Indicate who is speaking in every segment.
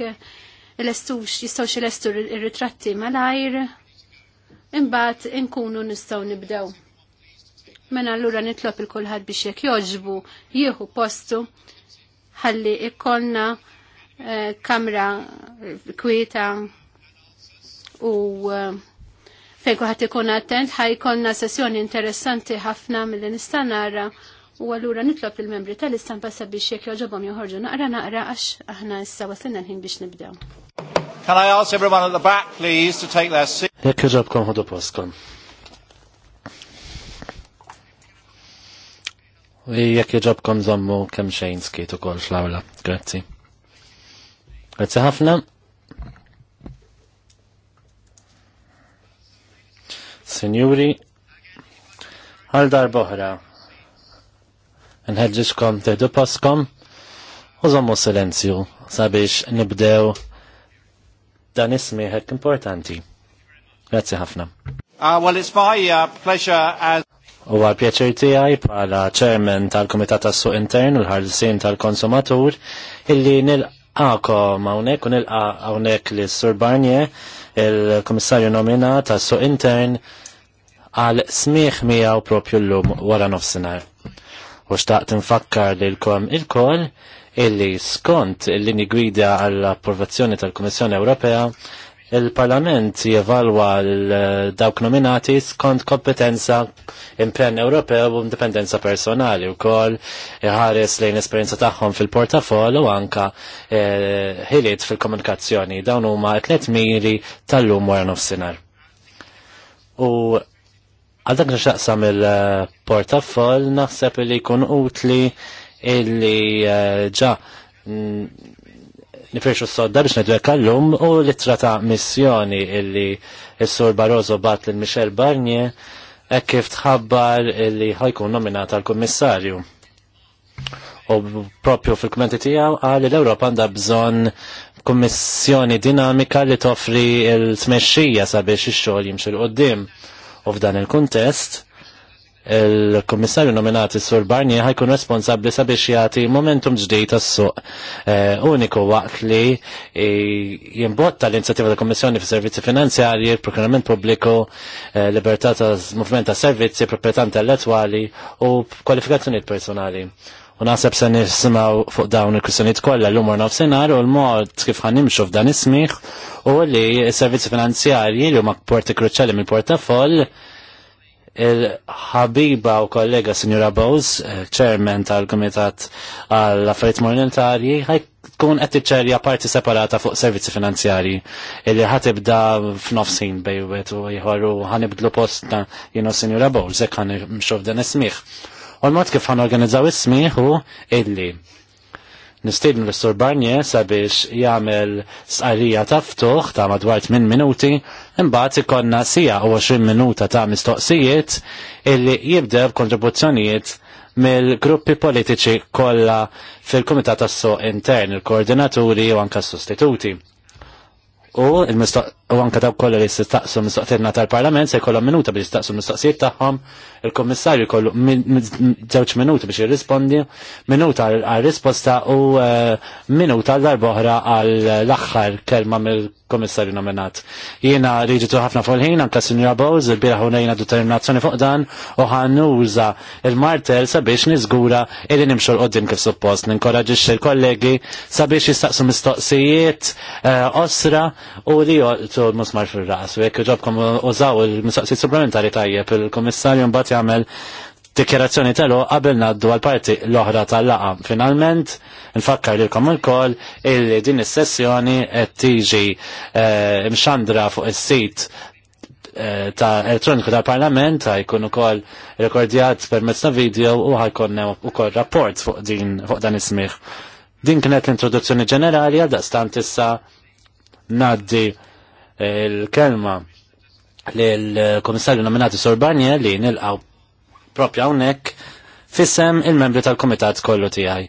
Speaker 1: jekk l-estux jistawx l-estu il-ritratti malajr, imbat inkunu nistaw nibdew. Men mela allura nitlob il kolħad biex jekk joġbu jieħu postu ħalli ikkonna eh, kamra kwieta u fejku eh, fejn ikun attent ħajkonna sessjoni interessanti ħafna mill nistanara nara U għallura nitlob il-membri tal-istampa sabbi jek joġobom joħorġu naqra naqra għax aħna issa wasilna l-ħin biex nibdew.
Speaker 2: Can I ask everyone at the back, please, to take their seat? Jek joġobkom ħodu poskom. U jek joġobkom zommu kem xejn skiet u kol xlawla. Grazzi. Grazzi ħafna. Signori, għal dar boħra, nħedġiġkom teħdu paskom u zommu silenzju sabiex nibdew dan ismi hekk importanti. Grazzi ħafna. Uh, well, it's my uh, pleasure as U għal pjaċir tijaj pala ċermen tal-Komitat tas-Suq Intern u l-ħarsin tal-Konsumatur illi nil-għakom għawnek u nil-għa għawnek li Sur Barnier il-Komissarju nomina tas-Suq Intern għal smiħ miegħu propju l-lum wara nofsinhar. U xtaqt nfakkar lilkom il kol illi skont il-lini gwida għall-approvazzjoni tal-Kummissjoni Ewropea il-Parlament jevalwa l-dawk nominati skont kompetenza impenn Ewropew u indipendenza personali u kol ħares lejn esperienza tagħhom fil-portafol u anka eh, ħiliet fil-komunikazzjoni. Dawn huma tliet miri tal-lum wara nofsinhar. U Għal dak nxaqsam il-portafoll naħseb li jkun utli illi eh, ġa nifirxu s-sodda biex nedwek kallum u litra ta' missjoni illi s-sur Barroso bat l-Michel Barnier e kif tħabbar illi ħajkun nominata għal kommissarju U propju fil-kommenti tijaw għal l-Europa għanda bżon kommissjoni dinamika li toffri l-tmexxija sabiex ix-xogħol jimxi l-qoddim. U f'dan il-kuntest, il-Kommissarju nominati Sur Barnier ħajkun responsabli sabiex jagħti momentum ġdid tas-suq eh, uniku waqt li jimbotta l-inizjattiva tal kommissjoni fi servizzi finanzjarji, il-prokurament pubbliku, eh, libertà ta' movement ta' servizzi, proprjetà intellettwali u kwalifikazzjonijiet personali. U naħseb se nisimgħu fuq dawn il-kwistjonijiet kollha l-umor nofsinhar u l-mod kif ħanimxu f'dan ismiħ u li s-servizzi finanzjarji li huma porti kruċali mill-portafoll il-ħabiba u kollega Signora Bowes, eh, chairman tal-Komitat għall-Affarijiet Monetarji, ħajkun qed iċċerja parti separata fuq servizzi finanzjarji illi ħatibda f'nofsin bejwet u jħorru ħanibdlu postna jienu Signora Bowes, hekk ħanimxu f'dan ismiħ. U l-mod kif ħan organizzaw ismiħu illi nistidnu l-Sur Barnier sabiex jagħmel s ta' ftuħ ta' madwar 8 minuti, imbagħad ikonna sija u 20 minuta ta' mistoqsijiet illi jibdew kontribuzzjonijiet mill-gruppi politiċi kollha fil-Kumitat tas Intern, il-Koordinaturi u anke s-Sostituti u u anka daw kollha li jistaqsu mistoqsirna tal-Parlament se jkollhom minuta biex jistaqsu mistoqsijiet tagħhom, il-Kummissarju jkollu żewġ minuti biex jirrispondi, minuta għal-risposta u e, minuta l-darboħra għall-aħħar kelma mill-Kummissarju nominat. Jiena riġitu ħafna fol-ħin anka Sinjora Bowles il-bieraħ unejna determinazzjoni fuq dan u ħannuża il-martel sabiex niżgura illi nimxu l-qoddim kif suppost. Ninkoraġixxi l-kollegi sabiex jistaqsu mistoqsijiet e, osra u li joqtu musmar fil-ras u jekk ġobkom użaw il-mistaqsijiet supplementari tajjeb il-komissarju mbagħad jagħmel dikjerazzjoni telu qabel naddu għal-parti l-oħra tal-laqa. Finalment, nfakkar lilkom il illi din is-sessjoni qed tiġi eh, mxandra fuq is-sit eh, ta' elettroniku tal-Parlament ħajkun ukoll rekordjat permezz ta' video u ħajkun ukoll rapport fuq din fuq dan is-smih. Din kienet l-introduzzjoni ġenerali għal daqstant issa naddi eh, l-kelma l-komissarju nominati Sorbanje li nilqaw propja unnek fissem il-membri tal-komitat kollu tijaj.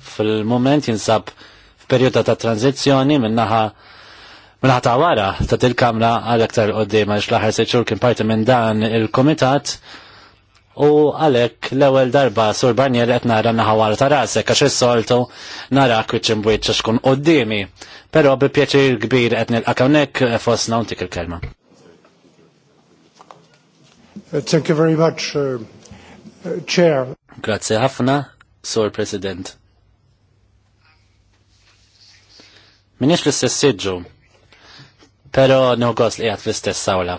Speaker 2: Fil-moment jinsab f'perjoda ta' tranzizjoni minnaħa minnaħa ta' wara ta' til-kamra għal aktar għoddim għax laħar seċur kien parti minn dan il-komitat U għalek l-ewel darba sur banjer qed nara naħawar ta' rasek għax is-soltu nara kwiċċin bwiċċa xkun d-dimi. Però bi pjaċir kbir qed nilqa' hawnhekk eh, fostna untik il-kelma.
Speaker 3: Uh, thank you very much, uh, uh, Chair.
Speaker 2: Grazie ħafna, Sur President. Minix l-istess siġu, pero nogos li għat l istess sawla.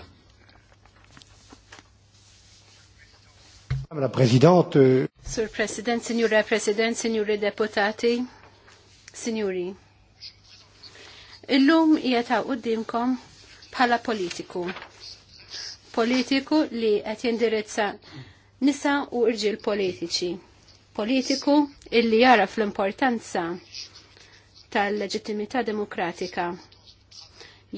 Speaker 3: Madame euh,
Speaker 1: Sur President, Signora President, Signore Deputati, Signori. Illum jeta qoddimkom bħala politiku. Politiku li qed jindirizza nisa u irġiel politiċi. Politiku illi jara fl-importanza tal-leġittimità demokratika.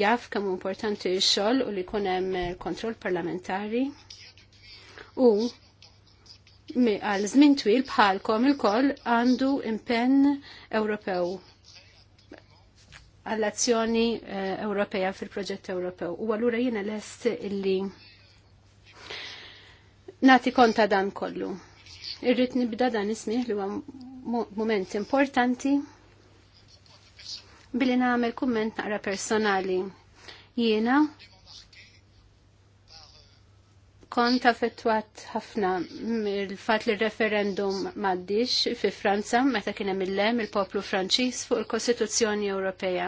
Speaker 1: Jaf kemm importanti x-xogħol u li jkun hemm kontroll parlamentari u għal żmien twil bħalkom il-koll għandu impenn Ewropew għall-azzjoni eh, Ewropea fil-proġett Ewropew. U għallura jiena lest illi nati konta dan kollu. Irrit nibda dan ismiħ li huwa moment importanti billi nagħmel kumment naqra personali. Jiena kont affettwat ħafna il-fat li referendum maddix fi Franza meta kien hemm il-lem il-poplu Franċiż fuq il-Kostituzzjoni Ewropea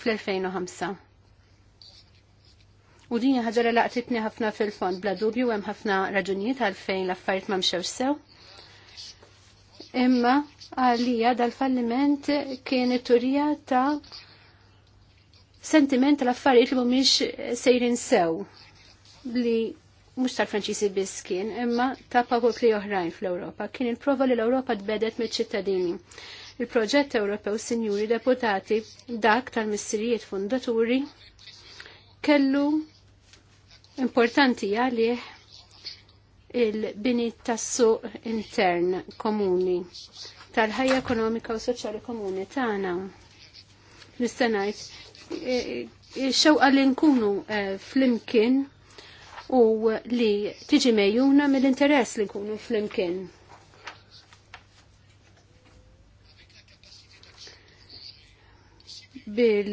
Speaker 1: fl-2005. U din ħaġa li laqtitni ħafna fil-fond bla dubju hemm ħafna raġunijiet għalfejn l-affarijiet ma mxew sew. Imma għalija dal-falliment kien it-turija ta' sentiment l-affarijiet li mhumiex sejrin sew li mux tal-Franċisi biss kien, imma ta' popoli oħrajn fl-Ewropa. Kien il-prova li l-Ewropa tbedet me ċittadini Il-proġett Ewropew Sinjuri Deputati dak tal-missirijiet fundaturi kellu importanti għalih il-bini tas-suq intern komuni tal-ħajja ekonomika u soċjali komuni tagħna. Nista' ngħid eh, eh, xewqa li nkunu eh, flimkien u li tiġi mejjuna mill-interess li nkunu flimkien. bil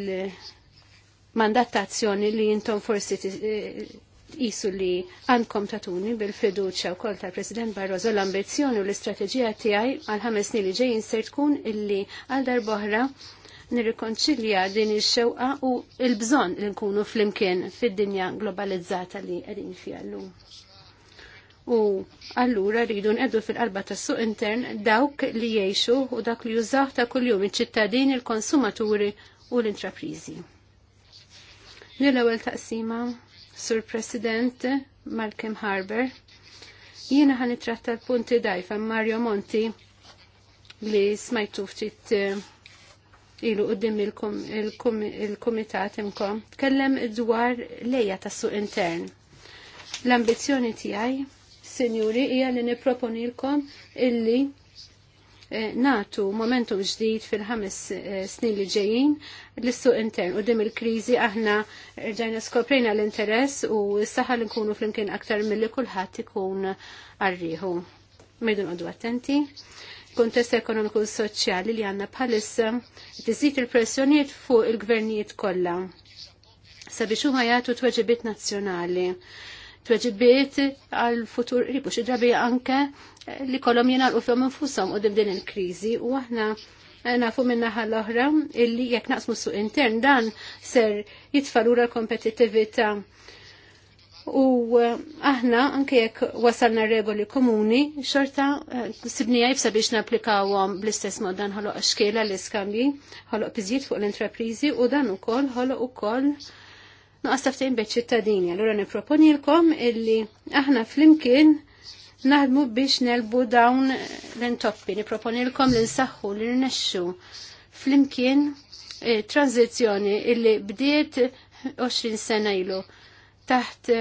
Speaker 1: mandattazzjoni azzjoni li jintom forsi jisu eh, li għandkom tatuni bil-fiduċa u kol tal-President Barroso l-ambizjoni u l-istrateġija tiegħi għal ħames snin li ġejjin ser tkun illi għal darboħra nirrikonċilja din ix-xewqa u l-bżonn li nkunu flimkien fid-dinja globalizzata li qegħdin fiha llum. U allura rridu nqeddu fil-qalba tas-suq intern dawk li jgħixu u dak li jużaw ta' kuljum iċ-ċittadini, il-konsumaturi u l-intraprizi. Nil-ewwel taqsima, Sur President Malcolm Harber, jiena ħan tratta l-punti dajfa Mario Monti li smajtu ftit eh, ilu qoddim il-komitat imkom, kellem dwar lejja tas suq intern. L-ambizjoni tiegħi, senjuri, hija li niproponilkom illi eh, natu momentu ġdid fil-ħames eh, snin li ġejjin l-issu intern u dim il-krizi aħna rġajna skoprejna l-interess u s-saħħa li nkunu flimkien aktar mill-li kullħat ikun arriħu. Mejdun għoddu attenti kontest ekonomiku u soċjali li għanna bħalissa tiżid il-pressjonijiet fuq il-gvernijiet kollha sabiex huma jagħtu tweġibiet nazzjonali. Tweġibiet għal futur ribu xi drabi anke li kolom jingħalqu fihom infushom qudiem din il-kriżi u aħna nafu minnaħa l-oħra illi jekk naqsmu suq intern dan ser jitfalura l-kompetittività U eh, aħna, anke jekk wasalna regoli komuni, xorta eh, sibnija jibsa biex naplikawom bl-istess mod dan ħoloq xkela l-iskambji, ħoloq piżjiet fuq l-intraprizi u dan ukoll ħoloq ukoll nuqqas taftejn bejn ċittadini. Allura niproponilkom illi aħna flimkien naħdmu biex nelbu dawn l-intoppi, l li l li nnexxu flimkien eh, tranzizjoni illi bdiet 20 sena ilu taħt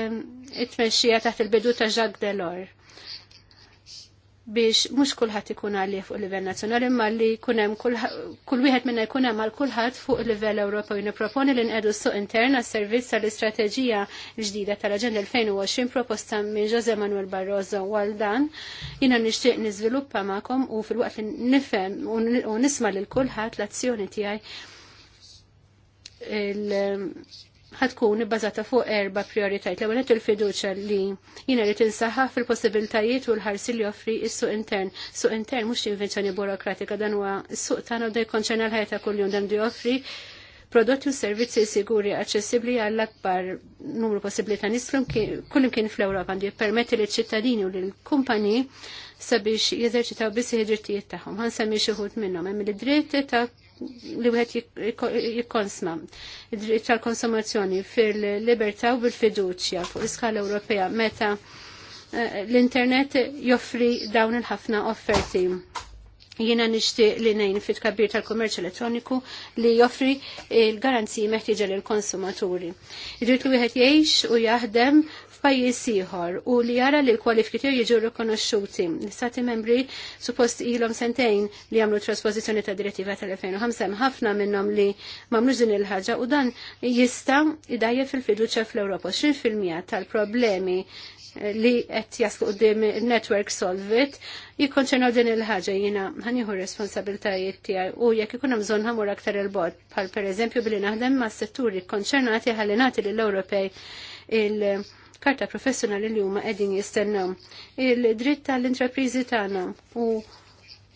Speaker 1: it-tmexxija taħt il-bidu ta' Jacques Delors biex mhux kulħadd ikun għalih fuq livell nazzjonali imma li jkun hemm kull wieħed minna jkun hemm għal kulħadd fuq livell Ewropew. Nipproponi li nqedu s-suq intern għas-servizz tal-istrateġija ġdida tal-Aġenda 2020 proposta minn Jose Manuel Barroso għal dan jiena nixtieq niżviluppa magħkom u fil-waqt li nifhem u nisma' lil kulħadd l-azzjoni tiegħi ħatkun bazata fuq erba prioritajt. L-għanet il-fiduċa li jina li tinsaħħa fil-possibiltajiet u l-ħarsi li joffri il-suq intern. Suq intern mux invenzjoni burokratika dan huwa suq tagħna da jkonċerna l-ħajta kuljum dan di joffri prodotti u servizzi siguri aċċessibbli għall-akbar numru possibbli ta' nies kullimkien fl-Ewropa għandi jippermetti liċ ċittadini u lill kumpani sabiex jeżerċitaw biss id-drittijiet tagħhom. Ħansemmi xi minnhom hemm id dritti ta' li wieħed jikkonsma id-dritt tal-konsumazzjoni fil-libertà u bil-fiduċja fuq l-iskala Ewropea meta eh, l-internet joffri dawn il-ħafna offerti. Jiena nixtieq li ngħin fit-kabbir tal-kummerċ elettroniku li joffri l-garanziji meħtieġa lill konsumaturi Id-dritt li wieħed jgħix u jaħdem f'pajjiż ieħor u li jara li l-kwalifiki jiġu rikonoxxuti. l istati membri suppost ilhom sentejn li jagħmlu trasposizzjoni ta' direttiva tal-2005 ħafna minnhom li m'amlux din il-ħaġa u dan jista' idajja fil-fiduċja fl-Ewropa. mija tal-problemi li qed jaslu qudiem network solvit jikkonċernaw din il-ħaġa jiena ħanieħu responsabiltajiet tiegħi u jekk ikun hemm bżonn ħamur aktar il bod bħal pereżempju billi naħdem ma' setturi konċernati ħalli nagħti lill-Ewropej il- karta professjonali li huma qegħdin jistennaw. Il-dritt tal-intrapriżi tagħna u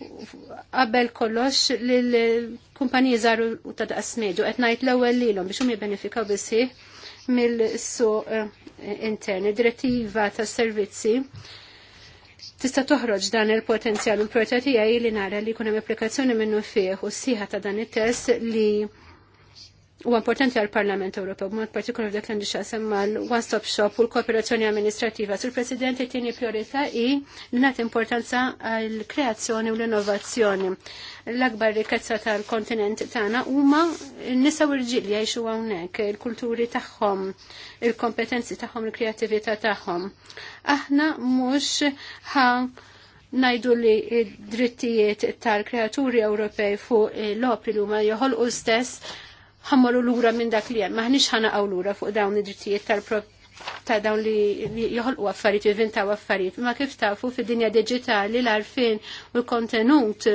Speaker 1: qabel kollox lill-kumpaniji żaru u ta' daqs medju qed ngħid l-ewwel lilhom biex hum jibbenefikaw bisih mill-suq eh, intern. Direttiva tas servizzi tista' toħroġ dan il-potenzjal u l-priorità li nara li jkun hemm applikazzjoni minnu fih u s ta' dan it-test li u importanti għal Parlament Ewropew, b'mod partikolari dak l-għandi xasem mal one stop shop u l-kooperazzjoni amministrativa. Sur President it-tieni priorità i li nat importanza għal kreazzjoni u l-innovazzjoni. L-akbar rikezza tal-kontinent tagħna huma n-nisa u l-ġil jgħixu hawnhekk, il-kulturi tagħhom, il-kompetenzi tagħhom, il kreativita tagħhom. Aħna mhux ħa najdu li drittijiet tal-kreaturi Ewropej fuq l-opri li huma joħolqu stess ħammorru lura minn dak li hemm. Maħniex ħanaqgħu lura fuq dawn id-drittijiet tal-prop ta' dawn li joħolqu affarijiet, jivvintaw affarijiet. Ma kif tafu fid-dinja digitali l-arfin u l-kontenut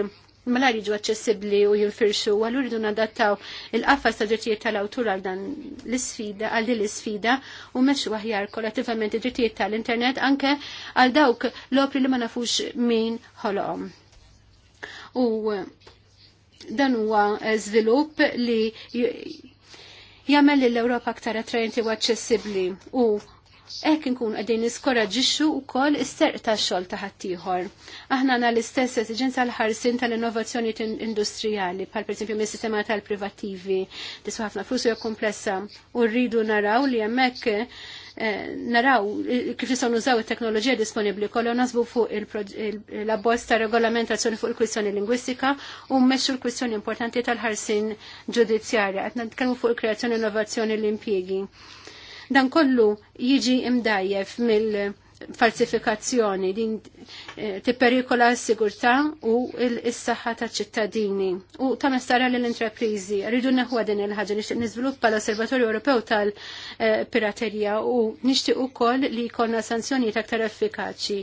Speaker 1: mela jiġu aċċessibbli u jinfirxu, għallu rridu nadattaw il-qafas ta' drittijiet tal-awtur għal dan l-isfida, għal din l-isfida u meċu aħjar kollettivament id-drittijiet tal-internet anke għal dawk l-opri li ma nafux min ħolqom. U Dan huwa eh, żvilupp li jagħmel l-Ewropa aktar attrajenti u aċċessibbli u hekk inkun qegħdin niskoraġixxu wkoll is-serq tax-xogħol ta' ħaddieħor. Aħna għandna l-istess esiġenza l-ħarsin tal-innovazzjoni industrijali, bħal pereżempju mis-sistema tal-privattivi, tisu ħafna flus hija komplessa u rridu naraw li hemmhekk Eh, naraw eh, kif nistgħu nużaw it-teknoloġija disponibbli kollha naħsbu fuq il abbozz ta' regolamentazzjoni fuq il-kwistjoni lingwistika u mmexxu l-kwistjoni importanti tal-ħarsin ġudizzjarja qed nitkellmu fuq il-kreazzjoni innovazzjoni l-impjiegi. Dan kollu jiġi imdajjef mill- falsifikazzjoni din eh, perikola s-sigurtà u s-saħħa taċ ċittadini u ta' messara l-intreprizi. Rridu neħu din il-ħagġa nixtieq niżviluppa l-Osservatorju Ewropew tal-Piraterija u nixtieq ukoll li jkollna sanzjonijiet aktar effikaċi.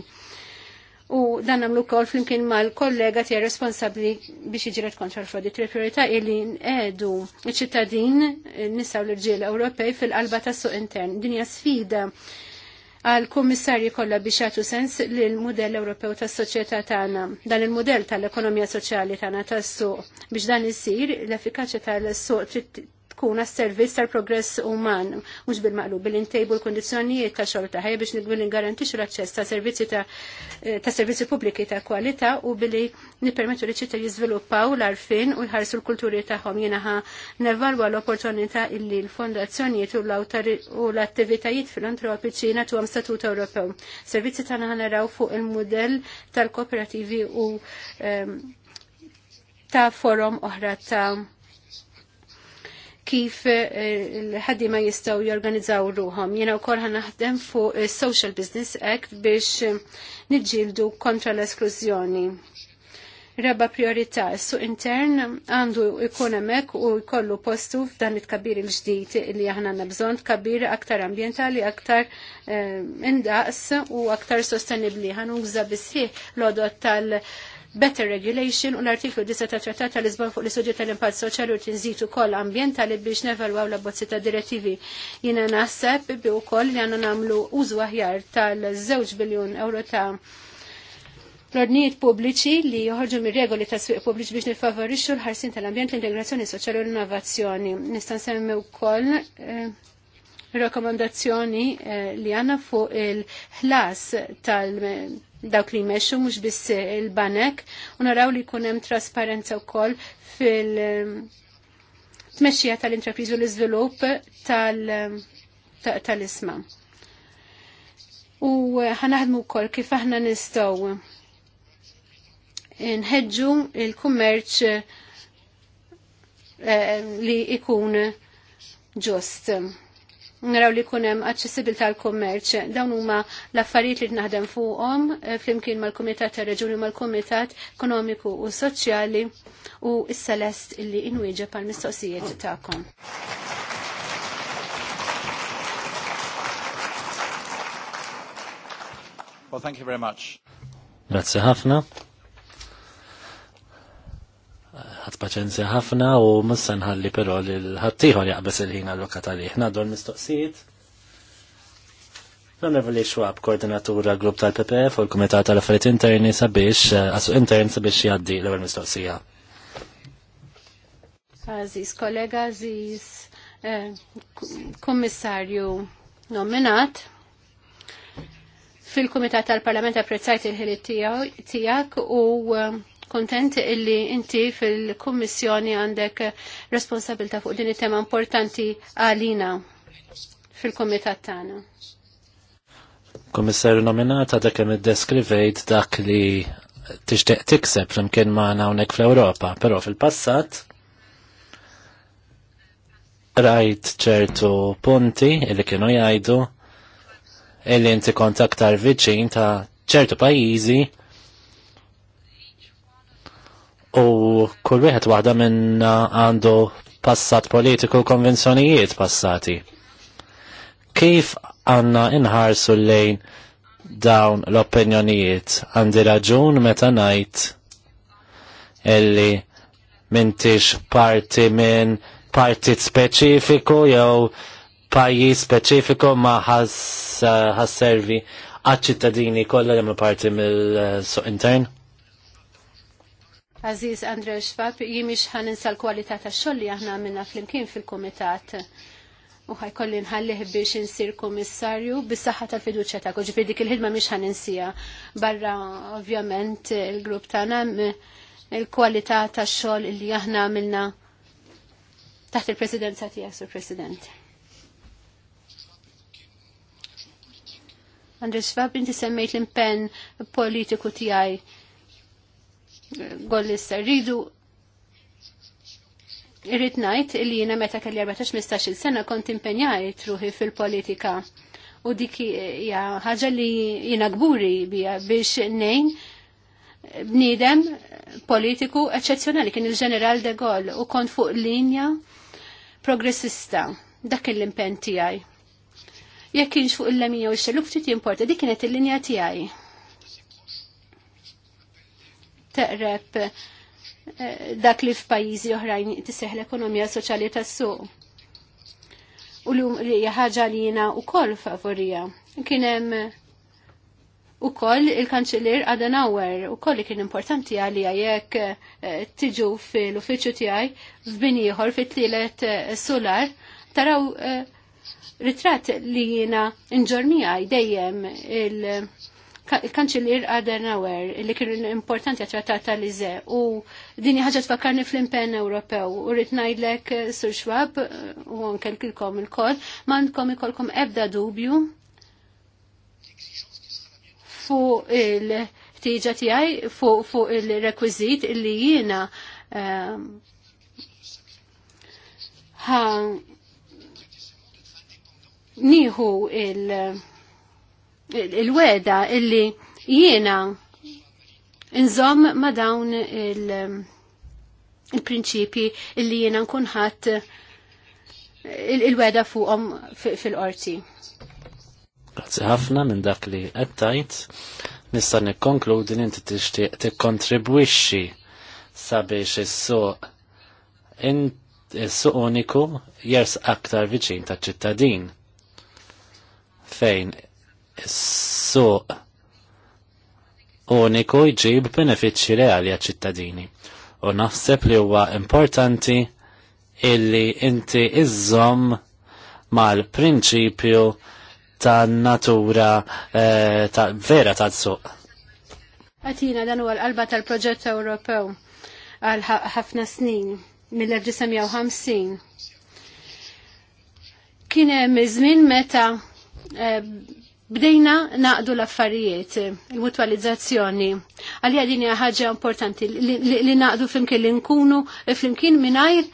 Speaker 1: U dan namlu kol flimkien ma l-kollega tiegħi responsabbli biex iġiret kontra l-frodi. Tri-priorità illi n-edu ċittadin eh, nisaw l-irġiel Ewropej fil-qalba tas-suq intern. Dinja sfida għal kummissarji kollha biex jagħtu sens lil mudell Ewropew tas-soċjetà tagħna, dan il-mudell tal-ekonomija soċjali tagħna tas-suq. Biex dan isir l-effikaċja tal-suq tkun għas-servizz tal-progress uman, mhux bil-maqlub bil intejbu l kundizzjonijiet ta' xogħol taħħa biex nikbil ngarantixxu l-aċċess ta' servizzi eh, ta' servizzi pubbliki ta' kwalità u billi nippermettu li ċittadini jiżviluppaw l-arfin u jħarsu l-kulturi tagħhom jiena nevalwa l-opportunità illi l-fondazzjonijiet u l-attivitajiet filantropiċi nagħtuhom statut Ewropew. Servizzi tagħna naraw fuq il-mudell tal-kooperativi u ehm, ta' forum oħra ta' kif eh, l ma jistaw jorganizzaw ruħom. Jena u korħa naħdem fuq eh, Social Business Act biex eh, nġildu kontra l-esklużjoni. Reba priorità, su intern għandu ikun hemmhekk u jkollu postu f'dan it-kabir il-ġdid li aħna għandna bżonn kabir aktar ambjentali, aktar indaqs u aktar sostenibbli. Ħanuża bisħieħ l-odot tal- better regulation u l-artiklu 10 ta' trattat tal-Lisbon fuq l-istudju tal-impatt soċjali u tinżitu kol ambjentali biex nevalwaw la bozzi ta' direttivi. Jiena naħseb bi wkoll li għandna nagħmlu użu aħjar tal-żewġ biljun euro ta' l-ordnijiet pubbliċi li joħorġu mir regoli ta' swieq pubbliċi biex nifavorixxu l-ħarsin tal-ambjent, l-integrazzjoni soċjali u l-innovazzjoni. Nista' nsemmi wkoll eh, rakomandazzjoni eh, li għandna fuq il-ħlas tal- dawk li jmexxu mhux biss il-banek u naraw li jkun hemm trasparenza wkoll fil ehm, tmexxija tal-intrapriżu l-iżvilupp tal-isma. U eh, ħanaħdmu wkoll kif aħna nistgħu nħeġġu il-kummerċ eh, li ikun ġust naraw li kunem aċċessibil tal-kommerċ. Dawn huma l-affarijiet li naħdem fuqhom eh, flimkien mal-Kumitat tar-Reġuni mal-Kumitat Ekonomiku u Soċjali u s-Celest illi inwieġeb għall mistoqsijiet tagħkom. Well, thank you very much.
Speaker 2: Grazie ħafna ħat paċenzja ħafna u mussa nħalli però li l-ħattijħor jaqbess il-ħin allokat għalih. Naddu mistoqsijiet L-Onorevoli Schwab, koordinatura grupp tal-PPF u l-Kumitat tal-Affarijiet Interni sabiex, eh, għasu intern sabiex jaddi l-ewwel mistoqsija.
Speaker 1: Aziz kollega, aziz eh, kummissarju nominat, fil-Kumitat tal-Parlament apprezzajt il-ħiliet tiegħek u eh, kontent illi inti fil-Kummissjoni għandek responsabilta fuq din it-tema importanti għalina fil-Komitat tagħna.
Speaker 2: Komissarju nominata dak kemm iddeskrivejt dak li tixtieq tikseb flimkien magħna hawnhekk fl-Ewropa, però fil-passat rajt ċertu punti li kienu jgħidu illi inti kont aktar viċin ta' ċertu pajjiżi u kull wieħed waħda minn għandu passat politiku konvenzjonijiet passati. Kif għanna inħarsu lejn dawn l-opinjonijiet għandi raġun meta najt illi mintix parti minn partit speċifiku jew pajjiż speċifiku ma ħasservi għaċ-ċittadini kollha jagħmlu parti mill-suq intern.
Speaker 1: Aziz Andre Xfab, jimix ħan ninsa l-kualità ta' xoll li aħna għamilna fl-imkien fil-komitat. U ħajkolli nħallih biex insir komissarju bis-saħħa tal-fiduċja ta' kuġi dik il-ħidma miex ħan insija. Barra ovvjament il-grupp tagħna il kwalità ta' xoll li aħna għamilna taħt il-presidenza tiegħek, Sur President. Andres Schwab, inti semmejt l-impenn politiku tiegħi gollista rridu irrit ngħid li jina meta kelli 14-15 sena kont impenjajt ruħi fil-politika u dik hija ħaġa li jiena gburi bija biex nejn bniedem politiku eċċezzjonali kien il-ġeneral de Gaulle u kont fuq linja progressista dak l-impen tiegħi. Jekk kienx fuq il-lemija u x-xeluk ftit jimporta, dik kienet il-linja tiegħi teqreb eh, dak li f'pajjiżi oħrajn tiseħ l-ekonomija soċjali tas-suq. U l-lum li ħaġa li jiena wkoll favorija. Kien hemm ukoll il-kanċiller Adenauer ukoll li kien importanti għalija jekk eh, tiġu fil-uffiċċju tiegħi f'bin ieħor fit-tielet eh, solar taraw ritratt li jiena nġormija dejjem il- il-kanċilir Adenauer li kienu importanti għat-trattat tal u dini ħagġa tfakkarni fl-impen Ewropew u rrit ngħidlek eh, Sur Schwab eh, u anke kilkom il-kol il-kolkom ebda dubju fu il-ħtieġa tiegħi fu il-rekwiżit li jiena ħa eh, niħu il- il-weda illi jiena nżom ma dawn il-prinċipi illi jiena nkunħat il-weda fuqhom fil-qorti.
Speaker 2: Grazzi ħafna minn dak li qed nista' nikkonkludi li inti tixtieq tikkontribwixxi sabiex is-suq is-suq uniku jers aktar viċin taċ-ċittadin fejn s-suq uniku jġib benefiċċji reali għal-ċittadini. U naħseb li huwa importanti illi inti iżżomm mal-prinċipju ta' natura eh, ta' vera ta' suq.
Speaker 1: Atina dan huwa l-qalba tal-proġett Ewropew għal ħafna snin mill-1950. Kien hemm iż-żmien meta eh, bdejna naqdu l-affarijiet, il-mutualizzazzjoni. Għalija din hija ħaġa importanti li, naqdu flimkien li nkunu flimkien mingħajr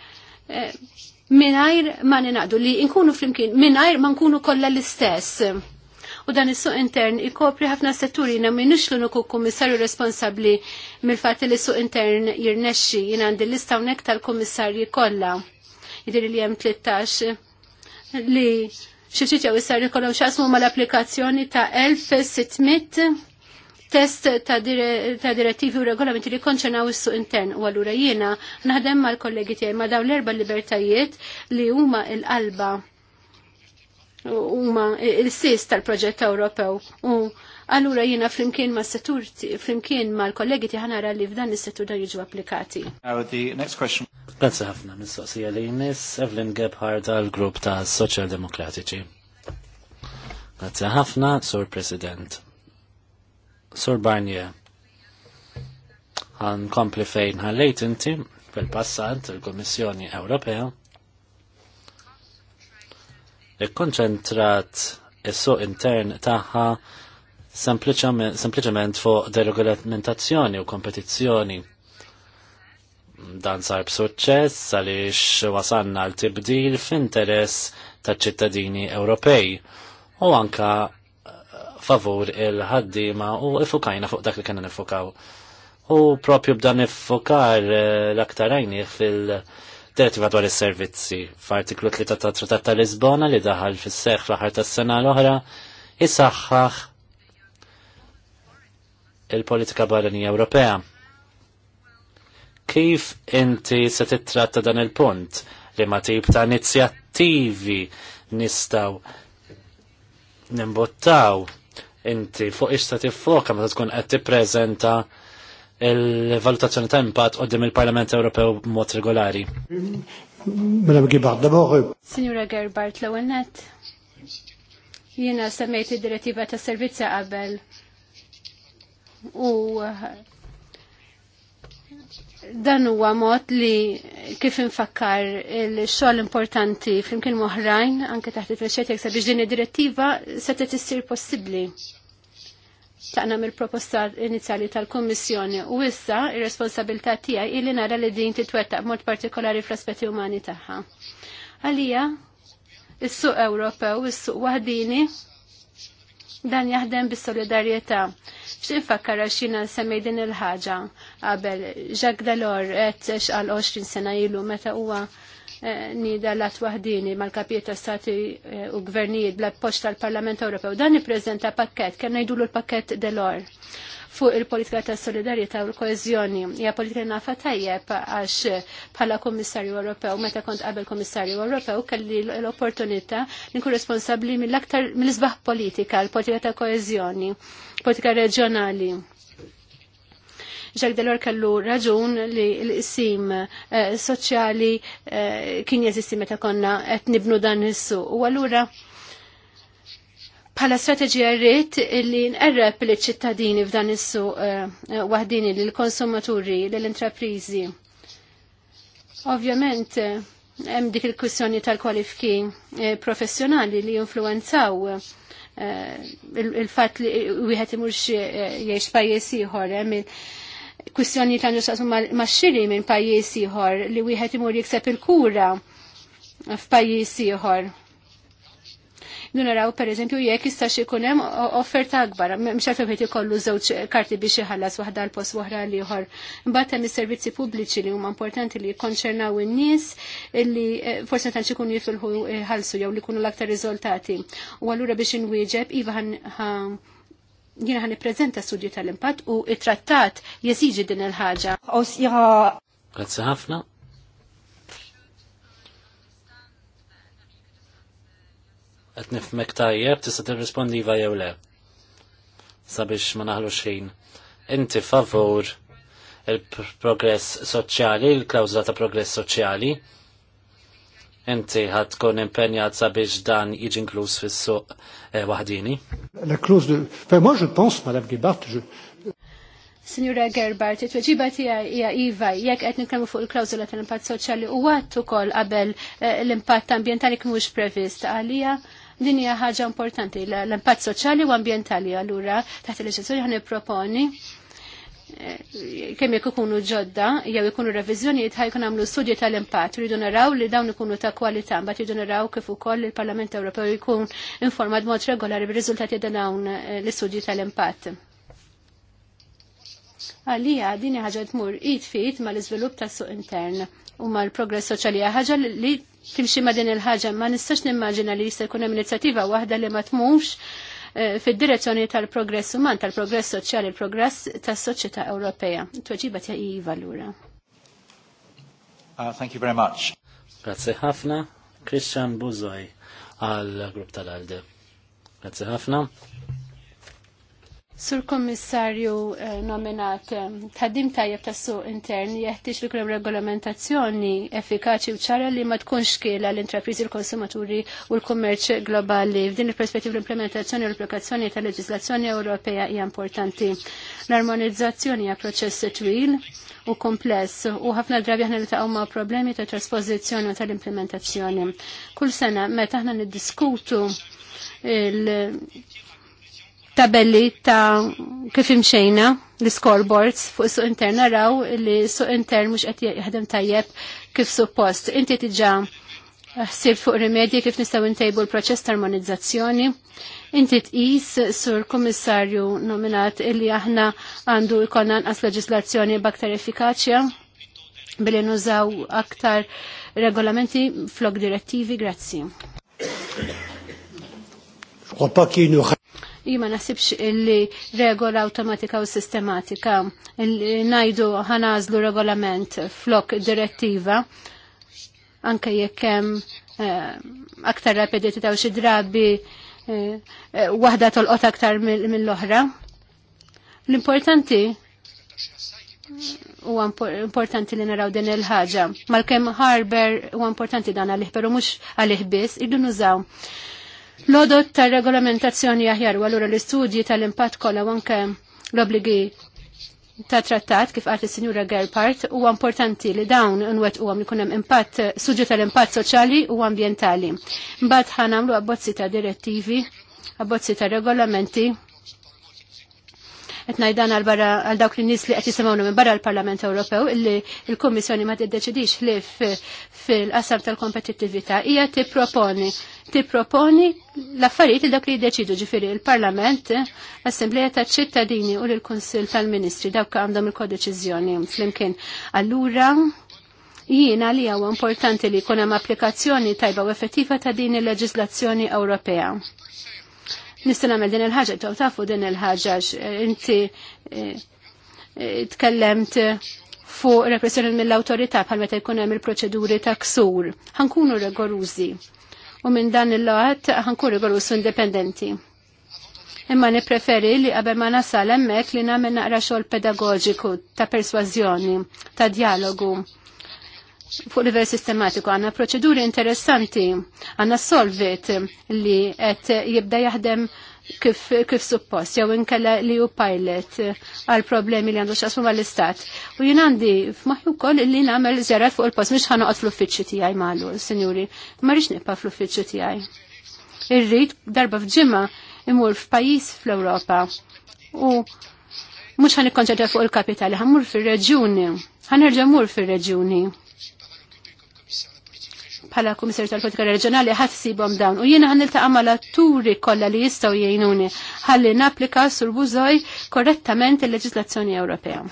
Speaker 1: eh, mingħajr ma ninaqdu li nkunu flimkien mingħajr ma nkunu kollha l-istess. U dan is-suq intern ikopri ħafna setturi jiena minix l uniku kummissarju responsabbli mill-fatt li s-suq intern jirnexxi jien għandi l-lista hawnhekk tal-kummissarji kollha. Jidher li hemm 13 li xiftit jew issar nikolgħu x'asmu mal-applikazzjoni ta' 1600 test ta', dire, direttivi u regolamenti li u is-suq intern u allura jiena naħdem mal-kollegi tiegħi ma' dawn l-erba' libertajiet li huma l alba huma il-sis tal-proġett Ewropew u Allura jina flimkien ma' s settur flimkien ma' l-kollegi tiħana tiħanara li f'dan s settur dan jġu applikati.
Speaker 2: Grazie ħafna Sosija li jmiss Evelyn Gebhardt għal grupp ta' Soċjal Demokratiċi. Grazzi ħafna, Sur President. Sur Barnier. Għan kompli fejn ħallejt inti fil-passat il komissjoni Ewropea ikkonċentrat is-suq intern taħħa sempliċement fuq deregolamentazzjoni u kompetizzjoni. Dan sar b'suċċess għaliex wasanna l-tibdil f'interess taċ-ċittadini Ewropej u anka eh, favur il-ħaddima u ifukajna fuq dak li kena nifukaw. U propju b'dan nifukar eh, l-aktar għajnieh fil-direttiva dwar is-servizzi f'artiklu 3 ta' Trattat ta' Lisbona li daħal fis-seħħ l-aħħar tas-sena l-oħra jisaħħaħ il-politika barranija Ewropea. Kif inti se titratta dan il-punt li ma tip ta' inizjattivi nistaw nimbottaw inti fuq ixta tiffoka ma tkun qed tippreżenta il-valutazzjoni ta' impatt qudiem il-Parlament Ewropew b'mod regolari. Mela Gebhardt, d'abord. Euh,
Speaker 1: Signora Gerbart, l-ewwel net. Jiena semmejt id-direttiva ta' servizza qabel u dan huwa mod li kif infakkar il-xogħol importanti flimkien moħrajn anke taħt it-tmexxejt jek sabiex din id-direttiva se issir possibbli. Taqna mill-proposta inizjali tal-Kommissjoni u issa ir-responsabilità tiegħi illi nara li din titwettaq mod partikolari fl-aspetti umani tagħha. Għalija, is-suq Ewropew, is-suq waħdini, dan jaħdem bis-solidarjetà. X'in fakkara xina semmej din il-ħaġa qabel Jacques Delors qed xqal 20 sena ilu meta huwa eh, nida lat waħdini mal-kapijiet ta' stati eh, u gvernijiet bla poċta l parlament Ewropew. Dan ippreżenta pakkett, kien ngħidulu l pakket Delors fuq il-politika ta' solidarieta u l-koezjoni. Ja politika nafa tajjeb għax bħala Komissarju Ewropew, meta kont qabel Komissarju Ewropew, kelli l-opportunità li nkun responsabbli mill-aktar mill-isbaħ politika, l-politika ta' koezjoni, politika reġjonali. Jacques Delors kellu raġun li l-isim eh, soċjali eh, kien jeżisti meta konna qed nibnu dan is-suq. U allura bħala strateġija għarrit li nqerreb li ċittadini f'dan is-suq eh, eh, waħdini li l-konsumaturi li l-intraprizi. Ovvjament, eh, hemm dik il-kwissjoni tal-kwalifiki professjonali li influenzaw il-fatt li wieħed imurx jgħix pajjiż ieħor hemm kwistjoni ta' nusaqsu maċxiri minn pajjiż ieħor li wieħed imur jikseb il-kura f'pajjiż ieħor naraw per eżempju jekk jistax ikun hemm offerta akbar. Mhux għalfejn qed ikollu żewġ karti biex iħallas waħda l post waħra l ieħor. Imbagħad hemm is-servizzi pubbliċi li huma importanti li jikkonċernaw in-nies li eh, forsi tantx ikun jifilħu ħalsu jew li jkunu l-aktar riżultati. U allura biex inwieġeb iva jiena ħan ippreżenta studju tal-impatt u it-trattat jesiġi din il-ħaġa. Grazzi
Speaker 2: ħafna. qed nifmek tajjeb tista' tirrispondi iva jew le. Sabiex ma naħlu xejn. Inti favur il-progress soċjali, il-klawżla ta' progress soċjali. Inti ħad tkun impenjat sabiex dan jiġi inkluż fis-suq eh, waħdini.
Speaker 3: La
Speaker 1: Signora Gerbart, it-tweġiba tija hija iva jekk qed nitkellmu fuq il-klawżola tal-impatt soċjali u għadd ukoll qabel eh, l-impatt ambjentali kien mhux previst għalija Din hija ħaġa importanti l-impatt soċjali u ambjentali allura taħt il-leġizzjoni ħan nipproponi eh, kemm jekk ikunu ġodda jew ikunu reviżjonijiet jkun nagħmlu studji tal-impatt rridu naraw li dawn ikunu ta' kwalità mbagħad jridu naraw kif ukoll il-Parlament Ewropew jkun informat mod regolari bir-riżultati dan hawn eh, l-istudji tal-impatt. Għalija din ħaġa tmur id fit mal-iżvilupp tas-suq intern u ma l-progress soċali ħaġa li timxi ma din il-ħaġa ma nistax nimmaġina li jista' jkun hemm inizjattiva waħda li ma tmux eh, fid-direzzjoni tal-progress uman, tal-progress soċjali, il-progress tas-soċjetà Ewropea. Tweġiba ta' iva lura.
Speaker 2: Uh, thank you very much. Grazie ħafna, Christian Buzoj għal grupp tal-Alde. Grazie ħafna.
Speaker 1: Sur kommissarju eh, nominat, eh, tħaddim tajjeb tas suq intern jeħtieġ li kunem regolamentazzjoni effikaċi u ċara li ma tkunx kiela l-intrapriżi l-konsumaturi u l-kummerċ globali. F'din il-perspettiva l-implementazzjoni u l-applikazzjoni tal-leġislazzjoni Ewropea hija importanti. L-armonizzazzjoni hija proċess twil u kompless u ħafna drabi aħna nitaqgħu ma' problemi ta' trasposizzjoni u tal-implementazzjoni. Kull sena meta aħna niddiskutu il- tabelli ta' kif imxejna l-scoreboards fuq suq intern naraw li suq intern mhux qed jaħdem tajjeb kif suppost. Inti tiġa ħsib fuq rimedji kif nistgħu ntejbu l-proċess ta' armonizzazzjoni. Inti tqis sur kummissarju nominat illi aħna għandu jkollna nqas leġislazzjoni b'aktar effikaċja billi nużaw aktar regolamenti flok direttivi. Grazzi. Je
Speaker 3: crois pas qu'il y
Speaker 1: jima nasibx illi regola automatika u sistematika najdu ħanażlu regolament flok direttiva anke jekk hemm eh, aktar repetitita ta' xi drabi eh, eh, waħda tolqot aktar mill-oħra. L-importanti u importanti li naraw din il-ħaġa. malkemm Harber u importanti dan għalih, u mux għalih ħbis iddu nużaw Lodot ta' regolamentazzjoni aħjar u għallura l-istudji tal-impatt kollha anke l-obligi ta' trattat kif għat s sinjura Gerpart u importanti li dawn unwet u għam li kunem impatt, suġġu tal-impatt soċjali u ambientali. Mbagħad ħanamlu abbozzi ta' direttivi, abbozzi ta' regolamenti qed ngħidan għal barra għal dawk in-nies li qed jisimgħuna minn barra l-Parlament Ewropew illi l-Kummissjoni ma tiddeċidix li fil-qasam tal t hija tipproponi tipproponi l-affarijiet il dak li jiddeċidu ġifieri il-Parlament, l-Assembleja taċ-ċittadini u l konsil tal-Ministri dawk għandhom il-kodeċiżjoni flimkien. Allura jiena li huwa importanti li jkun hemm applikazzjoni tajba u effettiva ta' din il-leġislazzjoni Ewropea nistan nagħmel din il ħagġa taw tafu din il ħagġa eh, inti eh, eh, tkellemt fuq repressjoni mill-awtorità bħal meta jkun hemm il-proċeduri ta' ksur. Ħankunu rigorużi u minn dan il-loħat ħankun rigorużi indipendenti. Imma nippreferi li qabel ma nasal hemmhekk li nagħmel naqra xogħol pedagoġiku ta' persważjoni, ta' dialogu fuq livell sistematiku għanna proċeduri interessanti għanna solvit li qed jibda jaħdem kif, kif suppost, jew inkella li u pilot għal problemi li għandu xasmu mal istat U jien għandi f'maħju koll li nagħmel zjarat fuq il-post ħana ħanoqgħod fl-uffiċċju tiegħi maħlu, senjuri, ma rridx nibqa' fl-uffiċċju tiegħi. Irrid darba f'ġimma imur f'pajjiż fl-Ewropa u mhux ħanikkonċentra fuq il-kapitali, ħammur fir-reġjuni, ħanerġa' mur fir-reġjuni bħala komissarju tal-Politika Reġjonali ħadd sibhom dawn. U jiena ħaniltaqa' mal-atturi kollha li jistgħu jgħinuni ħalli napplika sur bużoj korrettament il-leġislazzjoni Ewropea.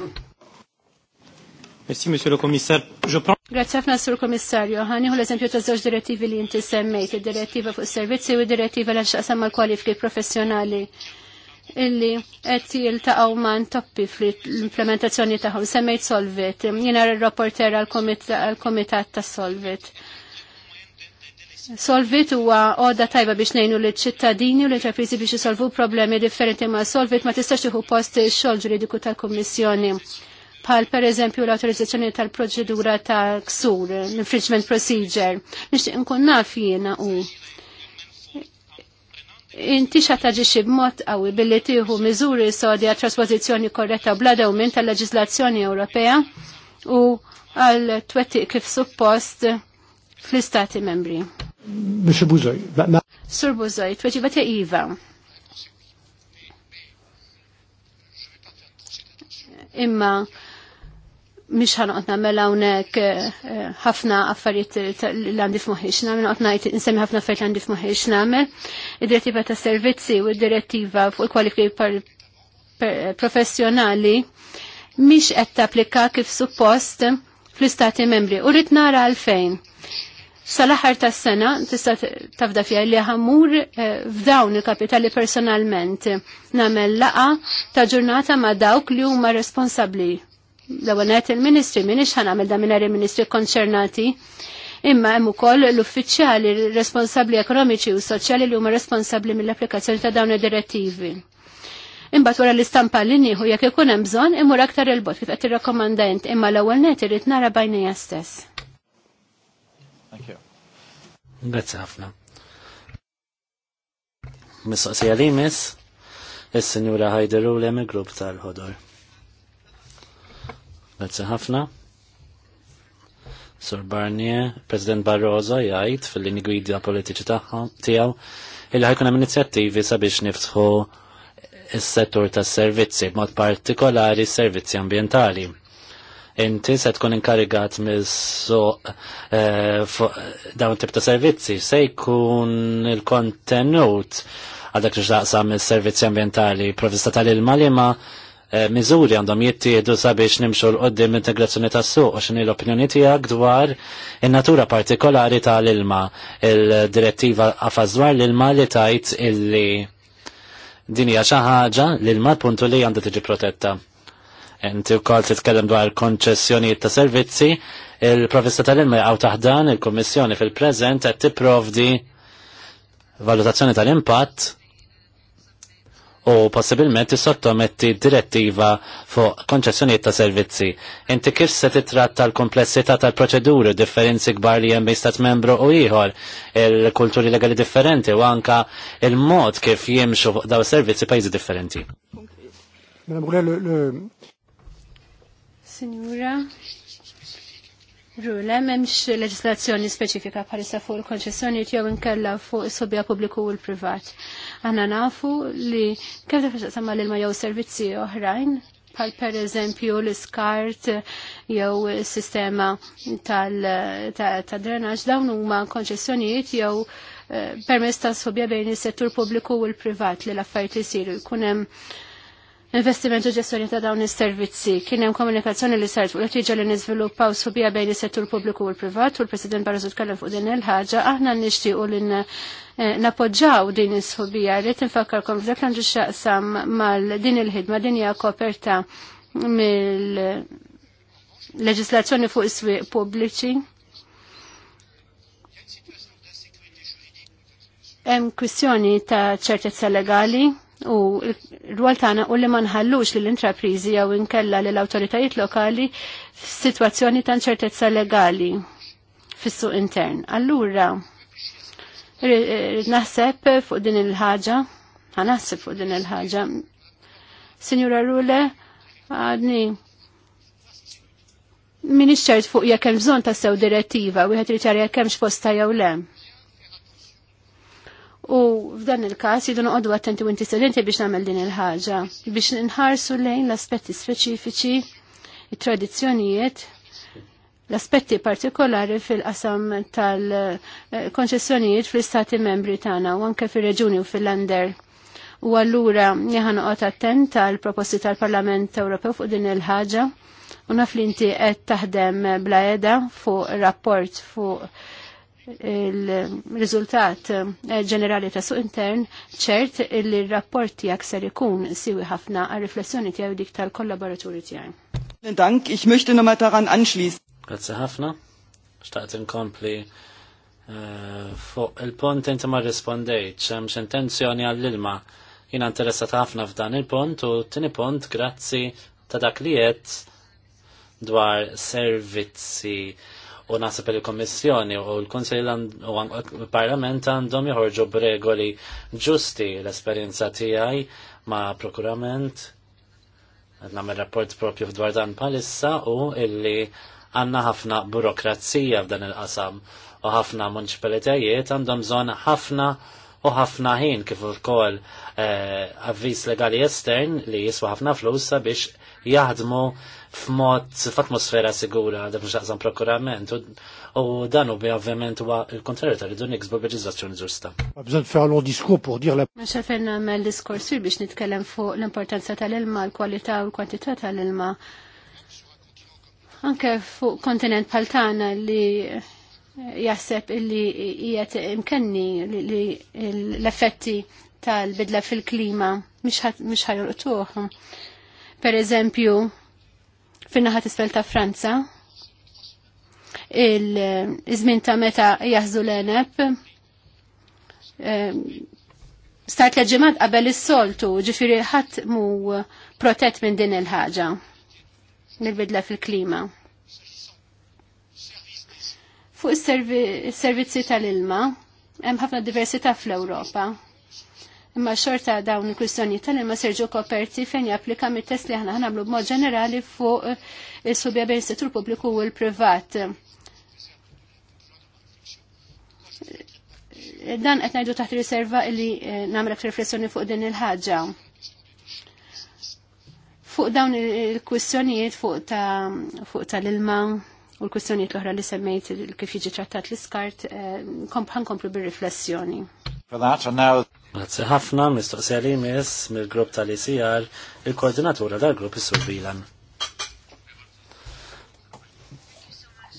Speaker 3: Merci, Monsieur le Commissaire. Je prends...
Speaker 1: Grazie ħafna sur Komissarju. Ħaniħu l-eżempju ta' żewġ direttivi li inti semmejt, id-direttiva fuq servizzi u id-direttiva l xaqsam mal kwalifiki professjonali illi qed jiltaqgħu ma' toppi fl-implementazzjoni tagħhom. Semmejt Solvit, jiena r-rapporter għall-Komitat ta' Solvit. Solvit huwa għodda tajba biex nejnu li ċittadini u l ċafrizi biex jisolvu problemi differenti ma' Solvit ma tistax tiħu post xogħol ġuridiku tal-Kummissjoni. Pal per eżempju l-autorizzazzjoni tal-proċedura ta' ksur, l-infringement procedure. Nixtieq nkun naf jiena u inti xataġiċi b'mod qawwi billi tiħu miżuri sodja trasposizjoni korretta bla dawmin tal-leġizlazzjoni Ewropea u għal twetti kif suppost fl-istati membri. Mr. Buzoy. Sir Buzoy, tweġiba ta' Iva. Imma mish ħanqot mela unek eh, ħafna affarijiet l għandif f'moħiex namel, għot najt nsemmi ħafna affarijiet l għandif f'moħiex namel. Id-direttiva ta' servizzi u id-direttiva fuq il-kwalifiki professjonali mish qed tapplika kif suppost fl-istati membri. U rritna nara għalfejn. fejn sal-aħħar tas-sena tista' tafda fiha li ħamur eh, f'dawn il-kapitali personalment nagħmel laqa ta' ġurnata ma' dawk li huma responsabbli. L-ewwel il-Ministri minix għamil da minnari ministri konċernati imma hemm ukoll l-uffiċjali responsabbli ekonomiċi u soċjali li huma responsabbli mill-applikazzjoni ta' dawn id-direttivi. Imbagħad wara l-istampa l nieħu jekk ikun hemm bżonn imur aktar il-bot kif qed tirrakkomanda imma l-ewwel nett irid nara bajnija stess.
Speaker 2: Grazzi ħafna. Mistoqsija li miss, il-Sinjura Hajderu l grupp tal-ħodor. Grazzi ħafna. Sur Barnier, President Barroso jgħid fil-lini gwida politiċi tiegħu illi ħajkun hemm inizjattivi sabiex niftħu is-settur tas-servizzi b'mod partikolari s servizzi ambjentali Inti se tkun inkarigat mis so eh, dawn tip ta' servizzi, se jkun il-kontenut għadak x'daqsa mis-servizzi ambientali, provvista tal-ilma li ma' eh, miżuri għandhom jittieħdu sabiex nimxu l-qoddim integrazzjoni tas suq u xini l-opinjoni tiegħek dwar in-natura partikolari tal-ilma, il-direttiva għafas dwar l-ilma li tajt illi din hija xi ħaġa l-ilma puntu li għandha tiġi protetta. Inti wkoll titkellem dwar konċessjonijiet ta' servizzi, il-provista tal-ilma jaqgħu taħdan il-Kummissjoni fil-preżent qed tipprovdi valutazzjoni tal-impatt u possibilment sottometti direttiva fuq konċessjonijiet ta' servizzi. Inti kif se titratta l-komplessità tal-proċeduri, differenzi kbar li hemm stat membru u ieħor, il-kulturi legali differenti u anka il-mod kif jimxu daw servizzi pajjiżi differenti.
Speaker 1: Signora, Rule, memx leġislazzjoni speċifika bħalissa fuq il-konċessjoni jew inkella fuq is-sobja pubbliku u l-privat. Aħna nafu li kemm taf samma l ilma jew servizzi oħrajn, bħal per eżempju l-iskart jew s-sistema tal-drenaġ, dawn huma konċessjonijiet jew eh, permess ta' sobja bejn is-settur pubbliku u l-privat li l-affarijiet jsiru jkun hemm investimentu ġestjoni ta' dawn is-servizzi. Kien hemm komunikazzjoni li sart fuq l-ħtieġa li niżviluppaw subija bejn is-settur pubbliku u l-privat u l-President Barroso tkellem fuq din il-ħaġa, aħna nixtiequ li eh, napoġġaw din is-subija li tinfakkarkom f'dak għandu x'jaqsam mal din il-ħidma din hija koperta mill leġislazzjoni fuq is-swieq pubbliċi. Hemm kwistjoni ta' ċertezza legali u r-rwal tagħna u li ma nħallux lill intrapriżi jew inkella lill awtoritajiet lokali f'sitwazzjoni ta' ċertezza legali fis-suq intern. Allura naħseb fuq din il-ħaġa, ħanaħseb fuq din il-ħaġa. Sinjura Rule, għadni min ċert fuq jekk hemm bżonn ta' sew direttiva u jħed riċar jekk hemmx posta jew le. U f'dan il-każ jidu noqogħdu attenti u intisedenti biex nagħmel din il-ħaġa, biex nħarsu lejn l-aspetti speċifiċi, il tradizzjonijiet l-aspetti partikolari fil-qasam tal-konċessjonijiet fl-istati membri tagħna u anke fir-reġuni u fil-lander. U allura nieħan noqgħod attent għall proposti tal-Parlament Ewropew fuq din il-ħaġa u naf li inti qed taħdem bla fuq rapport fuq il-riżultat eh, ġenerali ta' suq intern ċert li r rapporti jak ser ikun siwi ħafna għal riflessjoni tiegħu dik tal-kollaboraturi tiegħi.
Speaker 2: Dank, ich möchte nochmal daran anschließen. Grazie ħafna. Xtaqt inkompli eh, fuq il-pont inti ma rispondejt, hemm intenzjoni għall-ilma. Jina interessat ħafna f'dan il-pont u tini pont grazzi ta' dak li dwar servizzi u nasib il-Kommissjoni u l-Konsil u l-Parlament għandhom joħorġu b'regoli ġusti l-esperjenza tiegħi ma' prokurament. Għed me rapport propju f'dwar dan palissa u illi għanna ħafna burokrazija f'dan il-qasam u ħafna munċipalitajiet għandhom bżonn ħafna u ħafna ħin kif ukoll eh, avviż legali estern li jiswa ħafna flus biex jaħdmu f'mod f'atmosfera sigura dak mhux aqsam prokurament u dan u ovvjament huwa l-kontrarju ta' ridu niksbu leġiżlazzjoni ġusta.
Speaker 3: Bżonn faire long discours pour dire la
Speaker 1: Ma xafen nagħmel diskors biex nitkellem fuq l-importanza tal-ilma, l-kwalità u l-kwantità tal-ilma. Anke fuq kontinent bħal tagħna li jaħseb illi qiegħed imkenni li l-effetti tal-bidla fil-klima mhux ħajolqtuh. Per eżempju, fin-naħat isfel ta' Franza il-żmien ta' meta jahżu l-enep ehm, stajt leġimad qabel is-soltu ġifiri ħadd mu protett minn din il-ħaġa mill bidla fil-klima. Fuq is-servizzi tal-ilma hemm ħafna diversità fl-Ewropa imma xorta dawn il-kwistjoni tal ma serġu koperti fejn japplika mit-test li ħana ħnamlu b'mod ġenerali fuq il-subja bejn settur pubbliku u l-privat. Dan qed ngħidu taħt riserva li eh, nagħmel riflessjoni fuq din il-ħaġa. Fuq dawn il-kwistjonijiet fuq ta' fuq tal-ilma u l-kwistjonijiet l-oħra li semmejt kif jiġi trattat l-iskart, eh, ħankomplu bir-riflessjoni
Speaker 2: for that. And now... Grazie ħafna, mistoqsija li mis, mill-grupp tal-ICR, il-koordinatura tal-grupp is Bilan.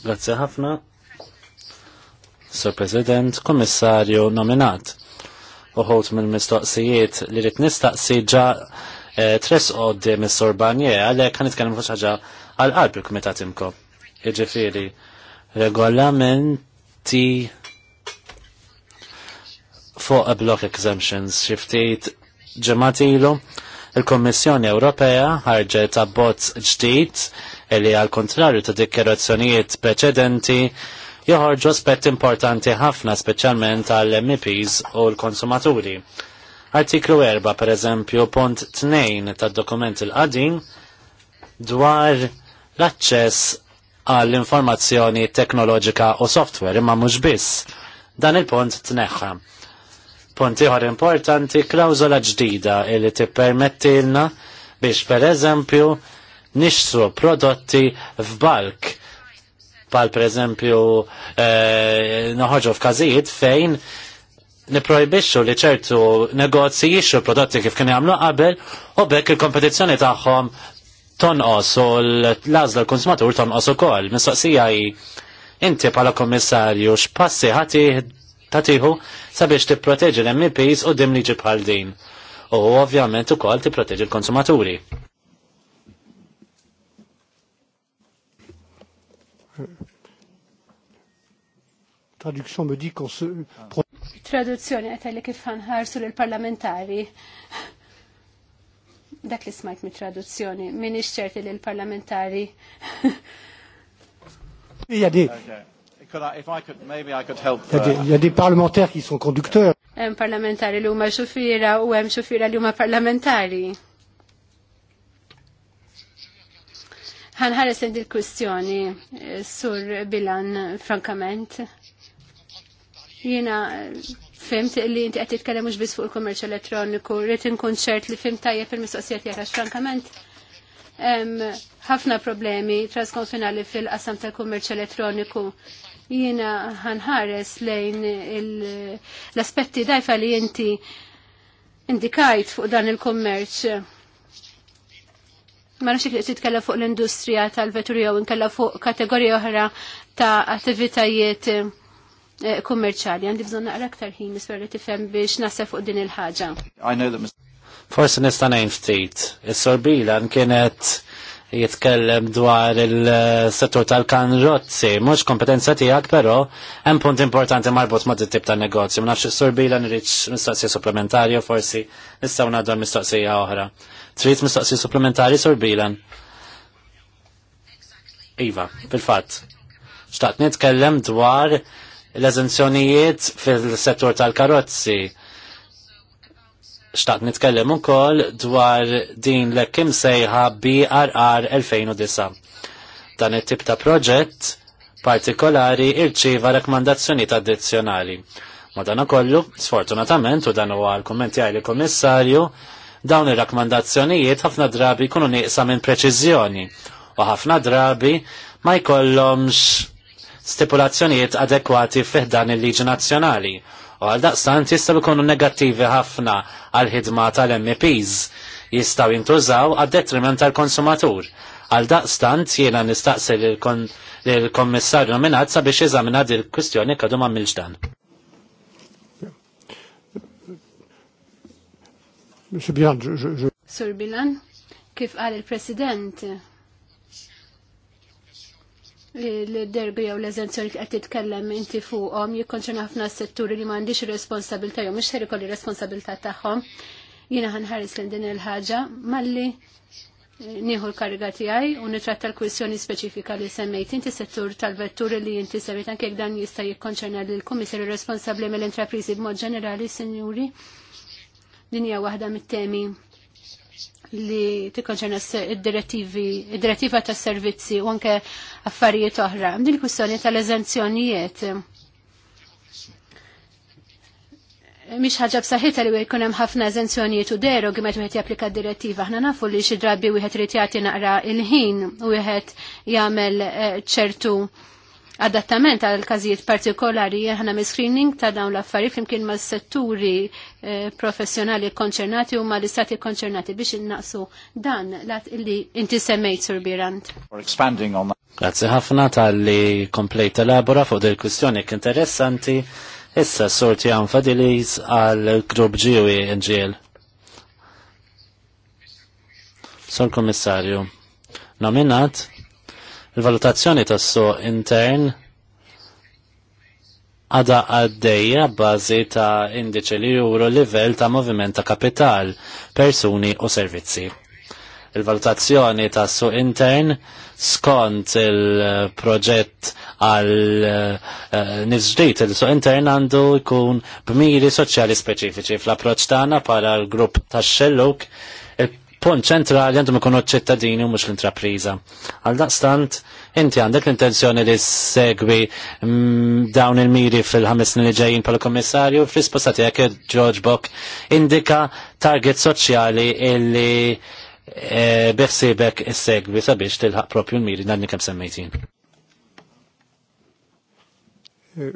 Speaker 2: Grazie ħafna, Sir President, Kommissarju nominat. Uħut mill-mistoqsijiet li rrit nistaqsi ġa eh, tres oddi mis sur Banje, għalle kanit itkellem fuq ħaġa għal-qalb il-Kumitat Iġifiri, regolamenti fuq block exemptions xiftit ġematilu il-Kommissjoni Ewropea ħarġet abbozz ġdid li għal kontrarju ta' dikjerazzjonijiet preċedenti joħorġu aspett importanti ħafna speċjalment għall MEPs u l-konsumaturi. Artiklu 4 per eżempju punt 2 tad dokument il-qadin dwar l-aċċess għall informazzjoni teknoloġika u software imma mhux biss. Dan il-punt tneħħa. Pontiħor importanti klawzola ġdida li tippermettilna biex per eżempju nixtru prodotti f'balk pal per eżempju eh, noħoġu f'każijiet fejn niprojbixxu li ċertu negozji jixxu prodotti kif kien jagħmlu qabel u bekk il-kompetizzjoni tagħhom tonqos u l-għażla l-konsumatur tonqos ukoll. Mistoqsija hi inti bħala kommissarju x'passi ħati tiħu sabiex tipproteġi l-MPs u dim liġi bħal din. U ovvjament ukoll tipproteġi l-konsumaturi.
Speaker 1: Traduzzjoni me li kif ħanħarsu l-parlamentari dak li smajt mi traduzzjoni, minix ċerti l-parlamentari.
Speaker 4: Ija di, Uh, il y
Speaker 3: a des parlementaires qui sont conducteurs.
Speaker 1: Hemm parlamentari li huma xufiera u hemm xufiera li huma parlamentari. Ħanħares din il-kwistjoni eh, sur bilan frankament. Jiena eh, fimt li inti qed titkellem mhux biss fuq il-kummerċ elettroniku, rrid inkun ċert li fimt tajjeb fil mistoqsijiet tiegħek għax frankament ħafna problemi trasconfinali fil-qasam tal-kummerċ elettroniku Jiena ħanħares lejn l-aspetti dajfa li inti indikajt fuq dan il-kommerċ. Ma nafx li titkellem fuq l-industrija tal veturi jew inkella fuq kategorija oħra ta' attivitajiet eh, kummerċali. Għandi bżon naqra aktar ħin nisper li tifhem biex nasef fuq din il-ħaġa.
Speaker 2: Forsi nista' ngħid ftit. Is-sorbila kienet jitkellem dwar il-settur tal-kanrozzi, mhux kompetenza tiegħek però hemm punt importanti marbut ma' dit tip ta' negozju. Ma nafx sorbila nirriċ mistoqsija u forsi nistgħu ngħaddu mistoqsija oħra. Trid mistoqsija supplementari sorbilan. Iva, fil-fatt. Xtaqt nitkellem dwar l-eżenzjonijiet fil-settur tal-karozzi Xtaqt nitkellem ukoll dwar din l kim sejħa BRR 2009. Dan it-tip ta' proġett partikolari irċiva rakkomandazzjonijiet addizzjonali. dan kollu, sfortunatament, u dan huwa l-kummenti għal komissarju dawn ir-rakkomandazzjonijiet ħafna drabi jkunu nieqsa minn preċiżjoni u ħafna drabi ma jkollhomx stipulazzjonijiet adekwati fih dan il-liġi nazzjonali U għal daqstant jistaw ikonu negattivi ħafna għal ħidma tal-MPs jistaw jintużaw għad detriment tal-konsumatur. Għal daqstant jiena nistaqsi l-kommissarju nominat sabiex jizamina dil kwistjoni kadu ma' milġdan.
Speaker 1: Sir Bilan, kif qal il-President, l-derbi jew l-eżenzjoni qed titkellem inti fuqhom jikkonċerna ħafna setturi li m'għandix ir-responsabilità jew mhux ikolli responsabilità tagħhom. Jiena ħanħares lejn din il-ħaġa malli nieħu l-kariga tiegħi u nitratta l-kwissjoni speċifika li semmejt inti settur tal-vetturi li inti semmejt anke dan jista' jikkonċerna lil kummissarju responsabbli mill-intrapriżi b'mod ġenerali, sinjuri. Din hija waħda mit-temi li tikkonċerna id-direttivi, id-direttiva tas servizzi u anke affarijiet oħra. Din il-kwistjoni tal-eżenzjonijiet. Mix ħaġa b'saħħitha li jkun hemm ħafna eżenzjonijiet u deru meta wieħed japplika d-direttiva. Aħna nafu li xi drabi wieħed rid jagħti naqra il-ħin u wieħed jagħmel eh, ċertu uh, adattament għal każijiet partikolari aħna mis screening ta' dawn l-affarijiet flimkien ma' setturi eh, professjonali konċernati u ma' l-istati konċernati biex innaqsu dan li inti semmejt sur Birant.
Speaker 2: Grazzi ħafna tal-li komplejt elabora fuq dil kwistjoni interessanti issa sorti għan fadilis għal grupp ġiwi e nġiel. Sol Komissarju, nominat Il-valutazzjoni tas-suq intern għada għaddejja bazi ta' indiċi li juru livell ta' moviment ta' kapital, persuni u servizzi. Il-valutazzjoni ta' su intern skont il-proġett għal eh, nizġdijt il-su intern għandu jkun b'miri soċjali speċifiċi fl-approċ tagħna para l-grupp tax-xelluk punt ċentrali għandhom ikunu ċittadini u mhux l-intrapriża. Għal daqstant, inti għandek l-intenzjoni li segwi mm, dawn il-miri fil-ħames snin li ġejjin pal kommissarju fl-risposta tiegħek George Bock indika target soċjali illi e, beħsibek is-segwi sabiex tilħaq propju l-miri dan kemm semmejtin.
Speaker 3: Eh,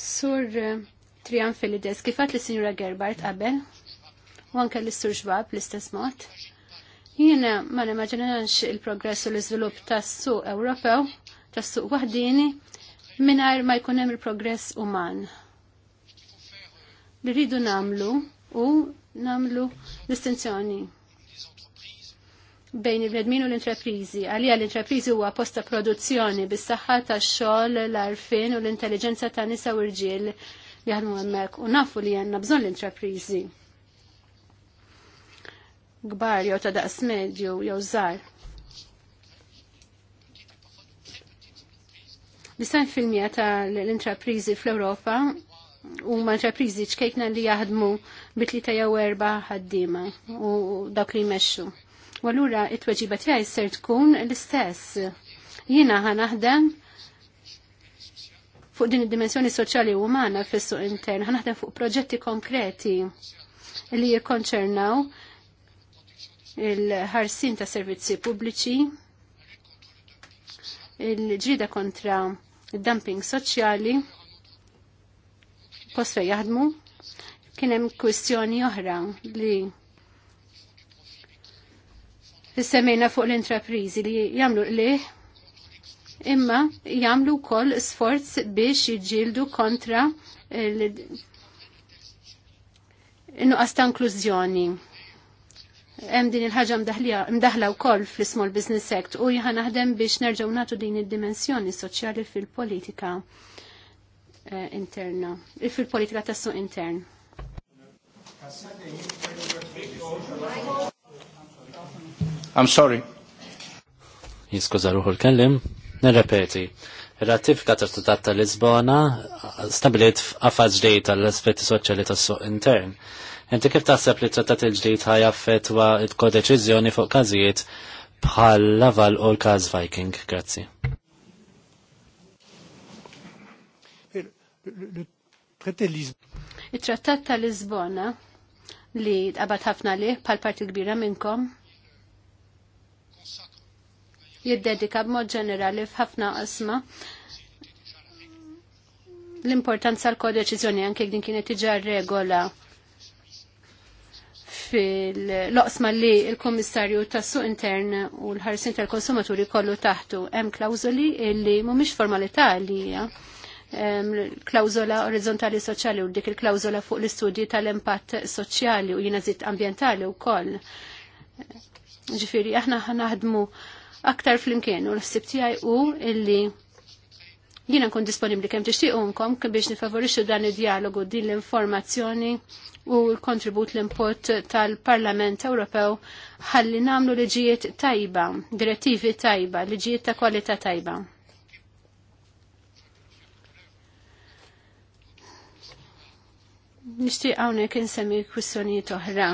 Speaker 1: Sur eh, Trian Filides, kifat li Sinjura Gerbart qabel, u anke li Sur Xbab l-istess mod. Jiena ma nimmaġinax il-progress u l-iżvilupp tas-suq Ewropew, tas-suq waħdini, mingħajr ma jkun hemm il-progress uman. Li rridu namlu u namlu distinzjoni bejn il-bnedmin u l-intreprizi. Għalija l-intreprizi huwa posta produzzjoni bis saħħa tax xogħol l-arfin u l-intelligenza ta' nisa u rġiel jaħdmu hemmhekk u nafu li għandna bżonn l-intraprizi gbar jew ta' daqs medju jew żgħar. Nisan filmija ta' l-intraprizi fl-Europa u ma' intraprizi ċkejkna li jaħdmu ta' jew erba ħaddima u dak li jmexxu. Walura it-tweġiba tiegħi ser tkun l-istess. Jiena ħa naħdem fuq din id-dimensjoni soċjali u umana fis-suq intern. Ħanaħdem fuq proġetti konkreti li jikkonċernaw il-ħarsin ta' servizzi pubbliċi, il-ġrida kontra dumping soċjali, post fej jaħdmu, kienem kwistjoni oħra li semmejna fuq l-intraprizi li jamlu li imma jagħmlu wkoll sforz biex jiġġieldu kontra il nuqas ta' inklużjoni. Hemm din il-ħaġa mdaħla wkoll fl-Small Business Act u jiena naħdem biex nerġgħu nagħtu din id-dimensjoni soċjali fil-politika eh, interna, fil-politika tas-suq intern.
Speaker 2: I'm sorry. Jiskuża ruħu l Nirrepeti, il ratifika ta' tutat ta' Lisbona stabilit f'qafas ġdejt tal-aspetti soċjali tas-suq intern. Inti kif taħseb li trattat il-ġdid affetwa il-kodeċiżjoni fuq każijiet bħal Laval u l-każ Viking? Grazzi.
Speaker 1: Il-trattat ta' Lisbona li għabat ħafna li bħal parti kbira minnkom jiddedika b'mod ġenerali f'ħafna qasma l-importanza l-kodeċizjoni anke din kienet iġa regola fil-loqsma li il-Komissarju tas-Suq Intern u l-ħarsin tal-konsumaturi kollu taħtu hemm klawżoli li mhumiex formalità li hija klawżola orizzontali soċjali u dik il-klawżola fuq l-istudji tal-impatt soċjali u jiena ambjentali wkoll. Ġifieri aħna naħdmu aktar flimkien u l-ħsib tiegħi u illi jiena nkun disponibbli kemm tixtiequnkom biex nifavorixxu dan id-dialogu din l-informazzjoni u l-kontribut l-import tal-Parlament Ewropew ħalli namlu liġijiet tajba, direttivi tajba, liġijiet ta' kwalità tajba. Nishtiq hawnhekk insemmi kwistjonijiet oħra.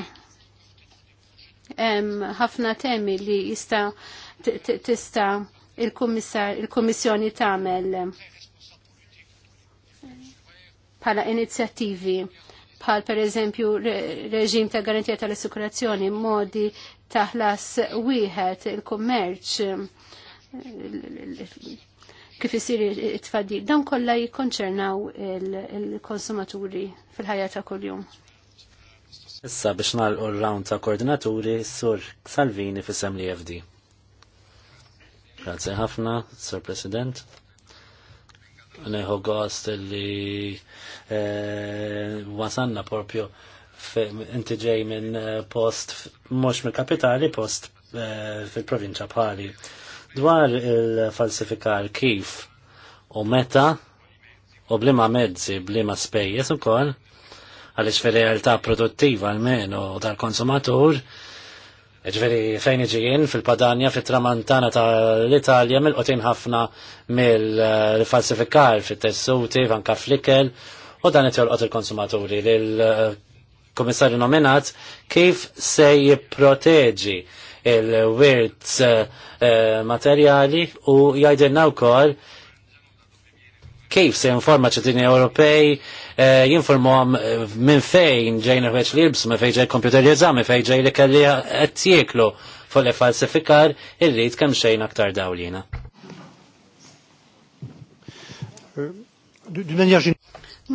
Speaker 1: Hemm ħafna temi li jista' tista il-Kummissjoni tagħmel bħala inizjattivi pal per eżempju reġim ta' garantija tal-assikurazzjoni, modi ta' ħlas wieħed il-kummerċ kif isir it-tfaddi, dan kollha jikkonċernaw il-konsumaturi fil-ħajja ta' kuljum.
Speaker 2: Issa biex nagħlqu r-round ta' koordinaturi sur Salvini fis-sem FD. Grazie ħafna, Sir President. Neħu għost li eh, wasanna propju inti ġej minn eh, post, mux mill kapitali post eh, fil-provinċa Pali. Dwar il-falsifikar kif u meta u blima mezzi, blima spejjes u koll, għalix fil-realtà produttiva almenu tal-konsumatur, Ġveri fejn iġijin fil-Padanja, fil-Tramantana ta' l-Italja, mill-qotin ħafna mill-falsifikar fil-tessuti, vanka flikel, u dan it il-konsumaturi l-komissarju nominat kif se jipproteġi il-wirt eh, eh, materjali u jajdinna u koll kif se jinforma ċittadini Ewropej jinformuhom minn fejn ġejna feċ li jibsu, minn fejn ġej jazam, minn fejn ġej li kelli qed jieklu fuq falsifikar irrid kemm xejn aktar dawlina.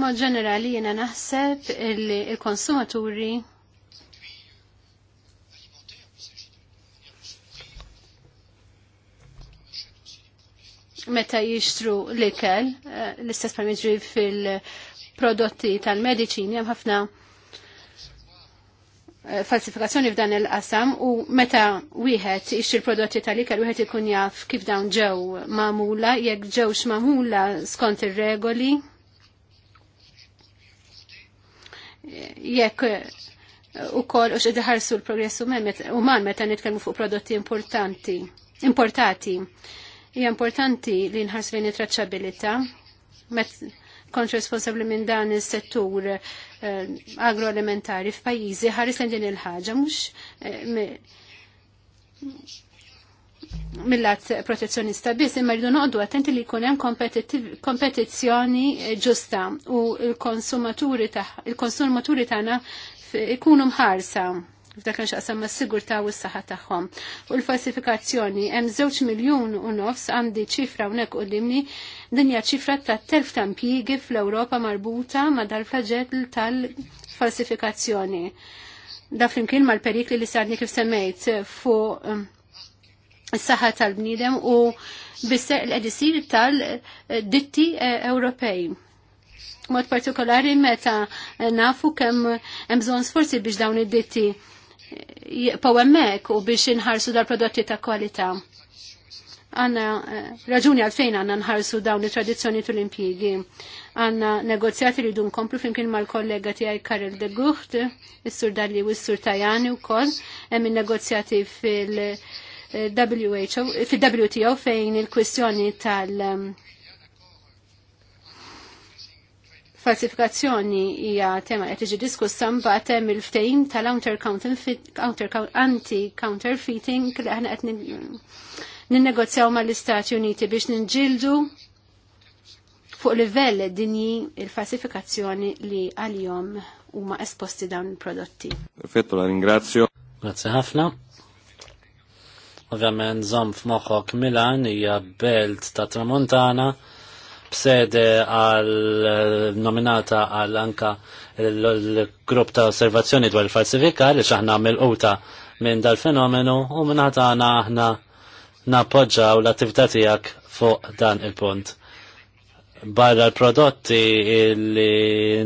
Speaker 1: Ma ġenerali jena naħseb il-konsumaturi meta jixtru l-ikel, eh, l-istess pal fil-prodotti tal-medicini, hemm ħafna eh, falsifikazzjoni f'dan il-qasam u meta wieħed ixtri prodotti tal-ikel wieħed ikun jaf kif dawn ġew magħmula, jekk ġewx mamula skont ir-regoli. Jekk eh, u kol u xedħarsu l progressu uman meta nitkellmu fuq prodotti importanti, importati. Hija importanti li nħarsu lejn it-traċċabilità kont responsabbli minn dan is-settur eh, agroalimentari f'pajjiżi ħares lejn din il-ħaġa mhux eh, mill-lat protezzjonista biss imma rridu noqdu attenti li jkun hemm kompetizzjoni eh, ġusta u l-konsumaturi tagħna ikunu mħarsa. F'dakan xaqsam ma' sigurta u s-saħħa tagħhom. U l-falsifikazzjoni hemm żewġ miljun u nofs għandi ċifra u dimni, dinja ċifra ta' telf tampjigi fl-Ewropa marbuta ma' dal-faġel tal-falsifikazzjoni. Da flimkien mal-perikli li sadni kif semmejt fuq um, s-saħħa tal-bniedem u bisse l-edisir tal-ditti eh, Ewropej mod partikolari meta nafu kemm hemm bżonn sforzi biex dawn id-ditti jibqaw emmek u biex inħarsu dal-prodotti ta' kwalità. Għanna eh, raġuni għalfejn għanna nħarsu dawn it-tradizzjoni tul impjigi. Għanna negozjati li dun komplu flimkien mal-kollega tiegħi Karel de Gucht, is-sur Dalli u s-sur Tajani wkoll, hemm in-negozjati fil- eh, WHO, fil-WTO fejn il-kwistjoni tal- um, falsifikazzjoni hija tema qed tiġi diskussa mbagħad hemm il-ftehim tal-counter anti-counterfeiting li aħna qed ninnegozjaw mal-Istati Uniti biex ninġildu fuq livell dinji il-falsifikazzjoni li għal-jom huma esposti dawn il-prodotti.
Speaker 2: Perfetto, la ringrazzjo. Grazie ħafna. Ovvjament, zom f'moħħok Milan hija belt ta' Tramontana b'sede għal eh, nominata għal anka l-grupp ta' osservazzjoni dwar il-falsifikar li xaħna mill uta minn dal-fenomenu u minn ħatana aħna u l-attività tiegħek fuq dan il-punt. Barra l-prodotti li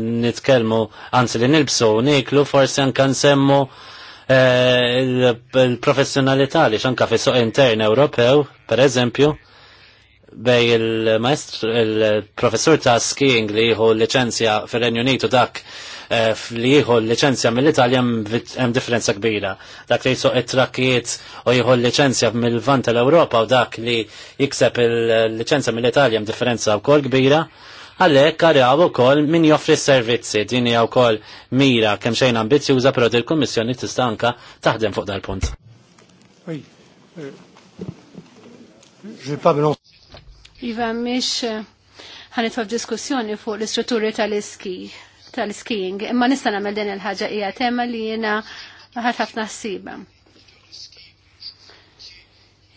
Speaker 2: nitkelmu, anzi li nilbsu, niklu, forsi anka nsemmu eh, il-professjonalità li xanka fis-suq intern Ewropew, per eżempju, bej il-maestr, il-professur ta' skiing li jieħu licenzja fil-Renju Unitu dak eh, li jħu licenzja mill-Italja hemm differenza kbira. Dak li jisuq it-trakkijiet u jħu licenzja mill vant tal-Ewropa u dak li jikseb il-licenzja mill-Italja hemm differenza wkoll kbira. Għalhekk u ukoll min joffri s-servizzi din għaw wkoll mira kemm xejn ambizjuża però il-Kummissjoni tista' istanka taħdem fuq dal-punt.
Speaker 3: Euh, Je vais pas me lancer.
Speaker 1: Iva mish eh, ħanitfa f'diskussjoni fuq l-istrutturi tal-iski tal-skiing, imma nista' nagħmel din il-ħaġa hija tema li jiena ħadd ħafna ħsiba.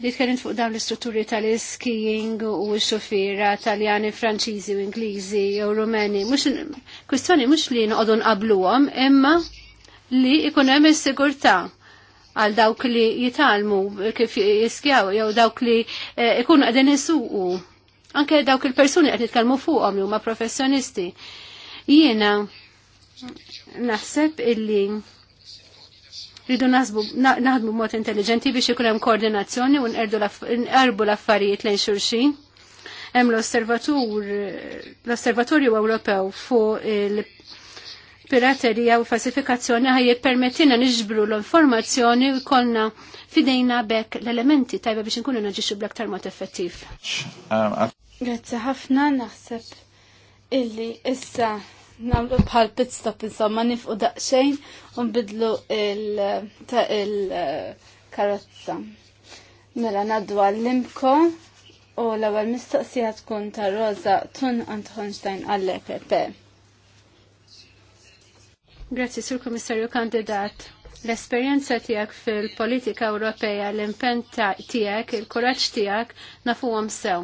Speaker 1: Li tkellimt fuq dawn l-istrutturi tal-skiing u x-xufira Taljani, Franċiżi u Ingliżi u Rumeni, mhux kwistjoni mhux li noqogħdu nqabluhom, imma li ikun hemm is-sigurtà għal dawk li jitalmu kif jiskjaw jew dawk li eh, ikunu qegħdin isuqu Anke dawk il-persuni qed nitkalmu fuqhom li huma professjonisti. Jiena naħseb illi rridu naħdmu mod intelligenti biex ikun hemm koordinazzjoni u nqerbu l-affarijiet lejn xulxin. Hemm l-osservatur l-Osservatorju Ewropew fuq il-piraterija u falsifikazzjoni ħaj jippermettina niġbru l-informazzjoni u jkollna fidejna bekk l-elementi tajba biex nkunu naġixxu bl-aktar mod effettiv. Um, Grazzi ħafna naħseb illi issa namlu bħal pit stop insomma
Speaker 5: nifqu daqsxejn u nbidlu il-karozza. Mela naddu għall limko u l-ewwel mistoqsija tkun
Speaker 1: ta' Rosa Tun Antħonstein għall-EPP. Grazzi sur Komissarju Kandidat. L-esperjenza tiegħek fil-politika Ewropea, l impenta tiegħek, il-kuraġġ tiegħek nafuhom sew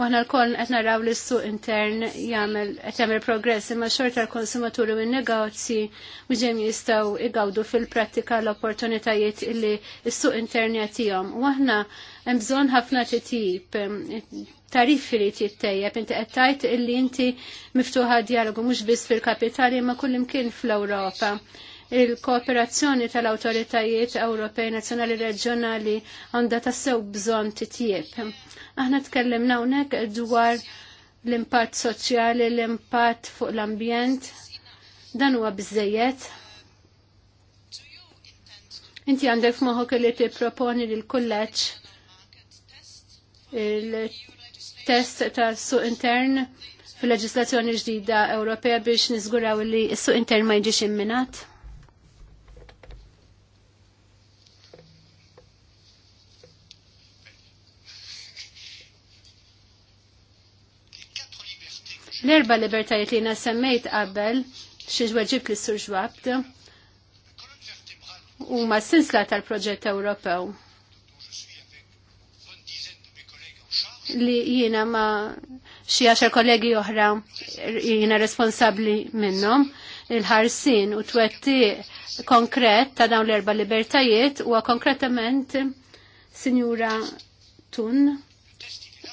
Speaker 1: Waħna l-koll qed naraw li s-suq intern jagħmel qed jagħmel progress imma xorta l-konsumaturi minn n-negozji mhux jistgħu igawdu fil-prattika l-opportunitajiet li s-suq intern jagħtihom. U aħna hemm bżonn ħafna titjib tariffi li tittejjeb, inti qed tgħid illi inti miftuħa dialogu mhux biss fil-kapitali imma kullimkien fl-Ewropa il-kooperazzjoni tal-autoritajiet Ewropej nazzjonali reġjonali għandha tassew bżonn titjieb. Aħna tkellimna hawnhekk dwar l-impatt soċjali, l-impatt fuq l-ambjent. Dan huwa biżejjed. Inti għandek f'moħħok li tipproponi lil kulleġġ il-test tas-suq intern fil-leġislazzjoni ġdida Ewropea biex niżguraw li s-suq intern ma jiġix imminat? L-erba libertajiet li nasemmejt semmejt qabel, xieġweġib li sur ġwabt, u ma sinsla tal-proġett Ewropew. Li jina ma xie għaxar kollegi oħra jina responsabli minnom il-ħarsin u twetti konkret ta' dawn l-erba libertajiet u konkretament Signora Tun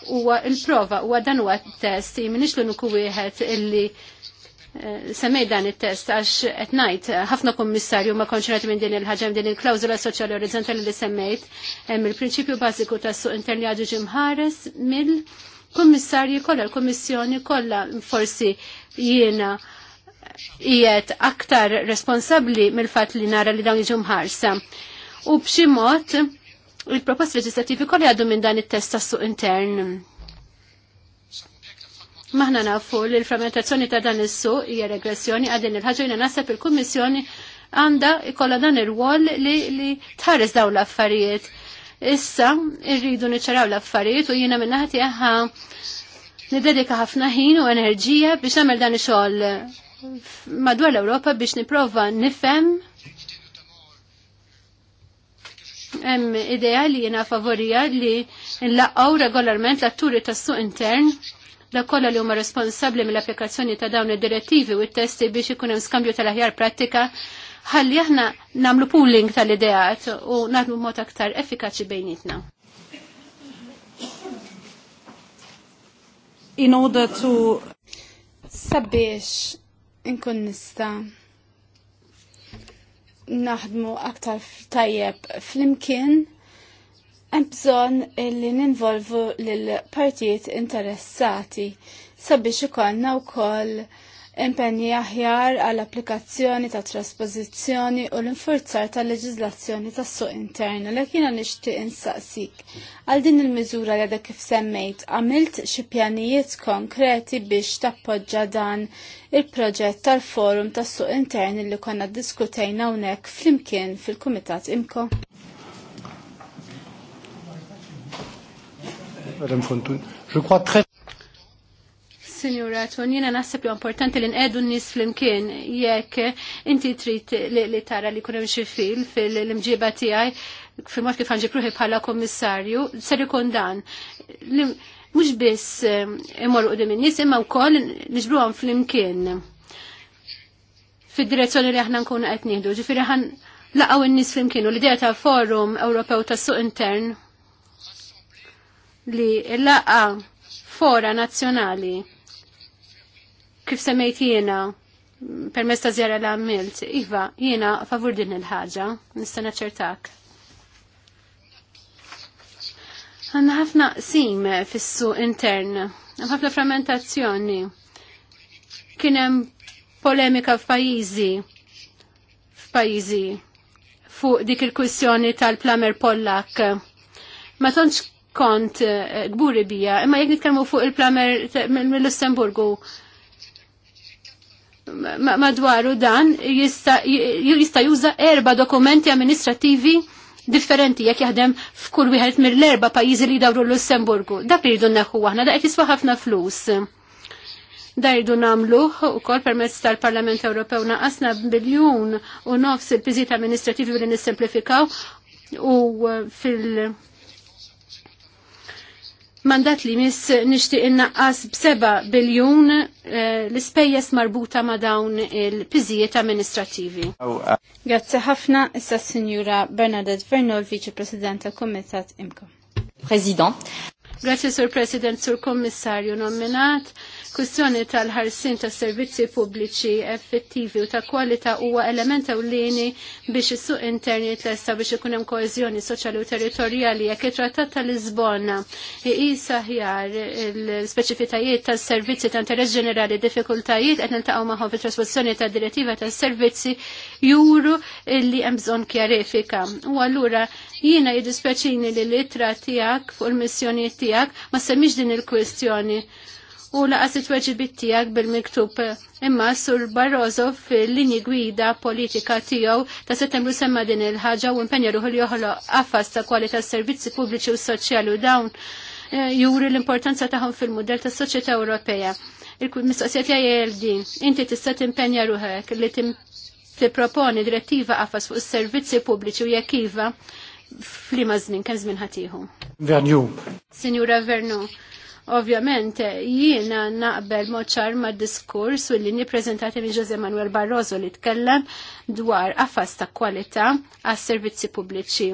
Speaker 1: huwa il-prova huwa dan huwa test minix l-uniku wieħed illi eh, semmej dan it-test għax qed ngħid eh, ħafna kummissarju ma konċerati minn din il ħagġem din il klawzula soċjali orizzontali li semmejt hemm il-prinċipju bażiku tas-suq interni għadu ġimħares mill kommissarju kollha l-kummissjoni kollha forsi jiena jiet aktar responsabli mill-fat li nara li dawn iġu mħarsa. U b'xi mod u l propost leġislattivi kolli għaddu minn dan it-test tas-suq intern. Maħna nafu li l-frammentazzjoni ta' dan is-suq hija regressjoni għaddin il-ħaġa naħseb il-Kummissjoni għanda ikolla dan ir-wol li, li tħares daw l-affarijiet. Issa, irridu niċċaraw l-affarijiet u jiena minnaħti għaha nidedika ħafna ħin u enerġija biex nagħmel dan ix-xogħol madwar l-Ewropa biex nipprova nifhem hemm idea li jiena favorija li nlaqgħu regolarment l-atturi tas-suq intern da kollha li huma responsabbli mill-applikazzjoni ta' dawn id-direttivi u t-testi biex ikun hemm skambju tal-aħjar prattika ħalli aħna nagħmlu pooling tal-ideat u nagħmlu mod aktar effikaċi bejnietna. In order to sabiex
Speaker 5: inkun nista' naħdmu aktar tajjeb flimkien, hemm bżonn li ninvolvu lill partijiet interessati sabiex ikollna wkoll Impenni aħjar għall-applikazzjoni ta' traspożizzjoni u l-infurzar tal leġizlazzjoni tas suq internu li kienu nixtieq insaqsik. Għal din il-miżura li għadha kif semmejt, għamilt xi pjanijiet konkreti biex tappoġġa dan il-proġett tal-forum tas suq interni li konna diskutejna hawnhekk flimkien
Speaker 1: fil-Kumitat Imko.
Speaker 3: Madame je crois très
Speaker 1: Signora Tun, jena nasib li importanti li n-nis fl-imkien jekk inti trid li tara li kunem xi fil fil-imġiba tiegħi fil-mod kif ħanġibruħi bħala kommissarju, ser ikun dan. Mhux biss imorru qudiem in-nies imma wkoll niġbruhom fl-imkien fid-direzzjoni li aħna nkunu qed nieħdu. Ġifieri ħan laqgħu n-nies flimkien u l-idea ta' forum Ewropew tas-suq intern li laqa fora nazzjonali kif semmejt jiena permess ta' zjara la' għamilt, iva, jiena favur din il-ħaġa, nista' ċertak. Għanna ħafna sim fissu intern, ħafna frammentazzjoni. Kienem polemika f'pajizi, f'pajizi, fuq dik il-kwissjoni tal-plamer Pollak. Ma tonċ kont eh, gburi bija, imma jek nitkellmu fuq il-plamer eh, mill-Lussemburgu, madwaru dan jista' juża erba' dokumenti amministrativi differenti jekk jaħdem f'kull wieħed mill-erba' pajjiżi li dawru l-Lussemburgu. Dak li jridu neħu aħna dak jiswa ħafna flus. Da jridu namluħ ukoll permezz tal-Parlament Ewropew naqasna biljun u nofs il piżijiet amministrativi li nissimplifikaw u fil- mandat li mis nishtiq innaqqas b'seba biljun eh, l-ispejjeż marbuta ma' dawn il-piżijiet amministrativi. Grazzi ħafna issa Sinjura Bernadette Vernol, Viċi President tal-Kumitat Imkom.
Speaker 5: President.
Speaker 1: Grazie Sur President, Sur Kommissarju nominat. Kustjoni tal-ħarsin ta' servizzi pubbliċi effettivi u ta' kwalità huwa element ewlieni biex is-suq interni tlesta biex ikun hemm koeżjoni soċjali u territorjali jekk it-Trattat tal-Lisbona iqis aħjar l-speċifitajiet tas-servizzi ta' interess ġenerali diffikultajiet qed niltaqgħu magħhom fit-trasposizzjoni tad direttiva tas-servizzi juru li hemm bżonn kjarifika. U allura jiena jiddispeċini li l-ittra tiegħek fuq il-missjonijiet tijak, ma semmix din il-kwestjoni. U laqas it weġibit tiegħek bil-miktub imma sur Barroso fil-linji gwida politika tiegħu ta' settembru semma din il-ħaġa u impenja ruħu li joħloq affas ta' kwalità servizzi pubbliċi u soċjali u dawn eh, juri l-importanza tagħhom fil-mudell tas-soċjetà Ewropea. Il-mistoqsija tiegħi din, inti tista' timpenja ruħek li tipproponi direttiva qafas fuq is-servizzi pubbliċi u jekk iva, flima żmien kemm żmien ħatiħu. Vernu. Sinjura Vernu. Ovvjament, jiena naqbel moċar ma' diskurs u li prezentati minn Jose Manuel Barroso li tkellem dwar affas ta' kwalità għas servizzi pubbliċi.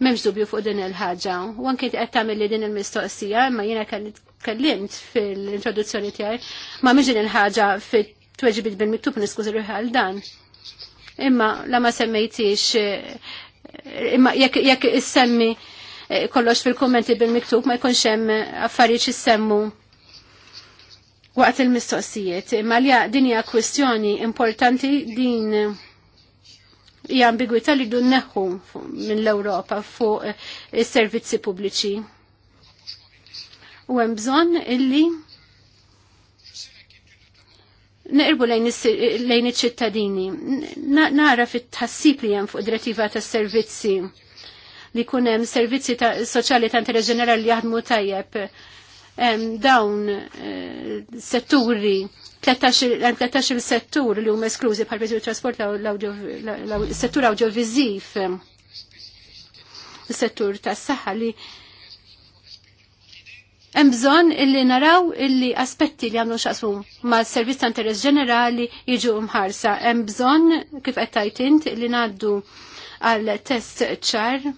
Speaker 1: Memx dubju fuq din il-ħaġa. U anke qed tagħmel li din il-mistoqsija, imma jiena kellimt fil-introduzzjoni tiegħi ma' mhix din il-ħaġa fit-tweġibit bil-miktub niskużi ruħi dan. Imma la ma semmejtix imma jekk issemmi eh, kollox fil-kommenti bil-miktub ma jkunx hemm affarijiet issemmu waqt il-mistoqsijiet. Imma li din hija kwistjoni importanti din hija ambigwità li dun minn mill-Ewropa fuq eh, is-servizzi pubbliċi. U hemm bżonn illi Nerbu lejn iċ-ċittadini. Nara fit-tħassib li hemm fuq direttiva tas-servizzi li jkun hemm servizzi ta soċjali ta' interess ġenerali li jaħdmu tajjeb dawn eh, setturi 13 settur li huma esklużi bħal biżu trasport l-settur audiovisiv is-settur tas-saħħa li Hemm bżonn illi naraw illi aspetti li għamlu xaqsu ma' servizz ta' interess ġenerali jiġu mħarsa. Hemm bżonn kif qed tajt int illi ngħaddu għal test ċar.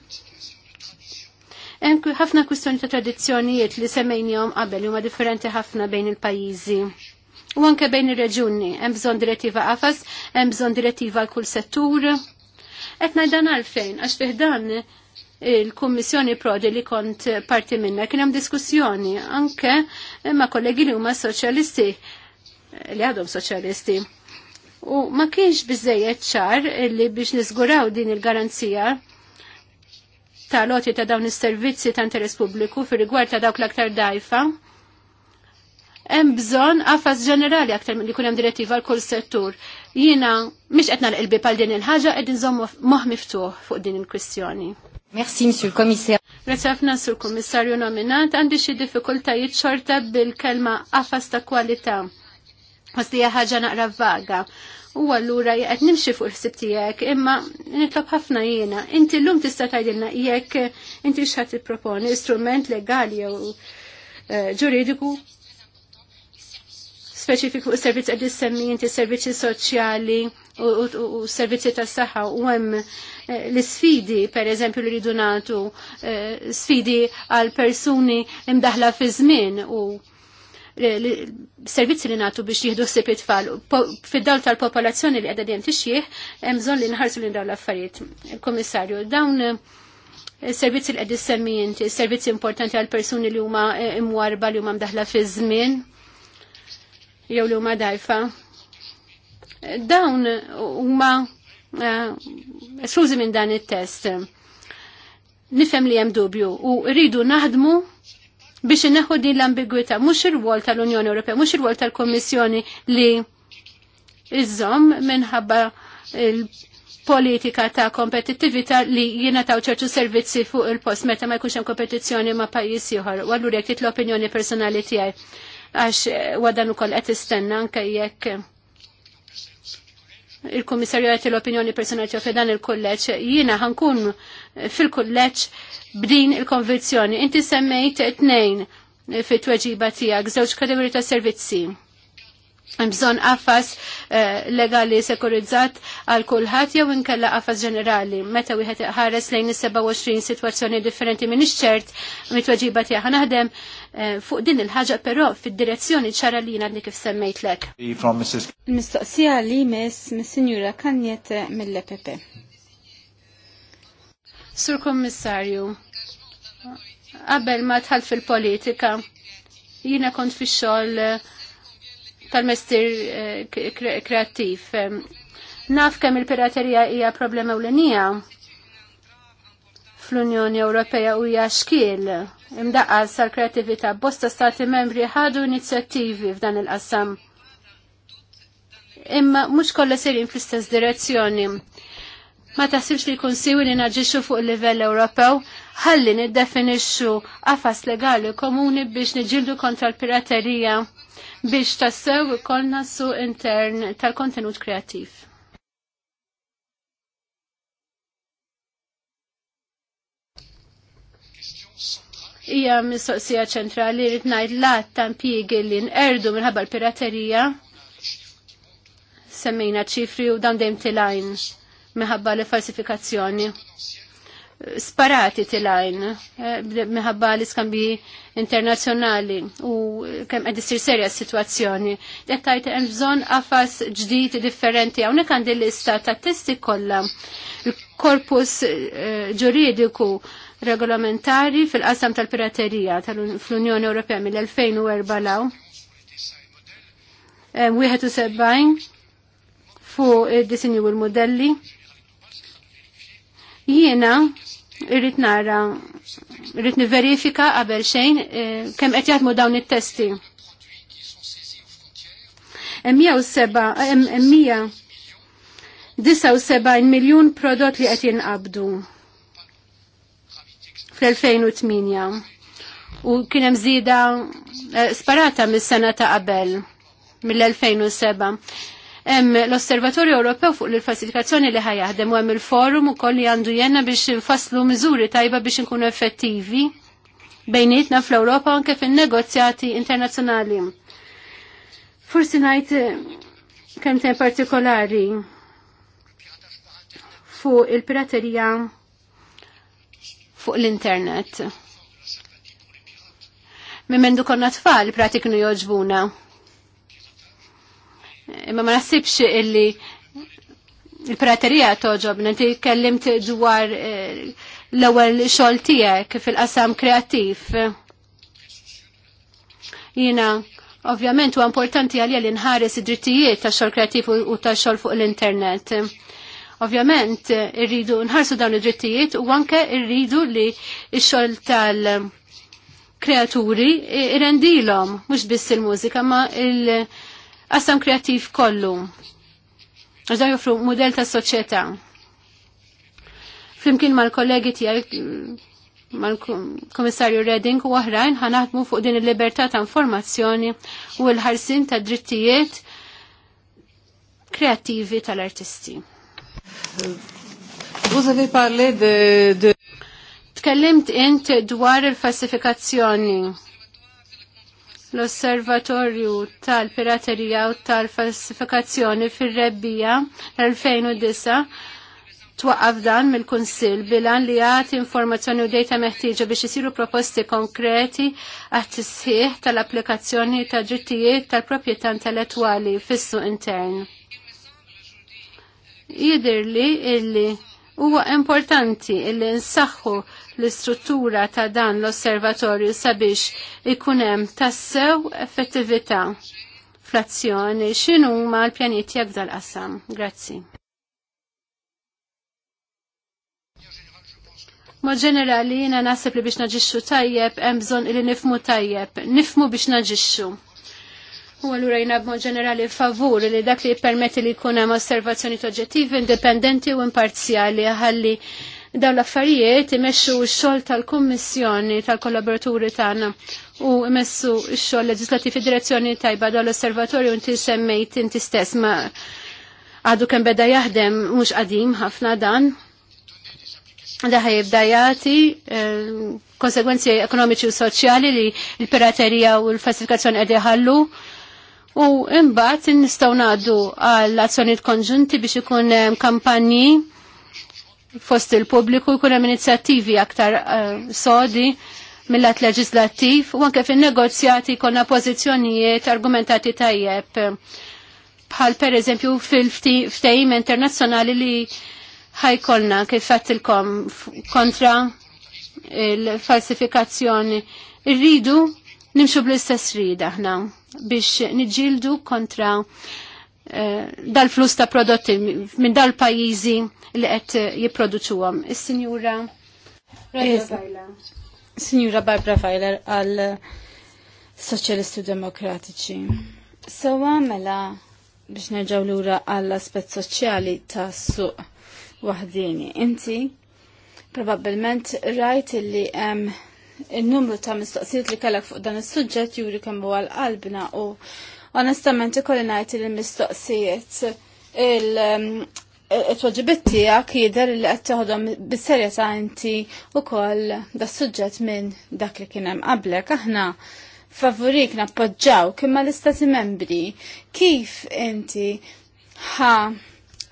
Speaker 1: Hemm ħafna kwistjoni ta' tradizzjonijiet li semmejnihom qabel huma differenti ħafna bejn il-pajjiżi. U anke bejn ir-reġuni, hemm bżonn direttiva qafas, hemm bżonn direttiva għal kull settur. Qed ngħidan għalfejn għax fih dan il-Kummissjoni Prodi li kont parti minna. Kien hemm diskussjoni anke ma' kollegi li huma soċjalisti li għadhom soċjalisti. U ma kienx biżejjed ċar li biex niżguraw din il-garanzija ta' loti ta' dawn is-servizzi ta' interess pubbliku fir-rigward ta' dawk l-aktar dajfa hemm bżonn għafas ġenerali aktar li jkun hemm direttiva għal kull settur. Jiena mhix qed nagħlaq pal din il-ħaġa qegħdin inżomm moħħ miftuħ fuq din il-kwistjoni. Merci, Monsieur le Commissaire. Resafna sur Kommissarju nominat għandi xi diffikultajiet xorta bil-kelma qafas ta' kwalità. Għasli ħaġa naqra vaga. U għallura jgħet nimxi fuq il-ħsib imma nitlob ħafna jiena. Inti l-lum tista' tgħidilna jekk inti il-proponi, istrument legali jew eh, ġuridiku speċifiku s-servizz għad semmi inti servizzi soċjali u servizzi tas saħħa u hemm eh, l-sfidi, per eżempju, li rridu nagħtu eh, sfidi għal persuni imdaħla fi żmien u servizzi li natu biex jihdu s tfal fid-dawl tal-popolazzjoni li għedha dejjem tixjih, hemm bżonn li nħarsu lil dawn l-affarijiet. Il-Kummissarju, dawn eh, servizzi li qed semmi inti, servizzi importanti għal persuni li huma imwarba li huma mdaħla fi żmien jew li huma dajfa dawn huma eh, esklużi minn dan it-test. Nifhem li hemm dubju u rridu naħdmu biex ineħħu din l-ambigwità mhux ir-wol tal-Unjoni Ewropea, mhux ir-wol tal-Kommissjoni li iżżomm minħabba il-politika ta' kompetittività li jiena taw ċertu servizzi fuq il-post meta ma jkunx hemm kompetizzjoni ma' pajjiż ieħor. U allura jekk l-opinjoni personali tiegħi għax eh, wadan ukoll qed istenna anke jekk il-komissarju għet l-opinjoni personali tiegħu dan il-kulleġġ, jiena ħankun fil-kulleġġ b'din il-konvizzjoni. Inti semmejt tnejn fit-tweġiba tiegħek żewġ kategoriji ta' servizzi. Bżon affas eh, legali sekurizzat għal kulħadd jew inkella qafas ġenerali. Meta wieħed ħares lejn is-27 sitwazzjoni differenti minn ċert tweġiba tiegħek naħdem Eh, fuq din il-ħaġa però fid-direzzjoni ċara li jina kif semmejt lek.
Speaker 4: Mistoqsija
Speaker 1: li miss mis-Sinjura Kanjet mill-EPP. Sur Kommissarju, qabel ma tħal fil-politika, jina kont fi xogħol eh, tal-mestir eh, kreattiv. Naf kemm il-piraterija hija problema l-nija, fl-Unjoni Ewropea u xkiel Imdaqqa sar kreatività bosta stati membri ħadu inizjattivi f'dan il-qassam. Imma mhux kolla serin fl-istess direzzjoni. Ma taħsibx li jkun siwi li naġixxu fuq il-livell Ewropew ħalli niddefinixxu għafas legali komuni biex niġildu kontra l-piraterija biex tassew ikollna su intern tal-kontenut kreattiv. hija mistoqsija ċentrali li tnajt lat ta' impjiegi li nqerdu minħabba l-piraterija. Semmejna ċifri u dan dejjem tilajn minħabba l-falsifikazzjoni. Sparati tilajn eh, minħabba l iskambi internazzjonali u kemm qed issir serja s-sitwazzjoni. Qed hemm bżonn qafas ġdid differenti hawnhekk għandi lista tat testi kollha. Il-korpus eh, ġuridiku uh, regolamentari fil-qasam tal-piraterija tal-Unjoni Ewropea mill-2004 law. 71 fuq id-disinju u l-modelli. Jiena irrit nara, irrit niverifika qabel xejn eh, kemm qed jaħdmu dawn it-testi. Emmija u seba, emmija disa u seba miljun prodott li qed jinqabdu fl-2008 u kien hemm eh, sparata mis-sena ta' qabel mill-2007. Hemm l-Osservatorju Ewropew fuq l-falsifikazzjoni li ħajaħdem u hemm il-forum ukoll li għandu jenna biex infasslu miżuri tajba biex inkunu effettivi bejnietna fl-Ewropa anke fin-negozjati internazzjonali. Forsi ngħid eh, kemm partikolari fuq il-piraterija fuq l-internet. Mimendu konna tfal pratiknu joġbuna. Imma ma nasibx illi il-praterija toġobna, ti kellimt dwar eh, l-ewwel xogħol tiegħek fil-qasam kreattiv. Jiena ovvjament huwa importanti għalja li nħares id-drittijiet tax-xogħol kreativ u tax-xogħol fuq l-internet. Ovvjament irridu nħarsu dawn id-drittijiet u anke irridu li x-xogħol tal-kreaturi irendilhom mhux biss il-mużika ma il-qassam kreattiv kollu. Għax jofru model mudell tas-soċjetà. Flimkien mal-kollegi tiegħi mal-Komissarju Redding u oħrajn ħanaħdmu fuq din il-libertà ta' informazzjoni u l-ħarsin ta' drittijiet kreattivi tal-artisti. Vous avez parlé de, de... Tkellimt int dwar il-falsifikazzjoni. L-Osservatorju tal-Piraterija u tal-Falsifikazzjoni fir rebbija l-2009 twaqqaf dan mill-Kunsill bilan li jagħti informazzjoni u dejta meħtieġa biex isiru proposti konkreti għat tisħiħ tal-applikazzjoni ta' drittijiet tal-proprjetà intellettwali fis-suq intern jidir li illi huwa importanti illi nsaħħu l-istruttura ta' dan l-osservatorju sabiex ikun hemm tassew effettività fl-azzjoni x'inhu huma l pjaniti tiegħek dal-qasam. Grazzi. Mod ġenerali jiena naħseb li biex naġixxu tajjeb hemm bżonn li nifmu tajjeb, nifmu biex naġixxu. U għallura jina b'mod ġenerali favur li dak li permetti li jkun hemm osservazzjoni toġġettivi indipendenti u imparzjali ħalli dawn l-affarijiet imexxu x-xogħol tal-Kummissjoni tal-kollaboraturi tagħna u imessu x-xogħol leġislattiv id-direzzjoni tajba dawn l-osservatorju inti semmejt inti stess ma għadu kemm beda jaħdem mhux qadim ħafna dan. Da jibda jati, eh, konsegwenzi ekonomiċi u soċjali li l-piraterija u l-falsifikazzjoni qed ħallu. U imbagħad nistgħu ngħaddu għal azzjonijiet konġunti biex ikun hemm kampanji fost il-pubbliku jkun hemm inizjattivi aktar eh, sodi mill-att leġislattiv u anke fin-negozjati konna pożizzjonijiet argumentati tajjeb bħal per eżempju fil ftehim internazzjonali li ħajkolna kif fattilkom kontra il-falsifikazzjoni. Irridu nimxu bl-istess rida ħna biex niġildu kontra eh, dal-flus ta' prodotti minn dal-pajizi li qed jipproduċuhom. Is-Sinjura Sinjura Barbara Fajler għal
Speaker 5: Soċjalisti Demokratiċi. Sewa mela biex nerġaw lura għall aspett soċjali ta' suq waħdini. Inti probabbilment rajt li hemm um, il-numru ta' mistoqsijiet li kellek fuq dan is-suġġett juri kemm huwa l-qalbna u onestament ikolli ngħid li l-mistoqsijiet il-tweġibiet um, tiegħek jidher li qed toħodhom bis-serjetà inti wkoll das-suġġett minn dak li kien hemm qablek aħna favorik nappoġġaw kimma l-istati membri kif inti ħa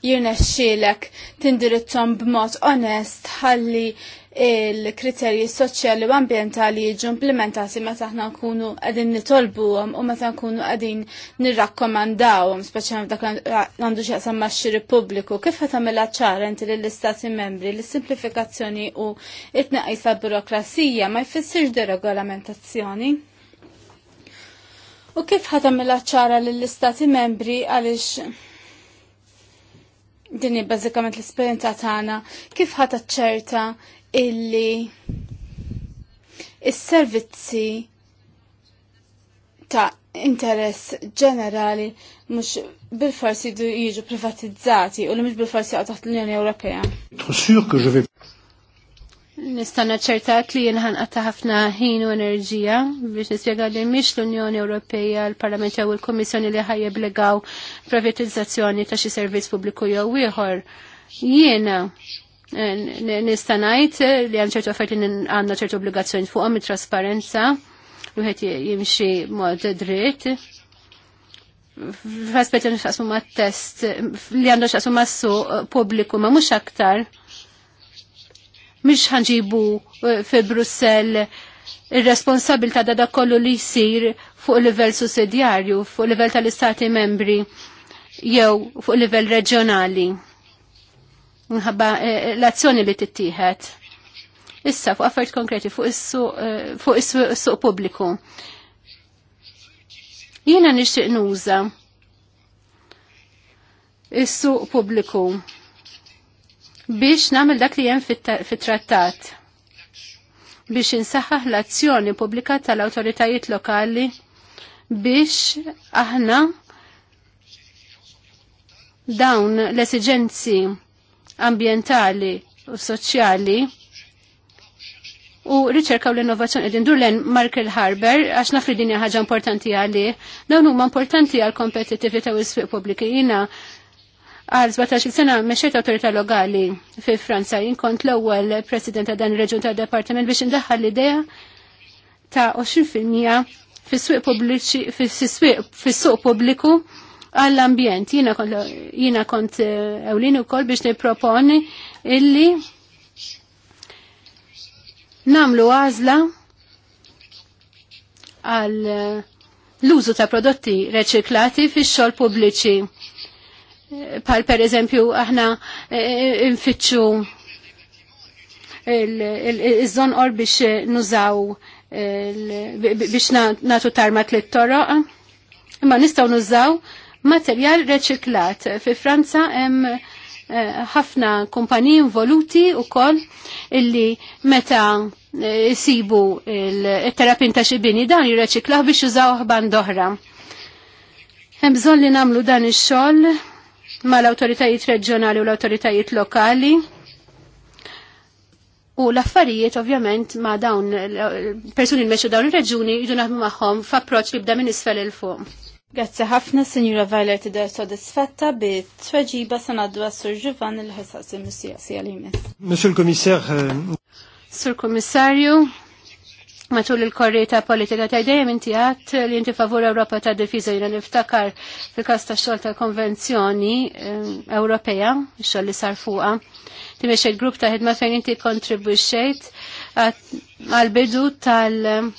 Speaker 5: jirnexxielek tindirizzhom b'mod onest ħalli il-kriterji soċjali u ambientali jiġu implementati meta aħna nkunu qegħdin nitolbuhom u meta nkunu qegħdin nirrakkomandawhom speċjalment dak għandu x'jaqsam max-xiri pubbliku kif qed tagħmilha ċara inti lill-istati membri li simplifikazzjoni u it-tnaqqis burokrazija ma jfissirx deregolamentazzjoni. U kif ħat tagħmilha ċara lill-istati membri għaliex din bazzikament l esperienza tagħna kif ħat ċerta illi is-servizzi ta' interess ġenerali mhux bil-forsi jiġu privatizzati u li mux bil-forsi għataħt taħt l-Unjoni Ewropea.
Speaker 1: Nista' naċċertat li jien ħanqata' ħafna ħin u enerġija biex nispjega li mhix l-Unjoni Ewropea l-Parlament u l kummissjoni li ħajja legaw privatizzazzjoni ta' xi servizz pubbliku jew ieħor. Jiena nistanajt li għan ċertu affarijiet li għandna ċertu obbligazzjoni fuqhom it-trasparenza u għet jimxi mod dritt. F'aspet għan xaqsmu ma' test li għandu xaqsmu ma' su publiku ma' mux aktar. Mux ħanġibu eh, fi Brussel il-responsabil ta' dada kollu li jisir fuq livell sussidjarju, fuq level tal-istati membri, jew fuq livell reġjonali minħabba eh, eh, l-azzjoni li tittieħed. Issa fuq affarijiet konkreti fuq eh, is-suq pubbliku. Jiena nixtieq nuża is-suq pubbliku biex nagħmel dak li hemm fit-trattat biex insaħħaħ l-azzjoni pubblika tal-awtoritajiet lokali biex aħna dawn l-esiġenzi ambientali u soċjali u riċerka u l-innovazzjoni din dur len Markel Harber għax nafri li din ħaġa importanti għalih. Dawn huma importanti għal kompetittività u s-sfiq pubbliki. jina għal 17 sena meċċet autorita lokali fi Franza. jinkont l-ewwel president ta' dan reġun ta' departament biex indaħħal l-idea ta' 20% fi s pubbliċi fis-swieq fis-suq pubbliku għall-ambjent. Jina kont eh, ewlin u kol biex niproponi illi namlu għazla għal eh, l-użu ta' prodotti reċiklati fi xol pubbliċi. Eh, pal per eżempju aħna nfittxu il-żon or biex nużaw biex natu tarma tlitt toroq. Imma nistaw nużaw materjal reċiklat. Fi Franza hemm eh, ħafna uh, kumpaniji involuti u koll illi meta jisibu eh, il-terapin ta' xibini dan jirreċiklaw biex jużaw ħban doħra. Hemm bżonn li namlu dan ix-xogħol mal-awtoritajiet reġjonali u l-awtoritajiet lokali. U l-affarijiet ovvjament ma' dawn persuni l-meċu dawn ir-reġuni jidu naħdmu magħhom f'approċċ li bda minn isfel il fuq. Grazzi ħafna, Sinjura Vajler tidher sodisfatta bi tweġiba sanaddu għas-Sur Ġuvan il-ħisaqs il-mistoqsija li
Speaker 3: Monsieur il-Komissar. Euh,
Speaker 1: Sur Komissarju, matul il ta' politika ta' idejem inti għat li inti favur Ewropa ta' difiża jina niftakar fil-każ tax-xogħol tal-Konvenzjoni eh, Ewropea, x-xogħol li sar fuqha. Timexxejt grupp ta' ħidma fejn inti kontribwixxejt għal-bidu tal-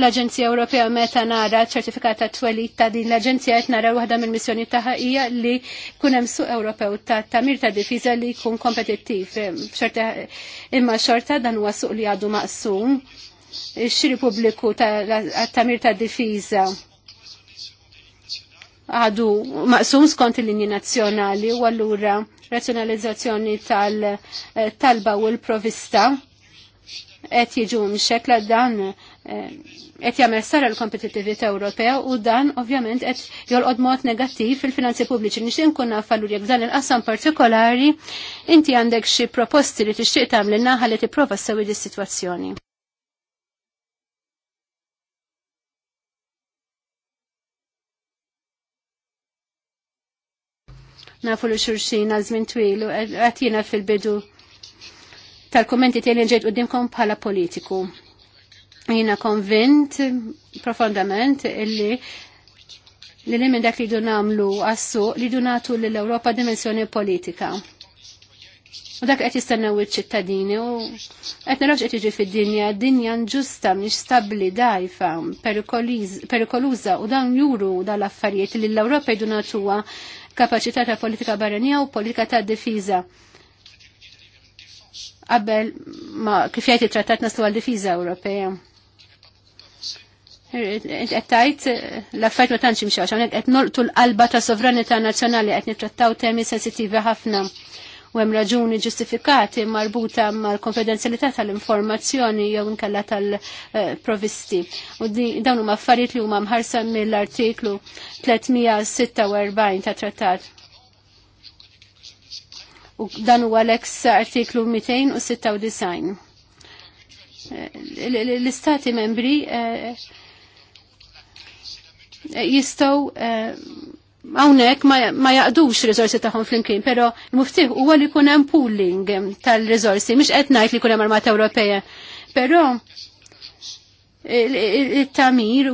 Speaker 1: l-Aġenzija Ewropea meta nara ċertifikat ta' twelid ta' din l-Aġenzija qed nara waħda mill-missjoni tagħha hija li jkun hemm suq Ewropew ta' tamir ta' difiża li jkun kompetittiv. Imma xorta dan huwa suq li għadu maqsum ix-xiri pubbliku tamir ta' difiża għadu maqsum skont il-linji nazzjonali u allura razzjonalizzazzjoni tal-talba eh, u l-provista qed jiġu mxekla dan Eh, qed jagħmel sara l-kompetittività Ewropea u dan ovvjament qed jolqod mod negattiv fil-finanzi pubbliċi. nix inkun naf jekk dan il-qasam partikolari inti għandek xi proposti li tixtieq tagħmel in-naħa li tipprova ssewi dis-sitwazzjoni. Nafu li xurxin għazmin twil u għatjina fil-bidu tal-kommenti tiegħi ġejt qudiemkom bħala politiku Jina konvint profondament illi li li minn dak li du namlu għassu li du natu l-Europa dimensjoni politika. U dak qed jistennew iċ-ċittadini u qed narawx qed jiġi fid-dinja, dinja nġusta mhix stabli, dajfa, perikoluża u dan juru dal-affarijiet li l-Ewropa jdu natuha kapaċità ta' politika barranija u politika ta' difiża. Qabel ma kif jgħid it-trattat nastu għal difiża Ewropea għettajt l ma tantx mxax, għanek għet norqtu l-qalba ta' sovranità nazjonali għet nittrattaw temi sensitivi ħafna u hemm raġuni ġustifikati marbuta mal-konfidenzjalità tal-informazzjoni jew nkella tal-provisti. U dawn huma affarijiet li huma mħarsa mill-artiklu 346 ta' trattat. U dan huwa l artiklu 296. L-istati membri eh, jistaw eh, għawnek ma jaqdux rizorsi taħon fl pero muftiħ u għalli hemm pooling tal-rizorsi, mux etnajt li kunem armata Ewropeja, pero il-tamir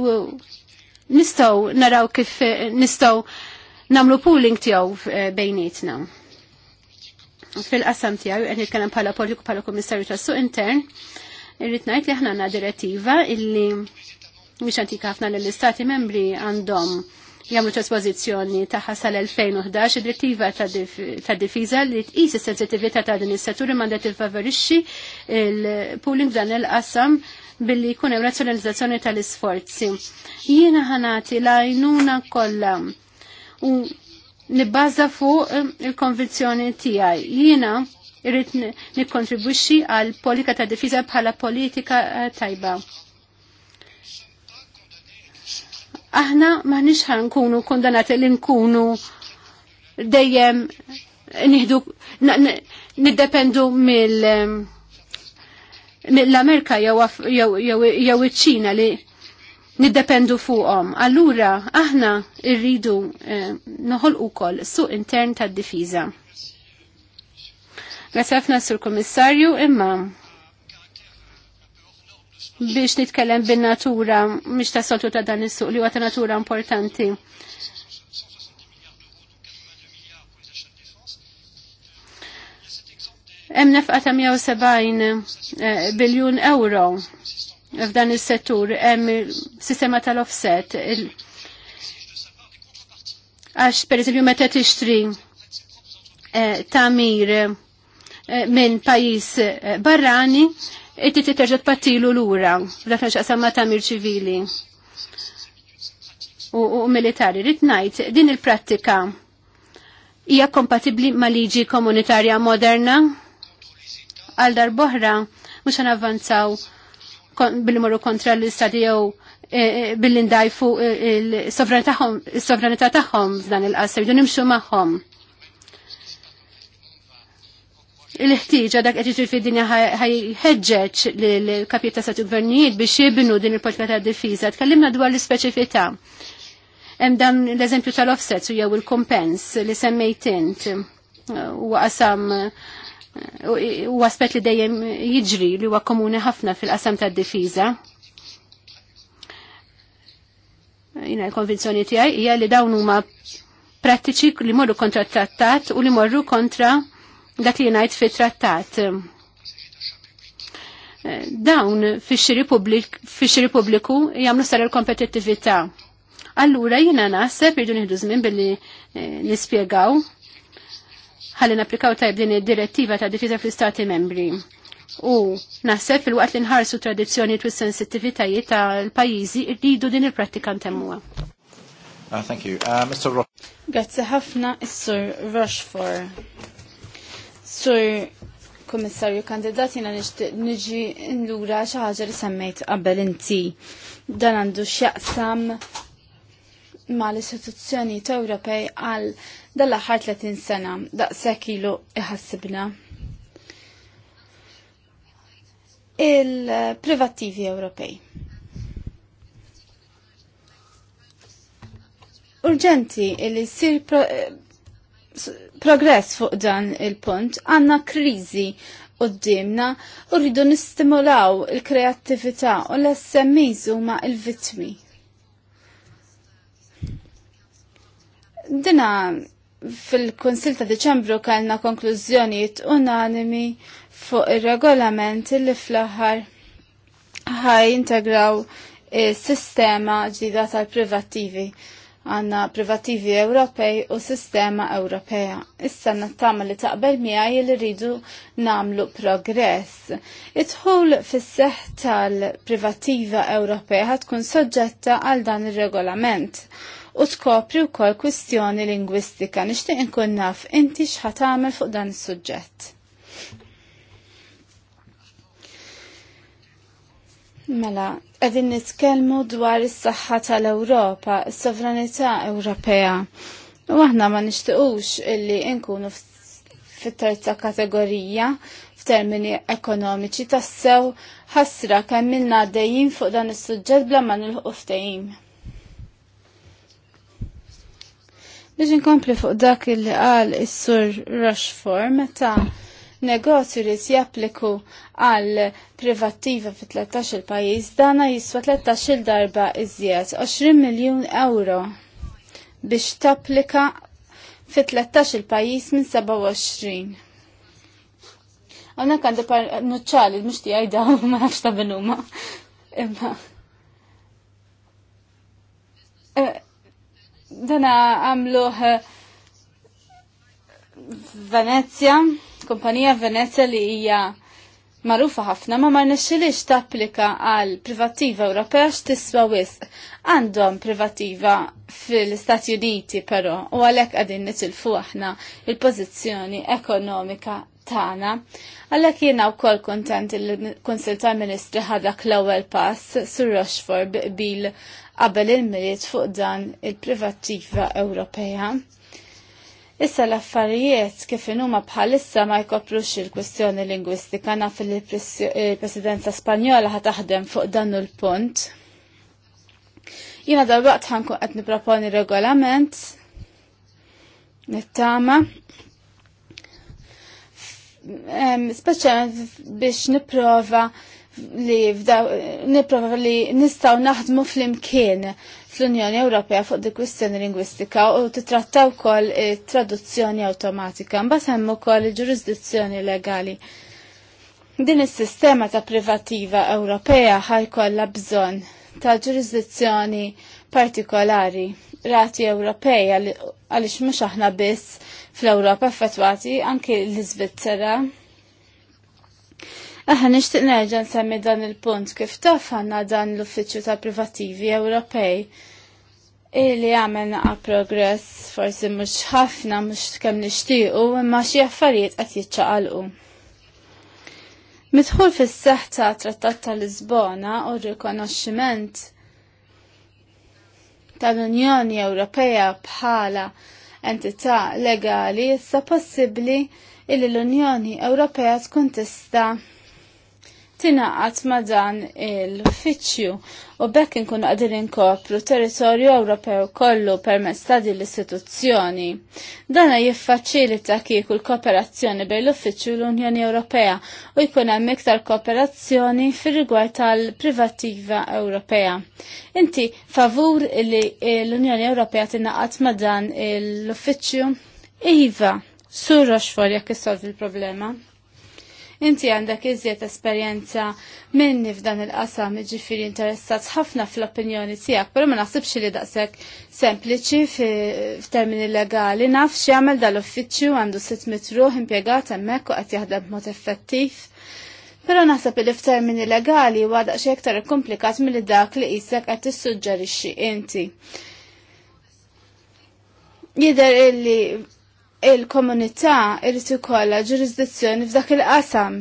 Speaker 1: nistaw naraw kif eh, nistaw namlu pooling tijaw eh, bejnietna. Fil-qasam tijaw, għed nitkellem bħala politiku bħala komissarju tas-suq intern, irrit ngħid li ħna għandna direttiva illi mhix antika ħafna lill istati membri għandhom jagħmlu trasposizzjoni tagħha sal-2011 id-direttiva ta' difiża li tqis is-sensitività ta' din is-settur imma tiffavorixxi il-pooling dan il-qasam billi jkun hemm razzjonalizzazzjoni tal-isforzi. Jiena ħanati l-għajnuna kollha u nibbaża fuq eh, il konvinzjoni tiegħi. Jiena irrid nikkontribwixxi għal politika ta' difiża bħala politika eh, tajba aħna maħniex kunu kondanat li nkunu dejjem nihdu niddependu mill mill-Amerika jew iċ-Ċina li niddependu fuqhom. Allura aħna rridu noħol ukoll suq intern tad-difiża. Grazie ħafna sur Kommissarju imma biex nitkellem bin-natura mhix ta' soltu ta' dan is-suq li huwa ta' natura importanti. Hemm nefqa ta' 170 eh, biljun euro f'dan is-settur hemm sistema tal-offset. Għax pereżempju meta tixtri eh, tamir eh, minn pajjiż barrani, inti titerġa' tpattilu lura dak xaqsam ma' tamir ċivili u militari. Ritnajt, ngħid din il-prattika hija kompatibbli ma' liġi komunitarja moderna għal darboħra mhux avvanzaw bil-morru kontra l-istati jew e, e, billi ndajfu il-sovranità e, tagħhom f'dan il-qasir, jdu nimxu magħhom. il ħtieġa dak qed jiġri fid-dinja ħajħeġġeġ l-kapjiet ta' gvernijiet biex jibnu din il-politika ta' difiża. Tkellimna dwar l-ispeċifità. Hemm dan l-eżempju tal-offsets u jew il-kompens li semmejt int u qasam u aspett li dejjem jiġri li huwa komuni ħafna fil-qasam tad-difiża. Jina l-konvinzjoni tiegħi hija li dawn huma prattiċi li morru kontra trattat u li morru kontra dak li ngħid fit-trattat dawn fi xiri pubbliku jagħmlu sar il-kompetittività. Allura jiena naħseb irdu nieħdu żmien billi eh, nispjegaw ħalli napplikaw tajb din id-direttiva ta' difiza fl-Istati membri. U naħseb fil-waqt li nħarsu tradizjoni u s-sensittivitajiet l pajjiżi rridu din il-prattika ntemmuha.
Speaker 2: thank you. Uh, Mr.
Speaker 1: Grazie ħafna,
Speaker 5: is Rushford. Sur komissarju kandidat jina nġi n-lura xaħġa li semmejt qabel inti. Dan għandu x'jaqsam ma l-istituzzjoni ta' Ewropej għal dal-aħħar 30 sena daqshekk ilu iħassibna. Il-privattivi Ewropej. Urġenti li sir progress fuq dan il-punt, għanna krizi d-dimna u rridu nistimulaw il-kreattività u l-SMEs huma il-vitmi. Dina fil-Konsil ta' Deċembru kellna konklużjonijiet unanimi fuq ir-regolament li fl-aħħar ħaj integraw sistema ġdida tal-privattivi għanna privativi Ewropej u sistema Ewropea. Issa nattama li taqbel miħaj li rridu namlu progress. Itħul fis-seħ tal-privativa Ewropea ħatkun soġġetta għal dan il-regolament u tkopri wkoll kwistjoni lingwistika nixtieq inkun naf inti x'ħatamel fuq dan is-suġġett. Mela, qegħdin nitkellmu dwar is-saħħa tal-Ewropa, is-sovranità Ewropea. U aħna ma nixtiqux illi nkunu fit-terza kategorija f'termini ekonomiċi tassew ħasra kemm minna dejjin fuq dan is-suġġett bla ma nilħuq ftehim. Biex inkompli fuq dak li qal is-sur Rushfor meta negozju li jappliku għal privattiva fi 13 pajjiż dana jiswa 13 darba iżjed 20 miljun euro biex tapplika fi 13 pajjiż minn 27. Għonek għandi par nuċċali, mux ti għajda, ma nafx ta' benuma. Imma. Eh, dana għamluħ eh, Venezia, kumpanija Venezia li hija marufa ħafna ma ma nixxilix tapplika għal privattiva Ewropea x'tiswa wisq. Għandhom privattiva fil-Istati Uniti però u għalhekk qegħdin nitilfu aħna il-pożizzjoni ekonomika tagħna. Għalhekk jiena wkoll kuntent il-Kunsil tal-Ministri ħadak l-ewwel pass sur Rochefort bil qabel il-miliet fuq dan il-privattiva Ewropea. Issa l-affarijiet kif inhuma bħalissa ma jkoplux il-kwestjoni lingwistika naf li l-Presidenza Spanjola ħa taħdem fuq dan il-punt. Jiena dal-waqt ħankun qed niproponi regolament nittama speċjalment biex niprova li niprova li nistaw naħdmu fl-imkien fl-Unjoni Ewropea fuq di kwistjoni lingwistika u titratta wkoll traduzzjoni awtomatika mbagħad hemm ukoll ġurisdizzjoni legali. Din is-sistema ta' privativa Ewropea ħajkollha bżonn ta' ġurisdizzjoni partikolari rati Ewropej għaliex mhux aħna biss fl-Ewropa effettwati anki l-Iżvizzera Aħna nixtieq nerġa' nsemmi dan il-punt kif taf għandna dan l-Uffiċċju ta' Privattivi Ewropej. li għamilna għa progress forsi mhux ħafna mhux kemm nixtiequ imma xi affarijiet qed jiċċaqalqu. Midħul fis-seħħ ta' Trattat ta' Lisbona u r-rikonoxximent tal-Unjoni Ewropea bħala entità legali issa possibbli illi l-Unjoni Ewropea tkun tista' tinaqat ma dan il-fittxju u bekk nkunu għadin kopru territorju Ewropew kollu permezz ta' din l-istituzzjoni. Dana jiffaċilita kieku l-kooperazzjoni bejn l-Uffiċċju l-Unjoni Ewropea u jkun hemm iktar kooperazzjoni fir-rigward tal-privattiva Ewropea. Inti favur li l-Unjoni Ewropea tinaqat ma dan l-Uffiċċju? Iva, sur Roxfor jekk isolvi l-problema. Inti għandek iżjed esperjenza minni f'dan il-qasam ġifiri interessat ħafna fl-opinjoni tiegħek, però ma naħsibx li daqshekk sempliċi f'termini legali. Naf x'jagħmel dal-uffiċċju għandu sitt mitru impjegat hemmhekk u qed jaħdem b'mod effettiv. Pero naħseb li f'termini legali għadaq xi aktar komplikat mill dak li qisek qed tissuġġerixxi inti. Jidher illi il-komunità irrid ikollha ġurisdizzjoni f'dak il-qasam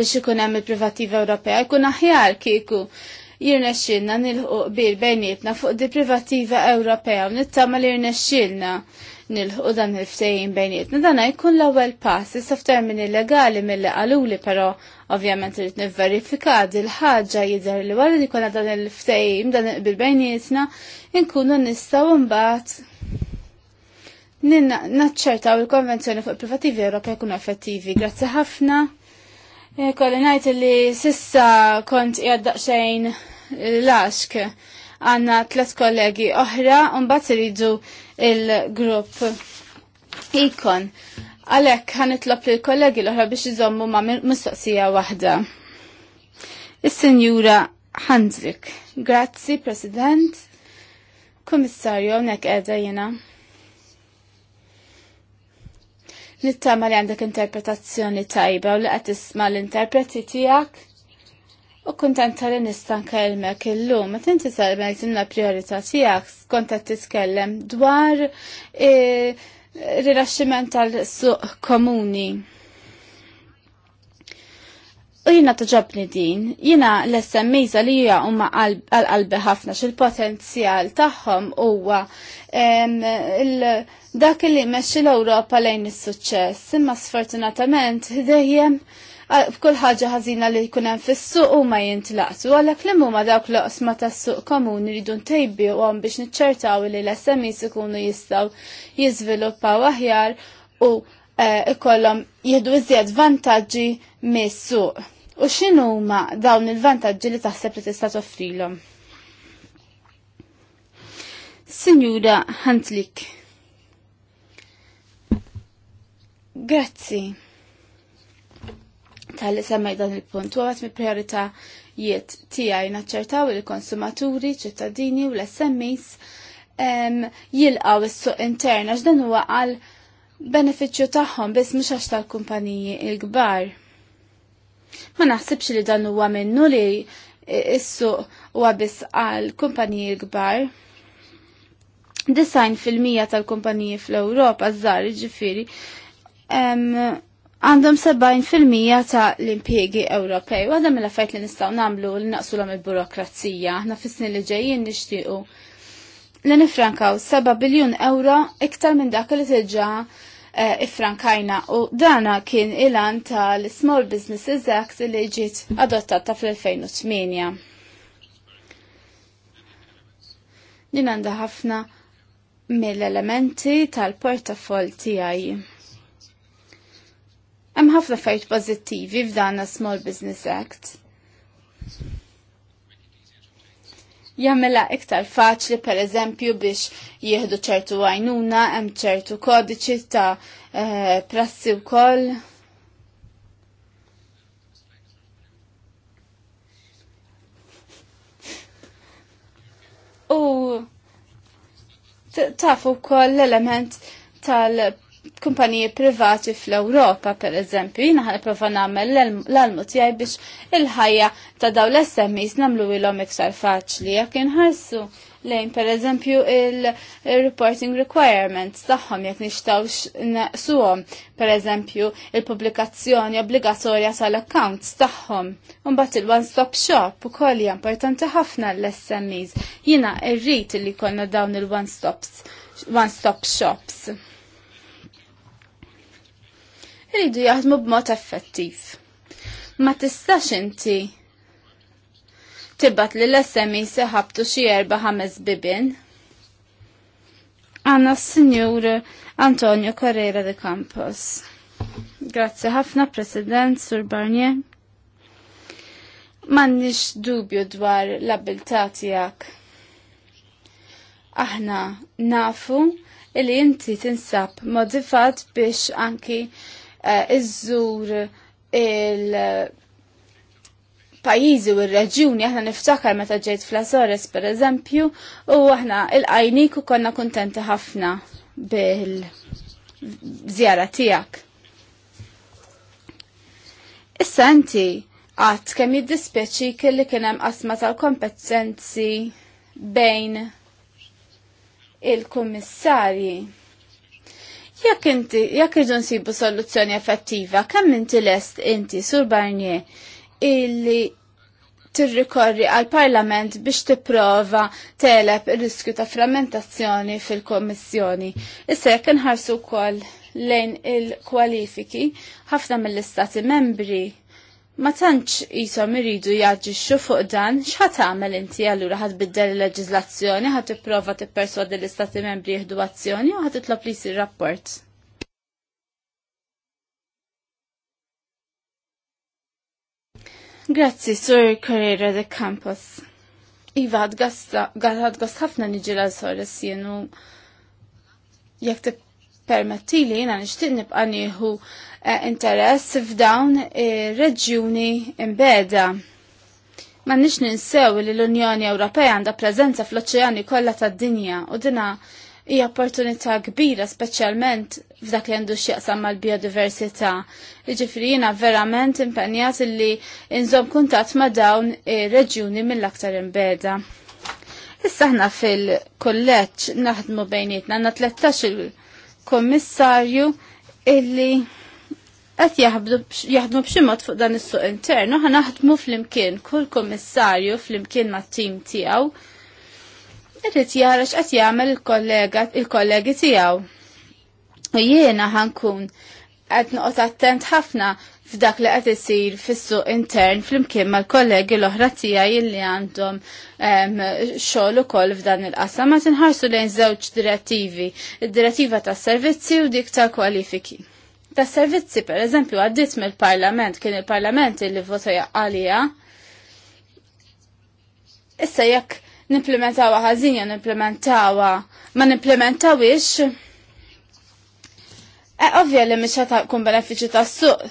Speaker 5: biex ikun hemm il privattiva Ewropea jkun aħjar kieku jirnexxilna nilħu qbir bejnietna fuq di privattiva Ewropea u nittama li jirnexxilna nilħu dan il-ftejjin bejnietna. Dan jkun l-ewwel pass issa f'termini legali mill qaluli però ovvjament irid nivverifika il ħaġa jidher li wara li jkollna dan il-ftejjim dan il-qbil bejnietna inkunu nistgħu mbagħad Ninna naċċertaw il-Konvenzjoni fuq il-Privativi Ewropa jkunu effettivi. Grazzi ħafna. E, kolli ngħid li sissa kont qiegħed daqsxejn eh, l-għaxk għanna tlet kollegi oħra mbagħad iridu il-grupp ikon. Għalhekk ħanitlob lil kollegi l-oħra biex jizommu ma' mistoqsija waħda. is senjura Hanzik. Grazzi, President. Kummissarju, hawnhekk qiegħda jiena. Nittama li għandek interpretazzjoni tajba u li qed tisma l-interpreti tiegħek. U kuntenta li nista' nkellmek illum, meta inti sarbejt imna priorita tiegħek skont qed titkellem dwar eh, rilaxximent tal-suq komuni. U jina toġobni din, jina l-SMIza li hija huma għal-qalbi ħafna xil-potenzjal tagħhom huwa dak li mexxi l-Ewropa lejn is-suċċess, imma sfortunatament dejjem f'kull ħaġa ħażina li jkun hemm fis-suq huma jintlaqtu, għalhekk li huma dawk l-oqsma tas-suq komuni li jridu ntejbihom biex niċċertaw li l-SMIs ikunu jistgħu jiżviluppaw aħjar u Eh, ikollom jihdu iżjed vantaġġi mis-suq. U x'inhuma dawn il-vantaġġi li taħseb li tista' toffrilhom? Sinjura Hantlik. Grazzi tal-li semmej dan il-punt u għat mi prioritajiet tijaj naċċertaw il-konsumaturi, ċittadini u l-SMEs jilqaw il-suq interna ġdan huwa għal benefiċċju tagħhom biss mhux għax tal-kumpaniji l-kbar. Ma naħsibx li dan huwa minnu li issu huwa biss għal kumpaniji l-kbar. Design fil-mija tal-kumpaniji fl-Ewropa żgħar ġifieri għandhom 70% ta' l-impiegi Ewropej. U għadam mill-affajt li nistgħu nagħmlu li naqsu l il-burokrazija. Aħna fis-snin li ġejjin nixtiequ li nifrankaw 7 biljun euro iktar minn dak li tiġa Eh, ifrankajna u dana kien ilan tal-Small Businesses Act li ġiet adottata fl-2008. Din għandha ħafna mill-elementi tal-portafol tiegħi. Hemm ħafna fajt pożittivi f'dan Small Business Act jagħmilha iktar faċli pereżempju biex jieħdu ċertu għajnuna hemm ċertu kodiċi ta' eh, prassi wkoll. U tafu wkoll l-element tal- kumpaniji privati fl-Europa, per eżempju, jina ħan prova namel l-almu tijaj biex il-ħajja ta' daw l-SMIs namlu il-om iktar faċli, jek inħarsu lejn per eżempju il-reporting requirements tagħhom jekk nixtawx suħom, per eżempju il-pubblikazzjoni obbligatorja tal-accounts tagħhom. bat il-one-stop shop ukoll hija importanti ħafna l-SMEs. Jiena rrid li jkollna dawn il-one-stops, one-stop shops iridu jaħdmu b'mod effettiv. Ma tistax inti tibbat li l-SMI e seħabtu xi erba ħames bibin. Għanna s-Sinjur Antonio Correra de Campos. Grazzi ħafna, President Sur Barnier. M'għandniex dubju dwar l abilità tiegħek aħna nafu li inti tinsab modifat biex anki Eh, iżżur il- pajizi u r-reġjuni aħna niftakar meta ġejt fl-Azores per eżempju u aħna il-qajnik u konna kontenti ħafna bil-żjara tiegħek. Issa inti għat kemm jiddispeċi kelli kien hemm qasma tal-kompetenzi bejn il-kummissarji. Jekk inti, jekk irdu nsibu soluzzjoni effettiva, kemm inti lest inti, Sur Barnier, illi tirrikorri għal-Parlament biex tipprova teleb ir-riskju ta' frammentazzjoni fil-Kommissjoni. Issa jekk inħarsu wkoll lejn il-kwalifiki ħafna mill-Istati membri ma tantx jisom iridu jaġixxu fuq dan x'ħat tagħmel inti allura ħad biddel il-leġiżlazzjoni, ħad tipprova tipperswadi l-istati membri jieħdu azzjoni u ħad titlob li jsir rapport. Grazzi, Sur Carrera de Campos. Iva, għad għast ħafna niġi l-għazħores jenu jek permettili jena nishtiq nibqa nieħu Eh, interess f'dawn ir-reġjuni imbeda. Ma nix ninsew li l-Unjoni Ewropea għandha preżenza fl-oċeani kollha tad-dinja u dina hija opportunità kbira speċjalment f'dak li għandu x'jaqsam mal-biodiversità. Jiġifieri jiena verament impenjat li nżomm kuntatt ma' dawn ir-reġjuni mill-aktar imbeda. Issa ħna fil-kolleġġ naħdmu bejnietna għandna 13 il-kommissarju illi qed jaħdmu b'xi mod fuq dan is-suq internu ħa naħdmu flimkien kull kummissarju flimkien mat-tim tiegħu irrid jara x'qed jagħmel il-kollega il-kollegi tiegħu. U jiena ħankun qed noqgħod attent ħafna f'dak li qed isir fis-suq intern flimkien mal-kollegi l-oħra tiegħi li għandhom xogħol ukoll f'dan il-qasam ma tinħarsu lejn żewġ direttivi, id-direttiva tas-servizzi u dik tal-kwalifiki ta' servizzi, per eżempju, għaddit mill-parlament, kien il-parlament li votoja għalija. Issa jekk nimplementawa ħażin nimplementawa ma nimplementawix, e ovvja li mhix tkun benefiċi tas-suq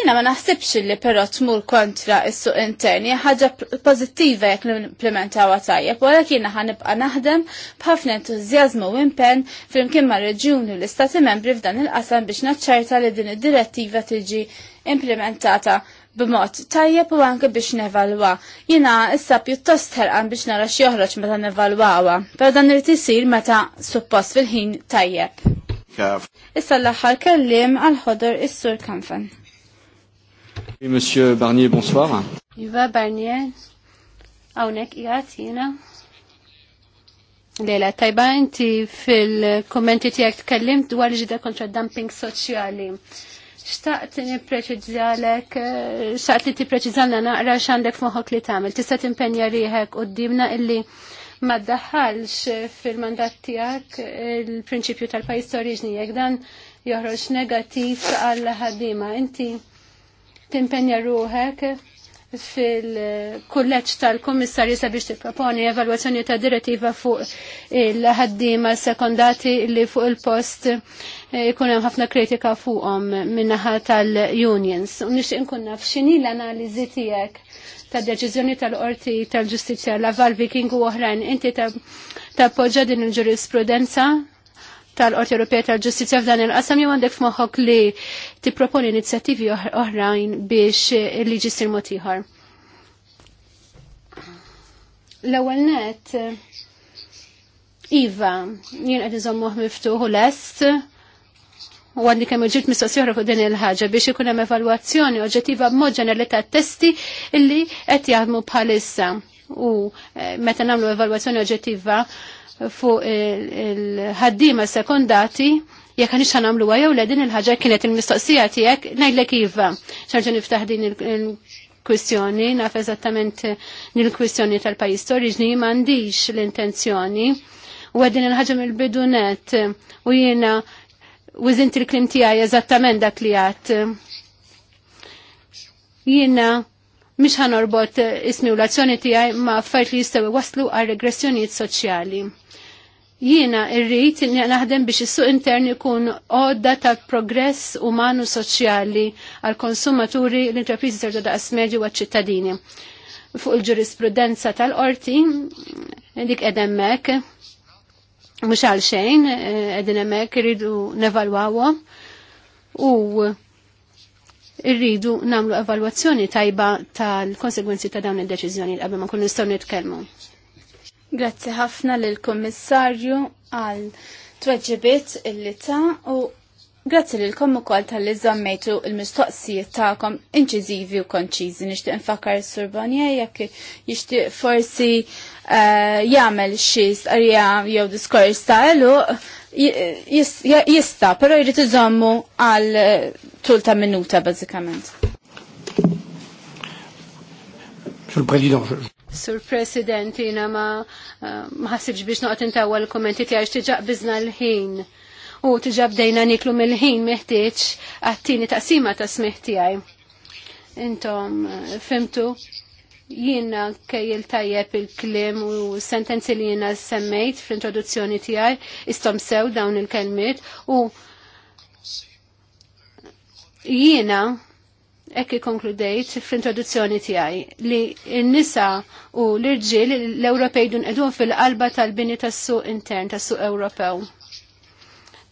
Speaker 5: Jina ma naħsibx li però tmur kontra is-suq interni ħaġa pożittiva jekk nimplementawha tajjeb, walakin jiena ħanibqa' naħdem b'ħafna entużjażmu u impenn flimkien ma' reġjuni u l-istati membri f'dan il-qasam biex naċċerta li din id-direttiva tiġi implementata b'mod tajjeb u anke biex nevalwa. Jiena issa pjuttost ħerqan biex nara x'joħroġ meta nevalwawa, però dan irid isir meta suppost fil-ħin tajjeb.
Speaker 1: Issa l-aħħar kellim għal ħodor is-sur Kanfan.
Speaker 3: Monsieur Barnier, bonsoir.
Speaker 1: Iva Barnier, għawnek jgħat jina. Lejla, tajba inti fil-kommenti tijak tkellimt dwar ġida kontra dumping soċjali. Xtaqt nipreċizzalek, eh, xtaqt li tipreċizzalna naqra xandek moħok li tamil. Tista timpenja riħek u d-dimna illi ma daħalx fil-mandat tijak il-prinċipju tal-pajis t-oriġni. Jek dan joħroġ negativ għal ħadima Inti timpenja ruħek fil-kulleċ tal-Komissarju sabiex tipproponi evalwazzjoni ta' direttiva fuq il-ħaddima sekondati li fuq il-post ikun hemm ħafna kritika fuqhom minnaħa tal-unions. U nixtieq nkun naf x'inhi l-analiżi tiegħek ta' deċiżjoni tal-qorti tal-ġustizzja la Valvi King u oħrajn inti poġġa din il-ġurisprudenza tal-Qorti Ewropea tal-Ġustizzja f'dan il-qasam jew għandek f'moħħok li tipproponi inizjattivi oħrajn biex il-liġi ssir mod ieħor. L-ewwel net Iva, jien qed iżommuh miftuħ u lest u għandi kemm ġirt mistoqsija fuq din il-ħaġa biex ikun hemm evalwazzjoni oġġettiva b'mod ġenerali tat-testi illi qed jaħdmu bħalissa u eh, meta nagħmlu evalwazzjoni oġġettiva fuq il-ħaddima sekondati jekk għanix għanamlu għajew le din il-ħagġa kienet il-mistoqsija tijek najdlek iva. ċarġu niftaħ din il-kwistjoni, naf eżattament il-kwistjoni tal-pajis toriġni, mandiġ l-intenzjoni u għadin il-ħagġa mil bidunet u jiena użint il-klim tijaj eżattament dak li għat. Jiena mish ħanorbot ismi u l-azzjoni tijaj ma' affarijiet li jistawi waslu għal regressjonijiet soċjali. Jiena irrit naħdem biex is-suq intern ikun għodda ta' progress umanu soċjali għal konsumaturi l-intrapriżi tarġa daqs medju u ċittadini. Fuq il-ġurisprudenza tal-qorti, dik edemmek, mux għal xejn, edemmek eh, irridu nevalwawo u irridu namlu evalwazzjoni tajba tal-konsegwenzi ta' dawn id-deċiżjoni qabel ma nkunu nistgħu nitkellmu.
Speaker 5: Grazzi ħafna lil kommissarju għal tweġibiet illi ta' u grazzi lilkom ukoll tal-li żammejtu l-mistoqsijiet tagħkom inċizivi u konċiżi. Nixtieq nfakkar s surbanija jekk jixtieq forsi eh, jagħmel xi stqarrija jew diskors ta' eluq jista, però jrid iżommu għal eh, tul ta' minuta bażikament.
Speaker 3: Monsieur le Président, je...
Speaker 1: Sur President, jina ma eh, ħassibx biex noqt intawa l-kommenti tijaj tiġaq bizna l-ħin. U tiġaq bdejna niklu mill-ħin meħtieġ għattini taqsima ta' smih Intom eh, fimtu jiena kejjel tajjeb il-klim u sentenzi li jiena semmejt fl-introduzzjoni tiegħi istom sew dawn il-kelmiet u jiena ekki konkludejt fl-introduzzjoni tiegħi li n-nisa u l-irġiel l-Ewropej dun edun fil-qalba tal-bini tas-suq intern tas-suq Ewropew.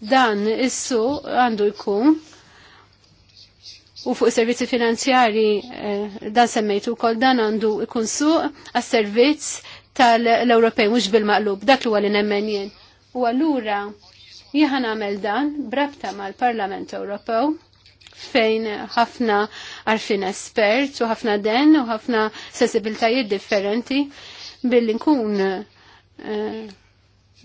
Speaker 1: Dan is għandu jkun u fuq servizzi finanzjari eh, dan semmejtu kol dan għandu jkun suq għas-servizz tal-Ewropej mhux bil-maqlub dak li huwa li nemmen jien. U allura jieħan għamel dan brabta mal-Parlament Ewropew fejn ħafna għarfin espert u ħafna den u ħafna sensibiltajiet differenti billi nkun uh,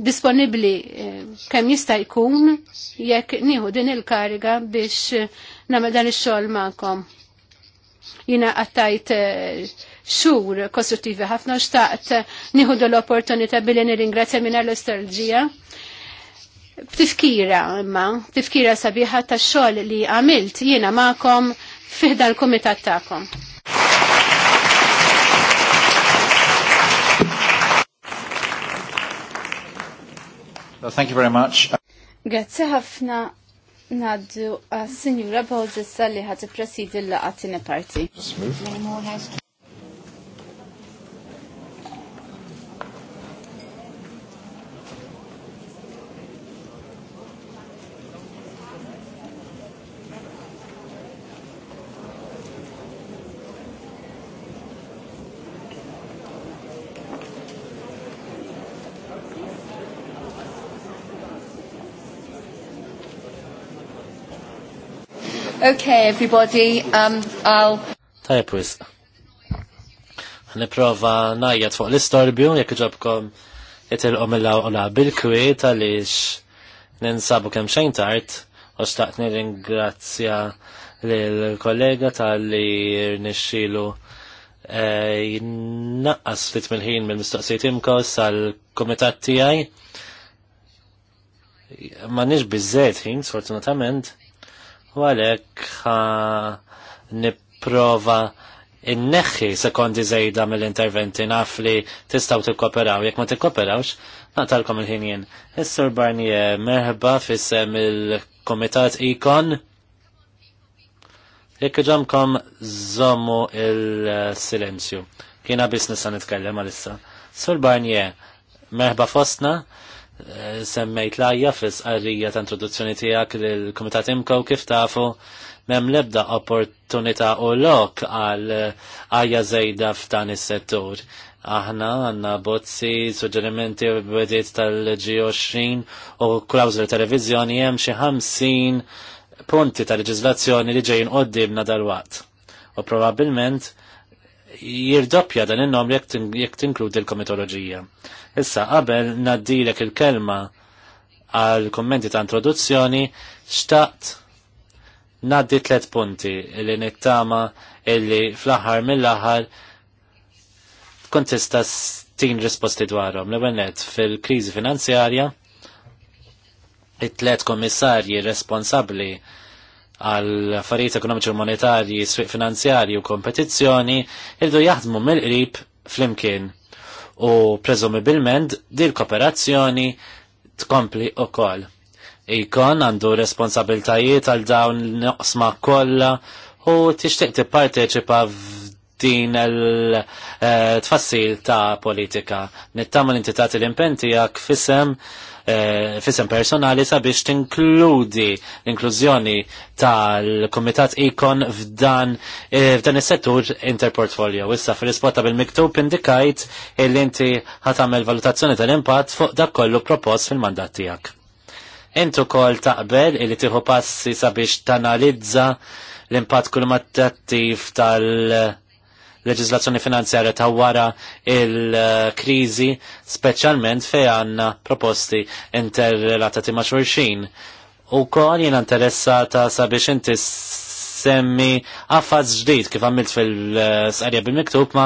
Speaker 1: disponibli uh, kemm jista' jkun jekk nieħu din il-kariga biex eh, nagħmel dan ix-xogħol magħkom. Jina qattajt eh, xhur kostruttivi ħafna xtaqt nieħu l-opportunità billi nirringrazzja minn l ostalġija b'tifkira imma, tifkira sabiħa ta' xogħol li għamilt jiena magħkom fiħda l-kumitat tagħkom.
Speaker 4: thank you very much.
Speaker 5: Grazzi ħafna naddu għas-Sinjura Bowles li ħat presidi l-laqatina parti.
Speaker 1: Okay, everybody, um, I'll...
Speaker 2: Tajab wis. Niprofa najjat fuq l-istorbju, jek ġobkom jitilqom il la bil-kwiet għalix ninsabu kem xejn tart, u xtaqt nir-ingrazzja l-kollega tal-li nixxilu eh, jinnaqqas fit mill-ħin mill-mistoqsijiet imkos għal-komitat tijaj. Ma nix bizzet ħin, sfortunatament, u għalek niprofa se sekondi zejda mill-interventi naf li tistaw tikkoperaw, jekk ma tikkoperawx, naqtalkom il-ħin jien. Is-Sur Barnier merħba fissem il-Komitat Ikon. Jekk ġamkom zommu il-silenzju. Kiena business għan nitkellem għalissa. Sur Barnier, merħba fostna, semmejt lajja fis qarrija ta' introduzzjoni tiegħek lill-Kumitat Imka kif tafu m'hemm l-ebda opportunità u lok għal għajja żejda f'dan is-settur. Aħna għandna bozzi, suġġerimenti u bediet tal-G20 u klawżoli televizjoni hemm xi ħamsin punti ta' leġiżlazzjoni li ġejjin qoddimna dal-waqt. U probabbilment jirdoppja dan il-nom jek tinkludi l-komitoloġija. Issa, qabel naddilek il-kelma għal kommenti ta' introduzzjoni, xtaqt naddi tlet punti li nittama illi fl-aħħar mill-aħħar kontista tista' risposti dwarhom. L-ewwel fil-kriżi finanzjarja, it-tlet komissarji responsabbli għal affarijiet ekonomiċi u monetarji, sfiq finanzjarji u kompetizzjoni irdu jaħdmu mill-qrib flimkien. U preżumibilment dil kooperazzjoni tkompli u koll. Ikon għandu responsabiltajiet għal dawn l-noqsma kollha u tixtieq tipparteċipa din l-tfassil eh, ta' politika. Nittama l-intitati l-impentijak fissem Eh, fisem personali sabiex tinkludi l-inklużjoni tal-Komitat Ikon f'dan eh, f'dan is-settur interportfolio. Issa fil isbotta bil-miktub indikajt il inti ħatamel valutazzjoni tal-impatt fuq dak kollu propost fil-mandat tiegħek. Intu kol taqbel li tieħu passi sabiex tanalizza l-impatt kulmattattiv tal- leġizlazzjoni finanzjarja ta' wara il-krizi, speċjalment fej għanna proposti interrelatati ma' xurxin. U kol jena interessata sabiex inti semmi għaffaz ġdid kif għamilt fil-sqarja bil-miktub ma,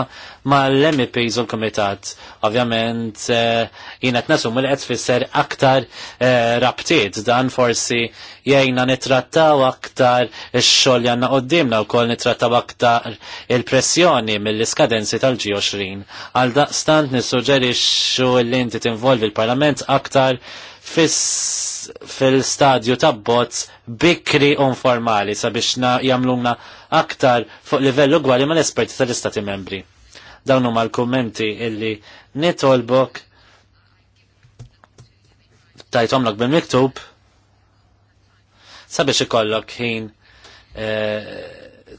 Speaker 2: ma l-MEPs u l-komitat. Ovvjament eh, jina t-nasum il qed fisser aktar eh, rabtiet dan forsi jgħina nitrattaw aktar il-xol janna qoddimna u kol nitrattaw aktar il-pressjoni mill-iskadenzi tal-G20. Għal daqstant nissuġerixxu l-inti tinvolvi l-parlament aktar fil-stadju ta' bots bikri u informali sabiex jamluna aktar fuq livell ugwali ma l-esperti tal-istati membri. Dawn huma l-kummenti illi nitolbok tajtomlok bil-miktub sabiex ikollok ħin e, eh,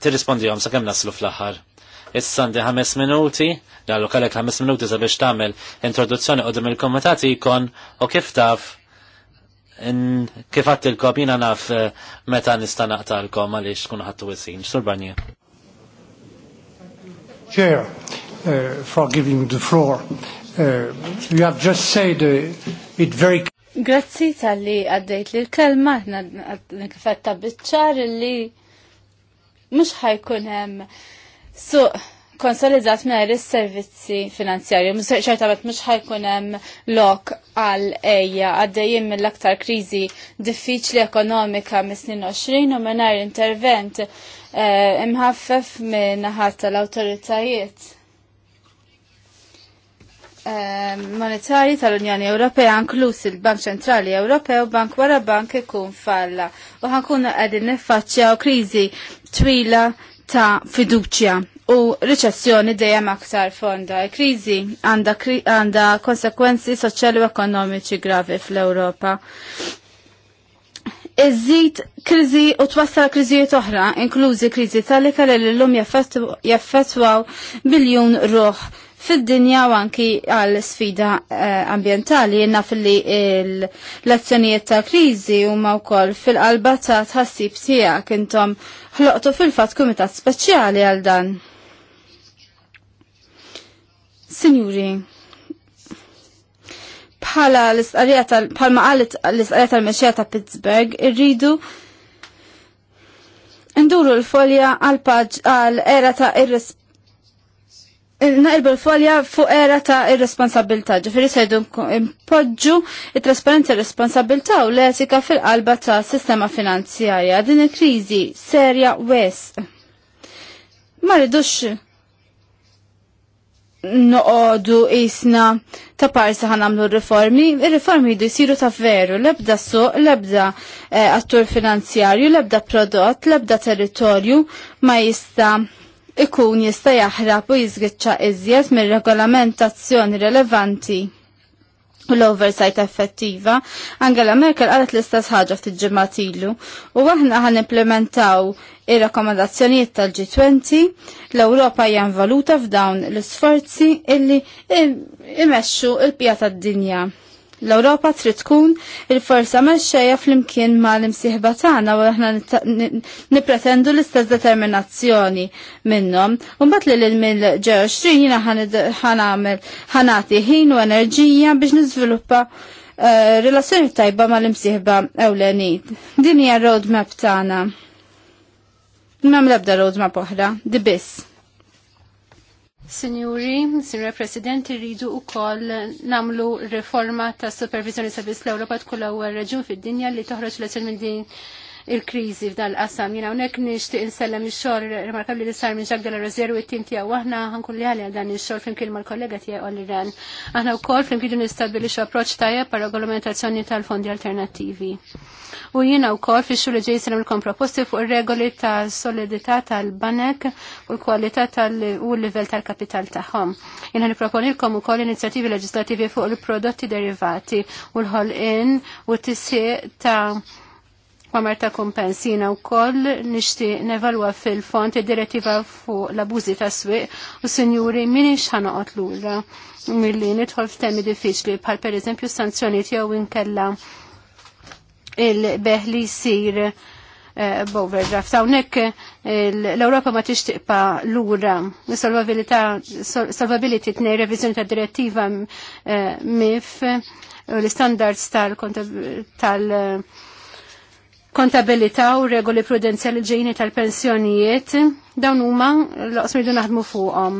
Speaker 2: tirrispondi jom sa' kem naslu fl-axar. Is-sandi ħames minuti, dallu kalek ħames minuti sabiex tamel introduzzjoni u il-komitati kon u kif taf kif kob jina naf eh, meta nista naqtalkom għaliex tkun ħattu għessin. Sur Banja.
Speaker 3: Chair, uh, for giving the floor. Uh, you have just said uh, it very
Speaker 5: Grazzi tal-li għaddejt li l-kelma, nikfetta bitċar li mux ħajkun hemm suq konsolidat minna is-servizzi finanzjarji. ċertament mhux ħajkun hemm lok għal ejja għaddejjin mill-aktar kriżi diffiċli ekonomika mis 22 20 u mingħajr intervent eh, imħaffef minn ħatta tal-awtoritajiet eh, monetarji tal-Unjoni Ewropea inkluż il-Bank Ċentrali Ewropew bank wara bank ikun falla u ħankunu qegħdin niffaċċjaw kriżi twila ta' fiduċja u riċessjoni dejjem aktar fonda. Kriżi għandha għanda konsekwenzi soċjali u ekonomiċi gravi fl-Ewropa. Iżid kriżi u twassal kriżijiet oħra, inklużi kriżi tal-ika li l-lum jaffettwaw biljun ruħ fid-dinja u anki għal sfida eh, ambientali jenna fil-li l-azzjonijiet ta' kriżi u ma' wkoll fil-qalba ta' tħassib tiegħek intom ħloqtu fil-fat kumitat speċjali għal dan. Sinjuri, bħala l-istqarija tal bħalma l-istqarija tal-mexxija ta' Pittsburgh irridu nduru l-folja għal era ta' irres Naqilbu l-folja fuq era ta' ir-responsabilta, ġifiri sejdu impoġġu il-trasparenza responsabilta u l-etika fil-qalba ta' sistema finanzjarja. Din il-krizi serja wes. Ma ridux noqodu isna ta' parsa għamlu riformi, il-riformi jdu jisiru ta' veru, lebda suq, lebda eh, attur finanzjarju, lebda prodott, lebda territorju ma jista' ikun jista' jaħrab u jiżgiċċa iżjed mir-regolamentazzjoni rilevanti u l-oversight effettiva. Angela Merkel qalet l-istess ħaġa ftit ġimgħat u aħna ħan implementaw ir-rakkomandazzjonijiet tal-G20 l-Ewropa hija valuta f'dawn l-isforzi illi imexxu il-pjata d-dinja. L-Ewropa trid tkun il-forsa mexxejja flimkien mal-imsieħba tagħna u aħna nippretendu l-istess determinazzjoni minnhom. U mbagħad li lil mill-20 jiena ħanagħmel ħanati ħin u enerġija biex niżviluppa eh, relazzjoni tajba mal-imsieħba ewlenin. Din hija roadmap tagħna. M'hemm l-ebda roadmap oħra, di biss.
Speaker 1: Signori, Signor President, rridu u koll namlu reforma ta' supervizjoni sabis l-Europa tkun l-ewwel reġun fid-dinja li toħroġ l minn din il-kriżi f'dan l-qasam. Jiena hawnhekk nixtieq insellem ix-xogħol remarkabbli li sar minn Jacques de la Rosière u t-tim tiegħu aħna ħankun li għalja dan ix-xogħol flimkien mal-kollega tiegħi Olli Ran. Aħna wkoll flimkien nistabbilixu approċċ tajjeb par regolamentazzjoni tal-fondi alternattivi. U jiena wkoll fix-xhur li ġej nilkom proposti fuq ir-regoli ta' solidità tal-banek u l-kwalità u l-livell tal-kapital tagħhom. Jiena nipproponilkom ukoll inizjattivi leġislativi fuq il-prodotti derivati u l-ħolqin u t-tisieq ta' Kwamar ta' kompensina u koll nishti nevalwa fil-font id-direttiva fuq l-abużi ta' swiq u sinjuri minni xħana l-ura mill-li nidħol f'temi diffiċli bħal per eżempju sanzjoniet jew inkella il-beħ li bover eh, b'overdraft. Hawnhekk l-Ewropa ma tixtiqpa lura solvabilità solvability tnej reviżjoni ta' direttiva eh, MIF l-standards tal-kontab tal-, -kontab, tal kontabilità u regoli prudenzjali ġejni tal-pensjonijiet, dawn huma l-oqsmi naħdmu fuqhom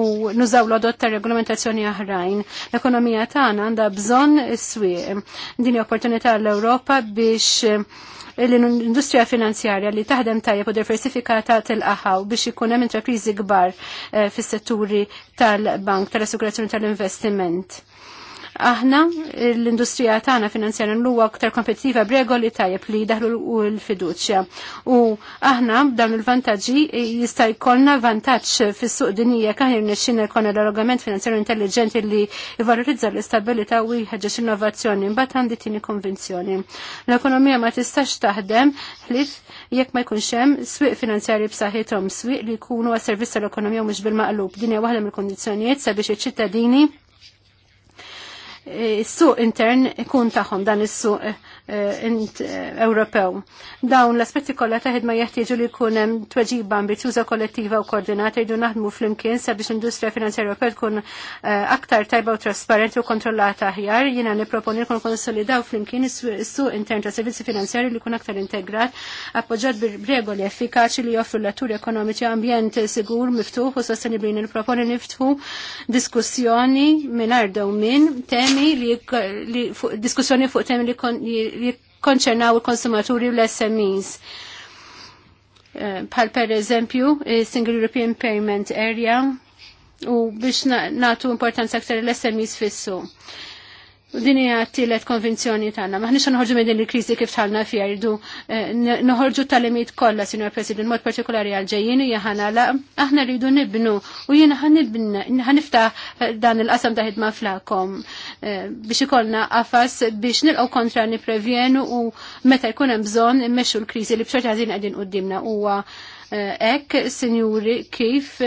Speaker 1: u nużaw l-odot ta' regolamentazzjoni aħrajn. L-ekonomija tagħna għandha bżonn is-swieq. Din opportunità l-Ewropa biex l-industrija finanzjarja li taħdem tajjeb u diversifikata tilqaħaw biex ikun hemm intrapriżi kbar eh, fis-setturi tal-bank tal-assigurazzjoni tal-investiment. Aħna l-industrija tagħna finanzjarja huwa aktar kompetitiva b'regoli tajjeb li daħlu l-fiduċja. U aħna b'dawn il-vantaġġi jista' jkollna vantaġġ fis-suq dinija kaħin nixxin jkollna l-arrogament finanzjarju intelligenti li jvalorizza l-istabilità u jħeġġeġ innovazzjoni. Mbagħad għandi tieni konvinzjoni. L-ekonomija ma tistax taħdem ħlif jekk ma jkunx hemm swieq finanzjarji b'saħħithom, swieq li jkunu għas-servizz tal-ekonomija mhux bil-maqlub. Din hija waħda mill-kondizzjonijiet sabiex iċ-ċittadini is-suq eh, intern ikun tagħhom dan is-suq eh, Eh, eh, Ewropew. Dawn l-aspetti kollha ta' ħidma jeħtieġu li jkun hemm tweġiba ambizjuża kollettiva u koordinata jdu naħdmu flimkien sabiex l-industrija finanzjarja Ewropew tkun eh, aktar tajba u trasparenti u kontrollata aħjar. Jiena nipproponi nkun konsolidaw flimkien is-suq intern ta' servizzi finanzjarji li jkun aktar integrat, appoġġat b'regoli effikaċi li joffru l-atturi ekonomiċi ambjent sigur, miftuħ u sostenibli. Nipproponi niftħu diskussjoni minn ardew minn temi li, fuq, diskussjoni fuq temi li jikkonċernaw il-konsumaturi u l-SMEs. Pal eh, per eżempju, Single European Payment Area, u biex natu importanza aktar l-SMEs fissu din hija l tielet konvinzjoni tagħna. Maħniex noħorġu minn din il-kriżi kif tħalna fiha jridu eh, Nħorġu tal-limit kollha, Sinjor President, mod partikolari għal ġejjin la. ħanala aħna rridu nibnu u jiena ħaniftaħ dan il-qasam ta' ħidma flakom eh, biex ikollna qafas biex nilqgħu kontra niprevjenu u meta jkun hemm bżonn immexxu l-kriżi li b'xorta ħażin qegħdin qudiemna huwa eh, hekk, sinjuri, kif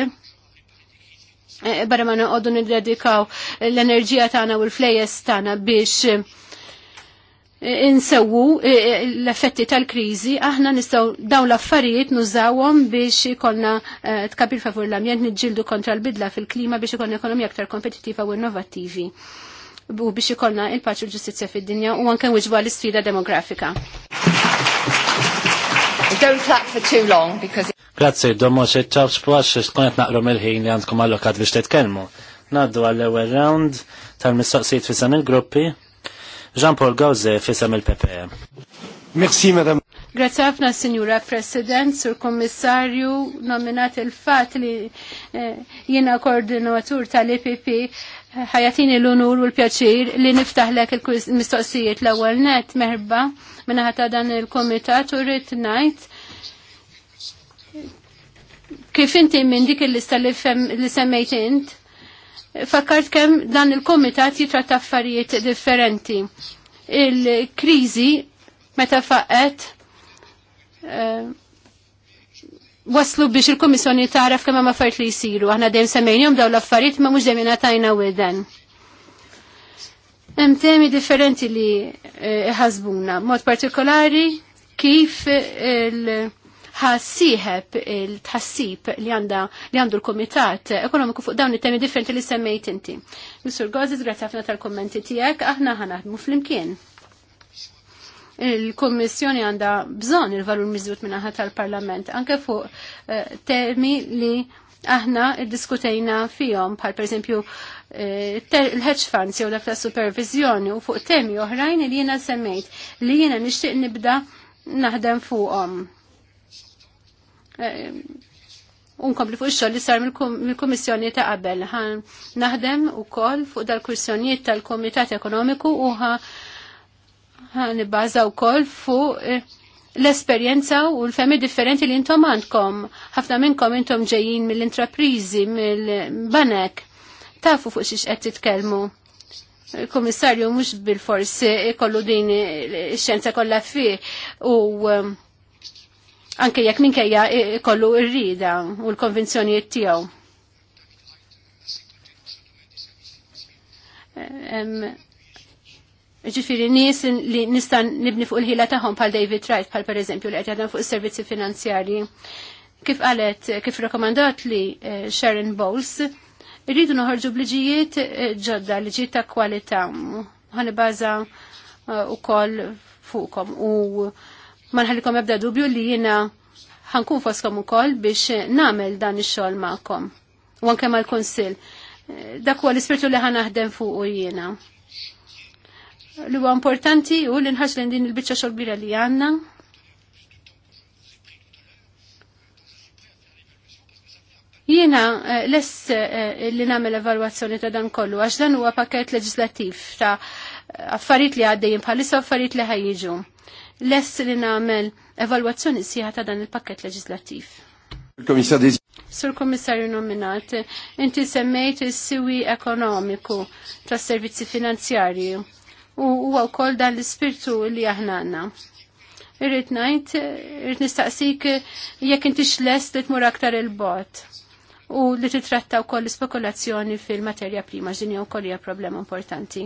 Speaker 1: Eh, barra ma noqogħdu niddedikaw l-enerġija tagħna u l-flejes tagħna biex eh, insewu eh, l-effetti tal-kriżi, aħna nistgħu dawn l-affarijiet nużawhom biex ikollna tkabir favur l-ambjent niġġieldu kontra l-bidla fil-klima biex ikollna ekonomija aktar kompetittiva u innovattivi u biex ikollna il-paċu l-ġustizzja fid-dinja u anke wiġba l-isfida demografika. Don't clap for too long because
Speaker 2: Grazzi, domo xeċċaw xplax, xkonet naqru mill-ħin li għandkom għallokat biex t-tkelmu. Naddu għall-ewel round tal-mistoqsijiet fisam il-gruppi. Jean-Paul Gawze fisam il-PPE. Merci, madam.
Speaker 1: Grazie ħafna, Signora President, Sur Kommissarju, nominat il-fat li eh, jiena koordinatur tal-EPP ħajatini l-unur u l-pjaċir li niftaħlek il-mistoqsijiet l-ewwel net merba minna ta' dan il-komitat u rrid ngħid kif inti minn dik il-lista li semmejt int, fakkart kemm dan il-komitat jitratta affarijiet differenti. Il-krizi meta faqet uh, eh, waslu biex il-Komissjoni taraf kemm hemm affarijiet li jsiru. Aħna dejjem semmejnihom dawn l-affarijiet ma mhux dejjem ingħatajna widen. Hemm temi differenti li eh, ħasbuna, mod partikolari kif il- ħassiħeb il-tħassib li għanda li għandu l-Komitat Ekonomiku fuq dawn it-temi differenti li semmejt inti. Mr. Gozis, grazzi ħafna tal-kommenti tiegħek, aħna ħanaħdmu flimkien il-Kommissjoni għanda bżon il-valur miżjut minnaħa tal-Parlament, anke fuq uh, temi li aħna diskutejna fihom bħal pereżempju eh, il-hedge funds jew dak ta' supervizjoni u fuq temi oħrajn li jiena semmejt li jiena nixtieq nibda naħdem fuqhom. Eh, unkompli fuq xoll xogħol li sar mill-Kummissjoni ta' qabel. Għan naħdem ukoll fuq dal-kursjonijiet tal-Kumitat Ekonomiku u ħan nibbaża wkoll fuq eh, l-esperjenza u l-femi differenti li intom għandkom. ħafna minnkom intom ġejjin mill-intraprizi, mill-banek. Tafu fuq xiex qed titkellmu. Il-Kummissarju mhux bil-forsi kollu din ix-xjenza eh, kollha fih u anke jekk minkejja kollu rrida u l konvinzjonijiet tiegħu. Ġifiri nies li nista' nibni fuq il-ħila tagħhom bħal David Wright bħal pereżempju li qed fuq is-servizzi finanzjarji. Kif qalet, kif rekomandat li eh, Sharon Bowles, irridu noħorġu bliġijiet eh, ġodda, liġijiet ta' kwalità. Ħanibaza eh, u koll fuqkom u Ma nħallikom ebda dubju li jiena ħankun foskom ukoll biex nagħmel dan ix-xogħol magħkom. U anke mal-Kunsill. Dak huwa l-ispirtu li naħdem fuq u jina. Li huwa importanti u li nħaġ din il-biċċa xogħol bira li għandna Jiena eh, less eh, li nagħmel evalwazzjoni ta' dan kollu għax dan huwa pakket leġislattiv ta' affarijiet li għaddejjin bħalissa affarijiet li ħajjiġu lest li nagħmel evalwazzjoni sieħa ta' dan il-pakket leġislattiv. Sur komissarju nominat, inti semmejt is-siwi ekonomiku tas servizzi finanzjarji u huwa wkoll dan l-ispirtu li aħna għandna. Irrid ngħid, nistaqsik jekk intix lest li tmur aktar il-bot u li titratta wkoll l-spekulazzjoni fil-materja prima ġinja wkoll hija problema importanti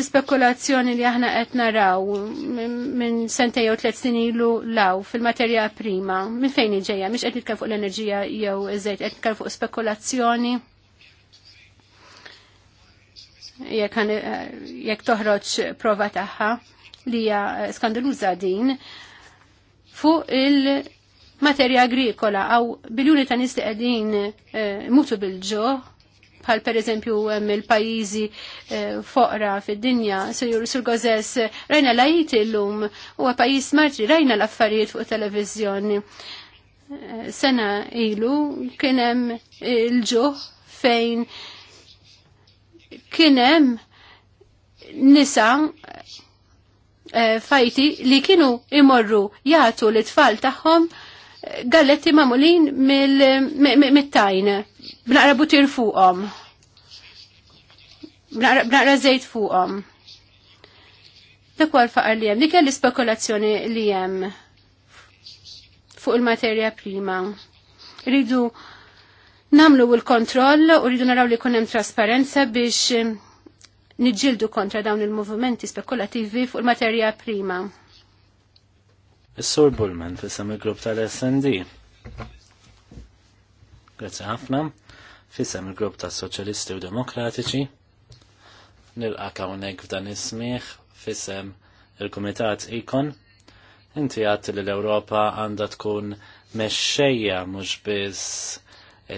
Speaker 1: l-spekulazzjoni li aħna qed naraw minn sentej jew tliet snin ilu law fil-materja prima, minn fejn iġejja, mhix qed nitkellem fuq l-enerġija jew iż-żejt, qed nitkellem fuq spekulazzjoni. Jekk toħroġ prova tagħha li hija skandaluża din fuq il- materja agrikola għaw biljuni ta' nies li qegħdin eh, mutu bil-ġo bħal per eżempju il-pajizi eh, foqra fid-dinja, sur gozess, rajna lajiti l lum u pajiz marġi rajna l-affarijiet fuq televizjoni. Eh, sena ilu kienem il-ġuħ fejn kienem nisa eh, fajti li kienu imorru jgħatu l-tfal taħħom galletti mamulin mil, tajna Bnaqra butir fuqhom. Bnaqra żejt fuqhom. Dak huwa l-faqar li hemm, dik hija l-ispekulazzjoni li hemm fuq il-materja prima. Ridu namlu l-kontroll u rridu naraw li kunem trasparenza biex eh, nġildu kontra dawn il-movimenti spekulativi fuq il-materja prima.
Speaker 2: Is-Sur Bullman fissam il-grupp tal-SND. Grazie ħafna fissem il-grupp ta' Soċjalisti u Demokratiċi. Nilqaka hawnhekk f'dan is fissem il-Kumitat Ikon. Inti għadt li l-Ewropa għandha tkun mexxejja mhux biss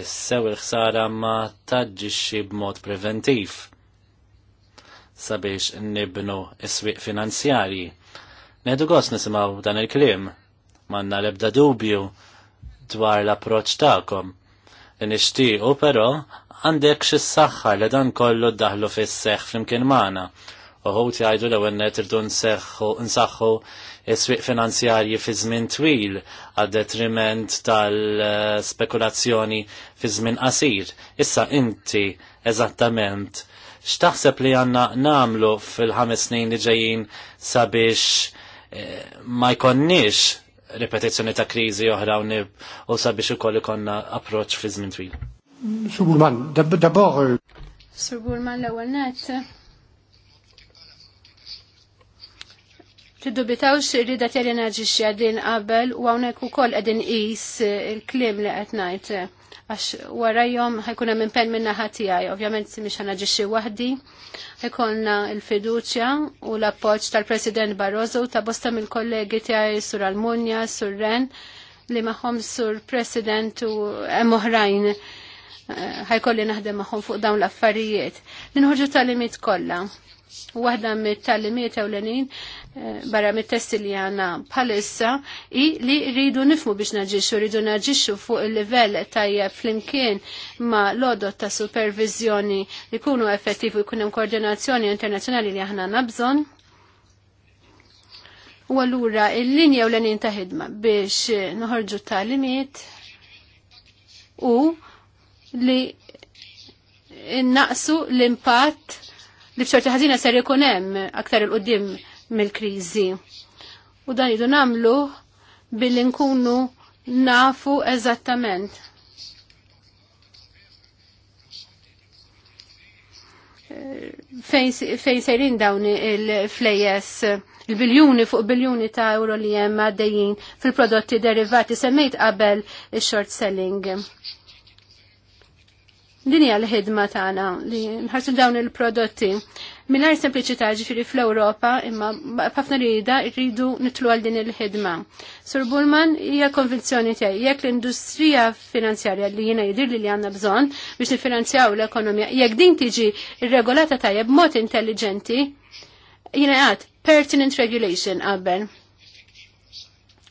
Speaker 2: is-sew il-ħsara ma taġġixxi b'mod preventiv sabiex nibnu is-swieq finanzjarji. Neħdu gos nisimaw dan il-klim, manna lebda dubju dwar l-approċ ta'kom nixtiequ però għandek xis saħħa li dan kollu ddaħlu fis-seħħ flimkien magħna. Uħud jgħidu l ewwel irdu nsaħħu s-swieq finanzjarji fi żmien twil għad detriment tal-spekulazzjoni fi żmien qasir. Issa inti eżattament x'taħseb li għandna namlu fil-ħames snin li ġejjin sabiex eh, ma jkonniex ripetizzjoni ta' kriżi oħra u sabiex ukoll ikonna approċċ fi żmien twil. Sigurman, dabbaħ.
Speaker 1: Sigurman l-ewwel net. xirri rida tjeri naġiċi għadin qabel u għawnek u koll għadin is il-klim li għetnajt għax warajhom ħajkun hemm impenn minna naħa tiegħi, ovvjament si ħana ħanaġixxi waħdi, ħajkolna l-fiduċja u l-appoġġ tal-President Barroso ta' bosta mill-kollegi tiegħi sur Almunja, sur Ren, li magħhom sur President u hemm oħrajn eh, ħajkolli naħdem magħhom fuq dawn l-affarijiet. Ninħuġu tal-limit kollha. Waħda mit-tal-limit ewlenin Eh, barra mit-testi li għanna bħalissa i li rridu nifmu biex naġiċu, rridu naġiċu fuq il-level tajja flimkien ma l-odot ta' supervizjoni li kunu effettivu u kunem koordinazzjoni internazjonali li aħna nabżon. U għallura il-linja u l-għanin ta' ħidma biex noħorġu talimiet u li naqsu l-impatt li bċorti ħazina ser ikun hemm aktar il-qoddim mill-kriżi. U dan idu namlu billi nkunu nafu eżattament fejn sejrin dawn il-flejes, il-biljuni fuq biljuni ta' euro li jem għaddejjin fil-prodotti derivati semmejt qabel il-short selling. Dinja l-ħidma tagħna li nħarsu dawn il-prodotti minar sempliċità ġifiri fl-Europa imma ħafna rida rridu nitlu għal din il-ħidma. Sur Bulman hija konvinzjoni tiegħi jekk l-industrija finanzjarja li jiena jidir li għandna bżonn biex nifinanzjaw l-ekonomija jekk din tiġi regolata tajjeb b'mod intelligenti jiena għad pertinent regulation qabel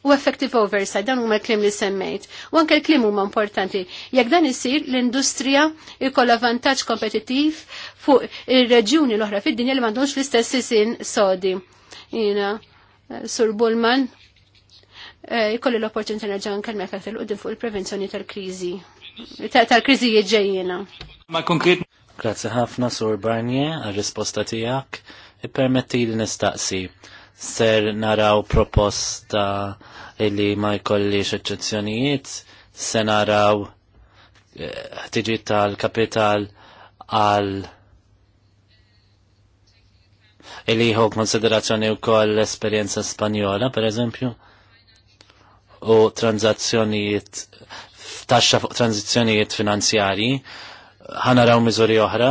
Speaker 1: u effective oversight, dan huma l-klim li semmejt. U anke l-klim huma importanti. Jekk dan isir, l-industrija jkollha vantaġġ kompetittiv fuq ir-reġjuni l-oħra fid-dinja li m'għandhomx l-istess isin sodi. Jina, eh, Sur Bullman, jkolli eh, l-opportunità nerġa' nkellmek aktar l-qudiem fuq il-prevenzjoni tal-kriżi. Tal-kriżi jiġejjina.
Speaker 2: Ma konkret. Grazzi ħafna Sur Barnier għal-risposta tiegħek. Ippermetti li nistaqsi ser naraw proposta illi ma jkollix eċċezzjonijiet se naraw eh, ħtiġi tal-kapital għal illi jħu konsiderazzjoni u koll l-esperienza spanjola, per eżempju, u tranzazzjonijiet, taxxa fuq tranzizzjonijiet finanzjari, ħanaraw miżuri oħra,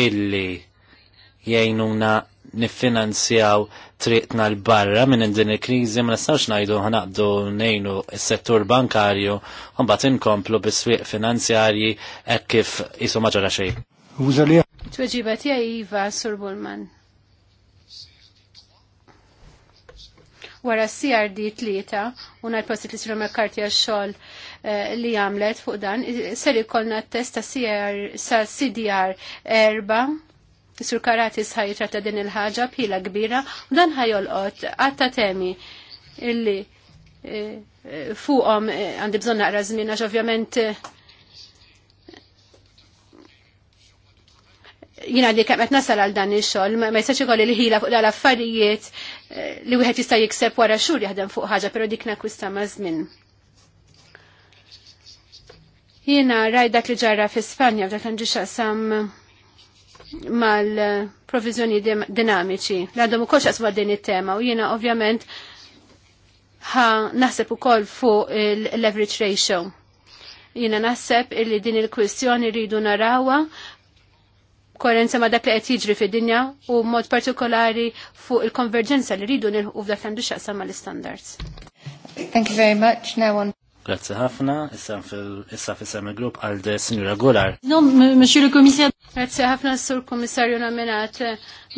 Speaker 2: illi jgħinuna niffinanzjaw triqtna l-barra minn din il-kriżi ma nistax ngħidu ħnaqdu nejnu s-settur bankarju u bat inkomplu bis-swieq finanzjarji hekk kif isu ma ġara xejn.
Speaker 1: Tweġiba tiegħi iva Sur Bullman. Wara CRD tlieta u ngħid li Sir McCarthy għax-xogħol eh, li għamlet fuq dan, ser t test ta' CDR erba' Sur Karati ta' din il-ħaġa bħila kbira u dan ħajolqot għatta temi illi eh, eh, fuqom eh, għandi bżon naqra żmien għax ovvjament jina li kemmet nasal għal dan il xogħol ma jistax ikolli li ħila fuq dal-affarijiet li wieħed jista' jikseb wara xhur jaħdem fuq ħaġa, però dik nakwista ma' żmien. Jiena rajdak li ġarra fi Spanja f'dak l sam mal-provizjoni dinamiċi. L-għandhom u koċ għaswa din it-tema u jena ovvjament ħa naħseb u koll fuq il-leverage ratio. Jena naħseb illi din il-kwistjoni rridu narawa koerenza ma dak li qed jiġri fid-dinja u mod partikolari fuq il-konverġenza li rridu nilħu f'dak li għandu x'aqsam mal-standards.
Speaker 2: Thank you very much. Now on. Grazzi ħafna, issa fissam il-grupp għal de Signora Gular.
Speaker 1: No, Monsieur le Commissaire. Grazzi ħafna sur Kommissarju nominat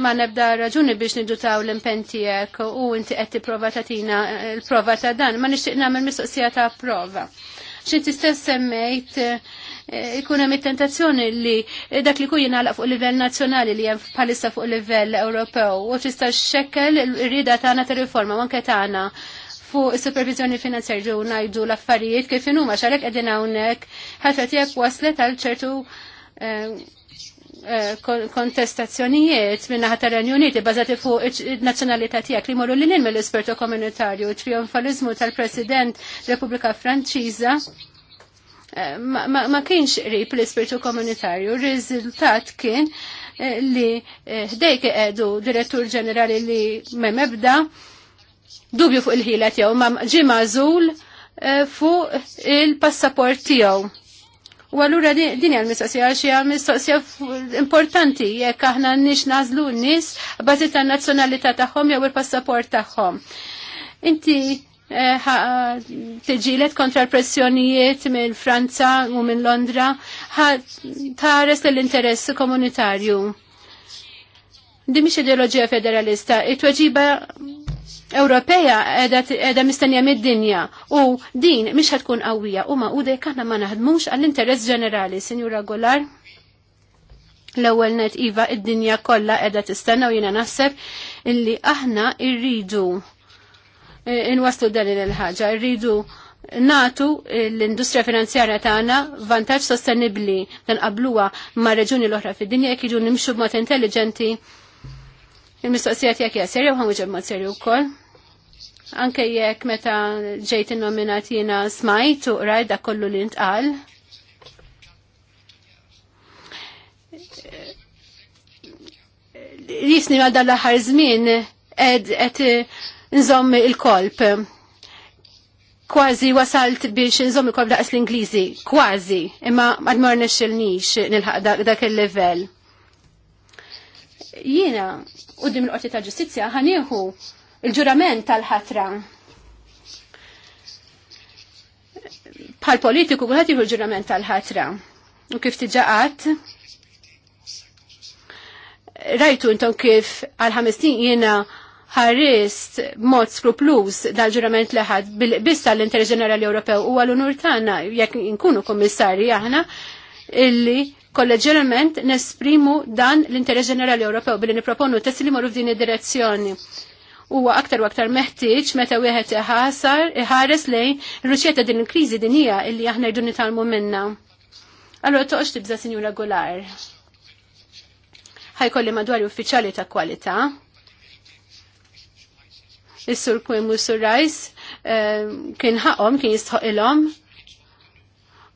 Speaker 1: ma nebda raġuni biex nidutaw l-impentijek u inti qed prova tina, eh, l prova ta' dan, ma nixtieq nagħmel mistoqsija ta' prova. ti stess semmejt eh, ikun hemm it-tentazzjoni li dak li kujina jingħalaq fuq livell nazzjonali li hemm bħalissa fuq livell Ewropew u tista' xekkel ir-rieda tagħna ta' riforma anke tagħna fuq supervizjoni finanzjarju najdu l-affarijiet kif inhuma xalek qegħdin hawnhekk ħadd tiegħek waslet għal ċertu eh, eh, kontestazzjonijiet minna ħatar Uniti bazati fuq il-nazzjonalità tiegħek li morru lil mill-ispertu komunitarju, trionfalizmu tal-President Repubblika Franċiża eh, ma kienx qrib l-ispirtu komunitarju. Riżultat kien li ħdejk edu direttur ġenerali li memebda ebda dubju fuq il-ħilet jew ma ġi mażul eh, fuq il-passaport tiegħu. U allura din hija l-mistoqsija xi hija mistoqsija importanti jekk aħna nix nażlu n-nies bażi tan-nazzjonalità tagħhom jew il-passaport tagħhom. Inti eh, tiġilet kontra l pressjonijiet minn Franza u minn Londra tħares l-interess komunitarju. Di xi ideoloġija federalista, it-tweġiba Ewropeja edha mistennija mid-dinja u din mhix ħad tkun qawwija u maqudek aħna ma naħdmux għall-interess ġenerali, Sinjura Golar. L-ewwel net iva id-dinja kollha qiegħda tistenna u jiena naħseb illi aħna rridu e, inwaslu dan il-ħaġa, rridu natu l-industrija finanzjarja tagħna vantaġġ sostenibbli dan qabluha ma' reġuni l-oħra fid-dinja jekk jiġu nimxu b'mod intelligenti Il-mistoqsijat jek serju, għan uġeb ma serju kol. Anke jekk meta ġejt nominat jena smajt u rajt kollu li ntqal. Jisni għal l-aħħar żmien qed nżomm il-kolb. Kważi wasalt biex nżomm il-kolb daqs l-Ingliżi, kważi, imma ma dmornex nilħaq dak il-level. Jiena u dim l-qorti ta' ġustizja ħanieħu il-ġurament tal-ħatra. Bħal politiku kulħadd jieħu l-ġurament tal-ħatra. U kif tiġaqat, rajtu intom kif għal ħamestin jiena ħarrist mod skrupluż dal-ġurament li ħad bil-qbis tal-Interġenerali Ewropew u għal-unur tagħna jekk inkunu komissari aħna illi kolleġjalment nesprimu dan l-interess ġenerali Ewropew billi niproponu test li moru f'din id-direzzjoni. Huwa aktar u aktar meħtieġ meta wieħed iħasar iħares lejn ir-ruċjeta din il-kriżi din hija illi aħna jdu nitalmu minnha. Allura toqgħodx tibża Sinjura Gular. Ħajkolli madwar uffiċjali ta' kwalità. Is-sur Kwim u Sur Rajs eh, kien ħaqhom kien jistħoq ilhom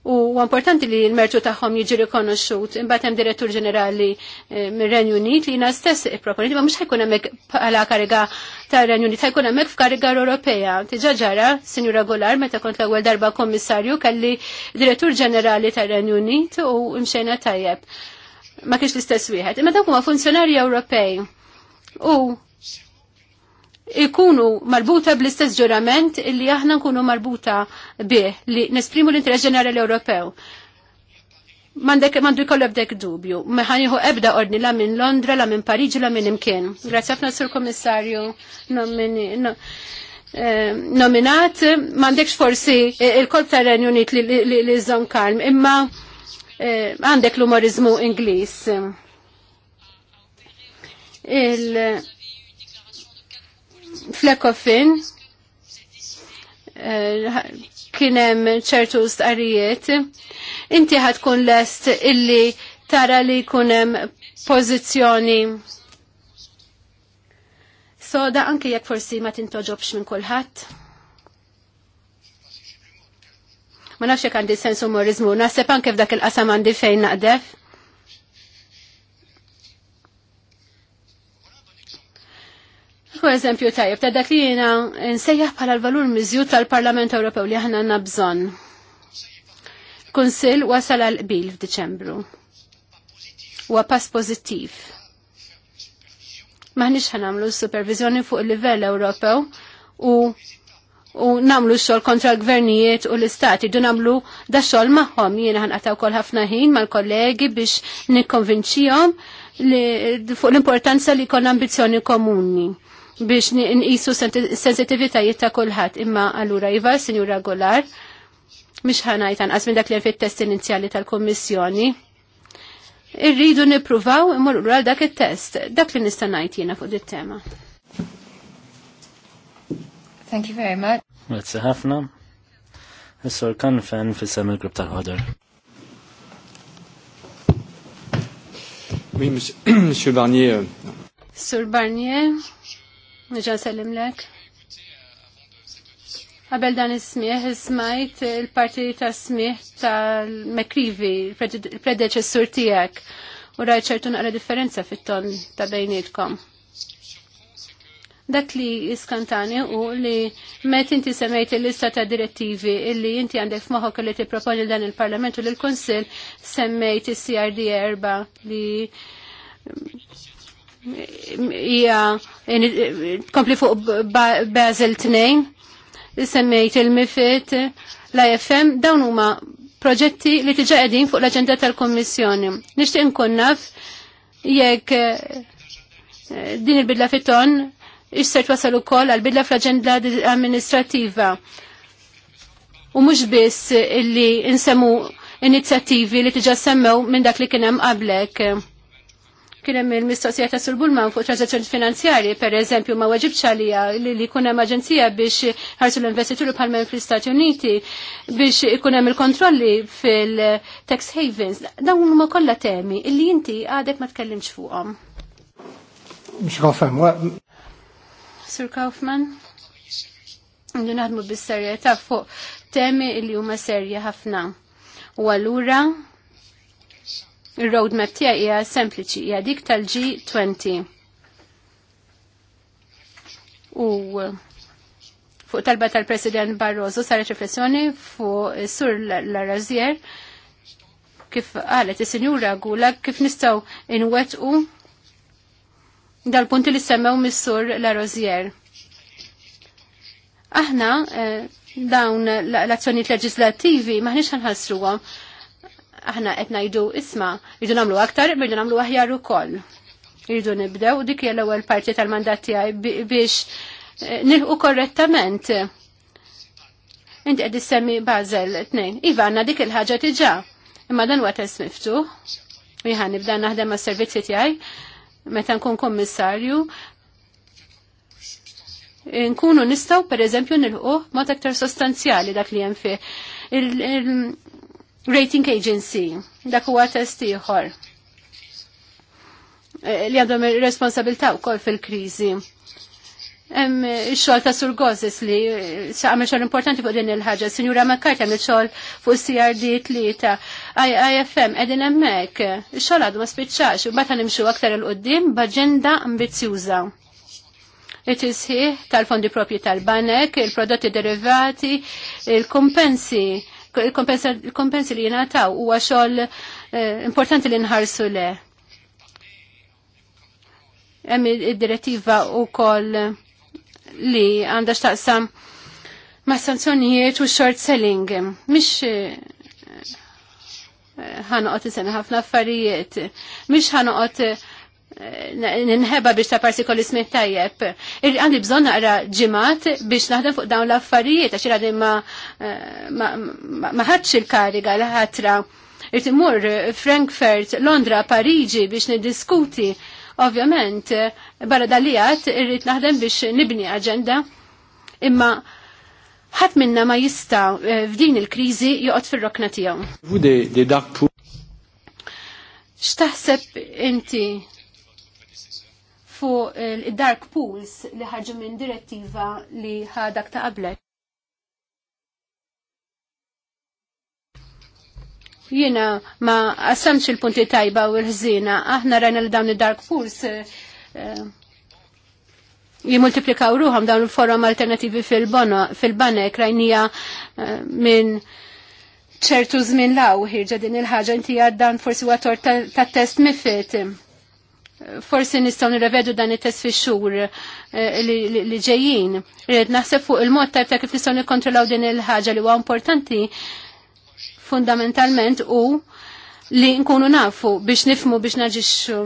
Speaker 1: U importanti li l-mertu tagħhom jiġi rikonoxxut. Imbagħad hemm direttur ġenerali eh, mir-Renju Unit li jiena stess ipproponiti ma mhux ħajkun hemmhekk bħala kariga tar-Renju Unit ħajkun hemmhekk f'kariga Ewropea. Tiġa ġara, Sinjura Golar, meta kont l-ewwel darba kommissarju kelli direttur ġenerali tar-Renju Unit u mxejna tajjeb. Ma kienx l-istess wieħed. Imma dawk huma funzjonarji Ewropej. U ikunu marbuta bl-istess ġurament li aħna nkunu marbuta bih li nesprimu l-interess ġenerali Ewropew. mandu jkollu ebdek dubju. Meħaniħu ebda ordni la minn Londra, la minn Pariġi, la minn imkien. Grazie għafna sur komissarju eh, nominat. Mandekx forsi il-kolb ta' Renjunit li, li, zon kalm, imma eh, għandek l-umorizmu Ingliż. Il- flekofin eh, kienem ċertu starijiet. inti kun lest illi tara li kunem pozizjoni da anke jekk forsi ma tintoġobx minn kulħadd. Ma nafx jekk għandi sens morizmu, naħseb anke f'dak il-qasam għandi fejn naqdef. Per eżempju tajjeb ta' dak li jiena nsejjaħ bħala l-valur mizjut tal-Parlament Ewropew li aħna għandna bżonn. Kunsill wasal għal qbil f'Diċembru. Huwa pass pożittiv. Maħniex ħanamlu s-supervizjoni fuq il-livell Ewropew u u namlu xol kontra l-gvernijiet u l-istati, du namlu da xol maħom, jiena għataw kol ħafna ħin mal-kollegi biex nikkonvinċijom fuq l-importanza li kon ambizjoni komuni biex nqisu sensitivitajiet ta' kulħadd imma allura iva Sinjura Golar mhix ħanajt anqas minn dak li fit-test inizjali tal-Kummissjoni. Irridu nippruvaw imur għal dak it-test, dak li nista' ngħid jiena fuq dit-tema. Thank you very much.
Speaker 2: Grazzi ħafna. Is-sor fen fis-sem il-grupp tal ħodar Oui,
Speaker 3: Monsieur Barnier.
Speaker 1: Sur Barnier, Nġa sellim lek. Qabel dan is-smieħ smajt il-parti ta' smieħ tal-Mekrivi, il-predeċessur tiegħek, u rajt ċertu naqra differenza fit-ton ta' bejnietkom. Dak li iskantani u li met inti semmejt il-lista ta' direttivi illi inti għandek moħok li tipproponi dan il-Parlament u l-Konsil semmejt is-CRD erba li hija kompli fuq Basel 2 semmejt il-mifit l-IFM dawn huma proġetti li tiġa qegħdin fuq l-aġenda tal kummissjoni Nixtieq nkun naf jekk eh, din il-bidla fit-ton ix-ser twasal ukoll għal-bidla fl-aġenda amministrativa. U mhux biss illi insemmu inizjattivi li tiġa semmew minn dak li kien hemm qablek. Kien hemm il-mistoqsija ta' Sur Bulman fuq transazzjoni finanzjarji, pereżempju ma weġibx għalija li jkun hemm aġenzija biex ħarsu l-investituri bħalma fl-Istati Uniti biex ikun hemm il-kontrolli fil-tax havens. Dawn huma kollha temi illi inti għadek ma tkellimx fuqhom.
Speaker 3: Mhux konferm.
Speaker 1: Sir Kaufman? għandu naħdmu bis-serjetà fuq temi li huma serja ħafna. U allura Il-roadmap tiegħi hija sempliċi, hija dik tal-G20. U fuq talba tal-President Barroso saret riflessjoni fuq sur l kif qalet is-Sinjura Gula kif nistgħu inwettqu dal-punti li semmew mis-sur l Aħna eh, dawn l-azzjonijiet leġislattivi maħniex ħanħassruhom aħna qed ngħidu isma' irridu nagħmlu aktar, irridu nagħmlu aħjar ukoll. Irridu nibdew dik hija l-ewwel parti tal-mandat tiegħi biex eh, nilħu korrettament. Inti qed issemmi Bażel tnejn. Iva għandna dik il-ħaġa diġà. Imma dan huwa test miftuħ. Jħan nibda naħdem mas-servizzi tiegħi meta nkun kommissarju nkunu nistaw per eżempju nilħu mod aktar sostanzjali dak li hemm fih rating agency, dak huwa test ieħor eh, li għandhom responsabilta wkoll fil fil Hemm Ix-xogħol ta' Sur Gozis li eh, għamel xogħol importanti fuq din il-ħaġa. Sinjura McCarthy għamel xogħol fuq CRD tlieta, IFM qegħdin hemmhekk. Ix-xogħol għadu ma spiċċax u bata nimxu aktar il qudiem b'aġenda ambizzjuża. it is tal-fondi propri tal-banek, il-prodotti derivati, il-kumpensi il-kompensi li jingħataw huwa xogħol eh, importanti li nħarsu le. Hemm il direttiva wkoll li għandax taqsam ma' sanzjonijiet u short selling. Mhix eh, ħanoqgħod isem ħafna affarijiet. Mhix ħanoqgħod eh, ninħeba biex ta' partikoli smih tajjeb. Għandi bżon naqra ġimat biex naħdem fuq dawn l-affarijiet, għax għadi ma il-kariga l-ħatra. Irtimur Frankfurt, Londra, Parigi biex nidiskuti. Ovvjament, barra dalijat irrit naħdem biex nibni agenda. Imma ħadd minna ma jista' f'din il-kriżi joqgħod fir-rokna
Speaker 3: tiegħu.
Speaker 1: X'taħseb inti fuq il-dark pools li ħarġu minn direttiva li ħadak ta' qablek. Jina ma qassamx il-punti tajba u l-ħżina, aħna rajna li dawn id-dark pools jimultiplikaw ruħam dawn il-forum alternativi fil-banek rajnija minn ċertu żmien law ħirġa din il-ħaġa inti dan forsi għator tort ta' test mifet forsi nistgħu nirrevedu dan it-test fi xur eh, li ġejjin. Rrid naħseb fuq il-mod tajb ta' kif nistgħu nikkontrollaw din il-ħaġa li huwa importanti fundamentalment u li nkunu nafu biex nifmu biex naġixxu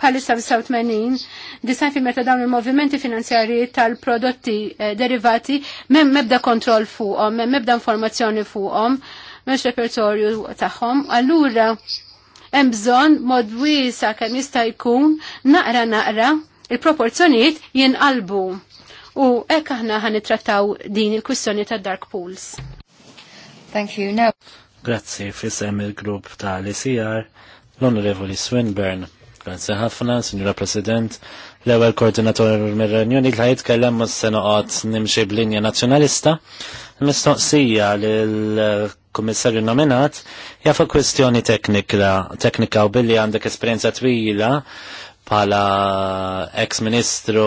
Speaker 1: bħalissa b-87 disan fi meta dawn il-movimenti finanzjari tal-prodotti eh, derivati mem mebda kontroll fuqhom, mem mebda informazzjoni fuqhom, mem repertorju tagħhom. Allura hemm bżonn mod wiesa kemm jista' jkun naqra naqra il-proporzjonijiet jinqalbu. U hekk aħna nittrattaw din il-kwistjoni ta' dark pools. Thank you. Now.
Speaker 2: Grazzi fisem il-grupp ta' l-ICR l-Onorevoli Swinburne. Grazzi ħafna, Signora President, l-ewel koordinator mir-Renjoni li ħajtkellem ma s-senoqot nimxie b'linja nazjonalista. Mistoqsija l kummissarju nominat, jaffa kwestjoni teknika u billi għandek esperienza twila pala ex-ministru,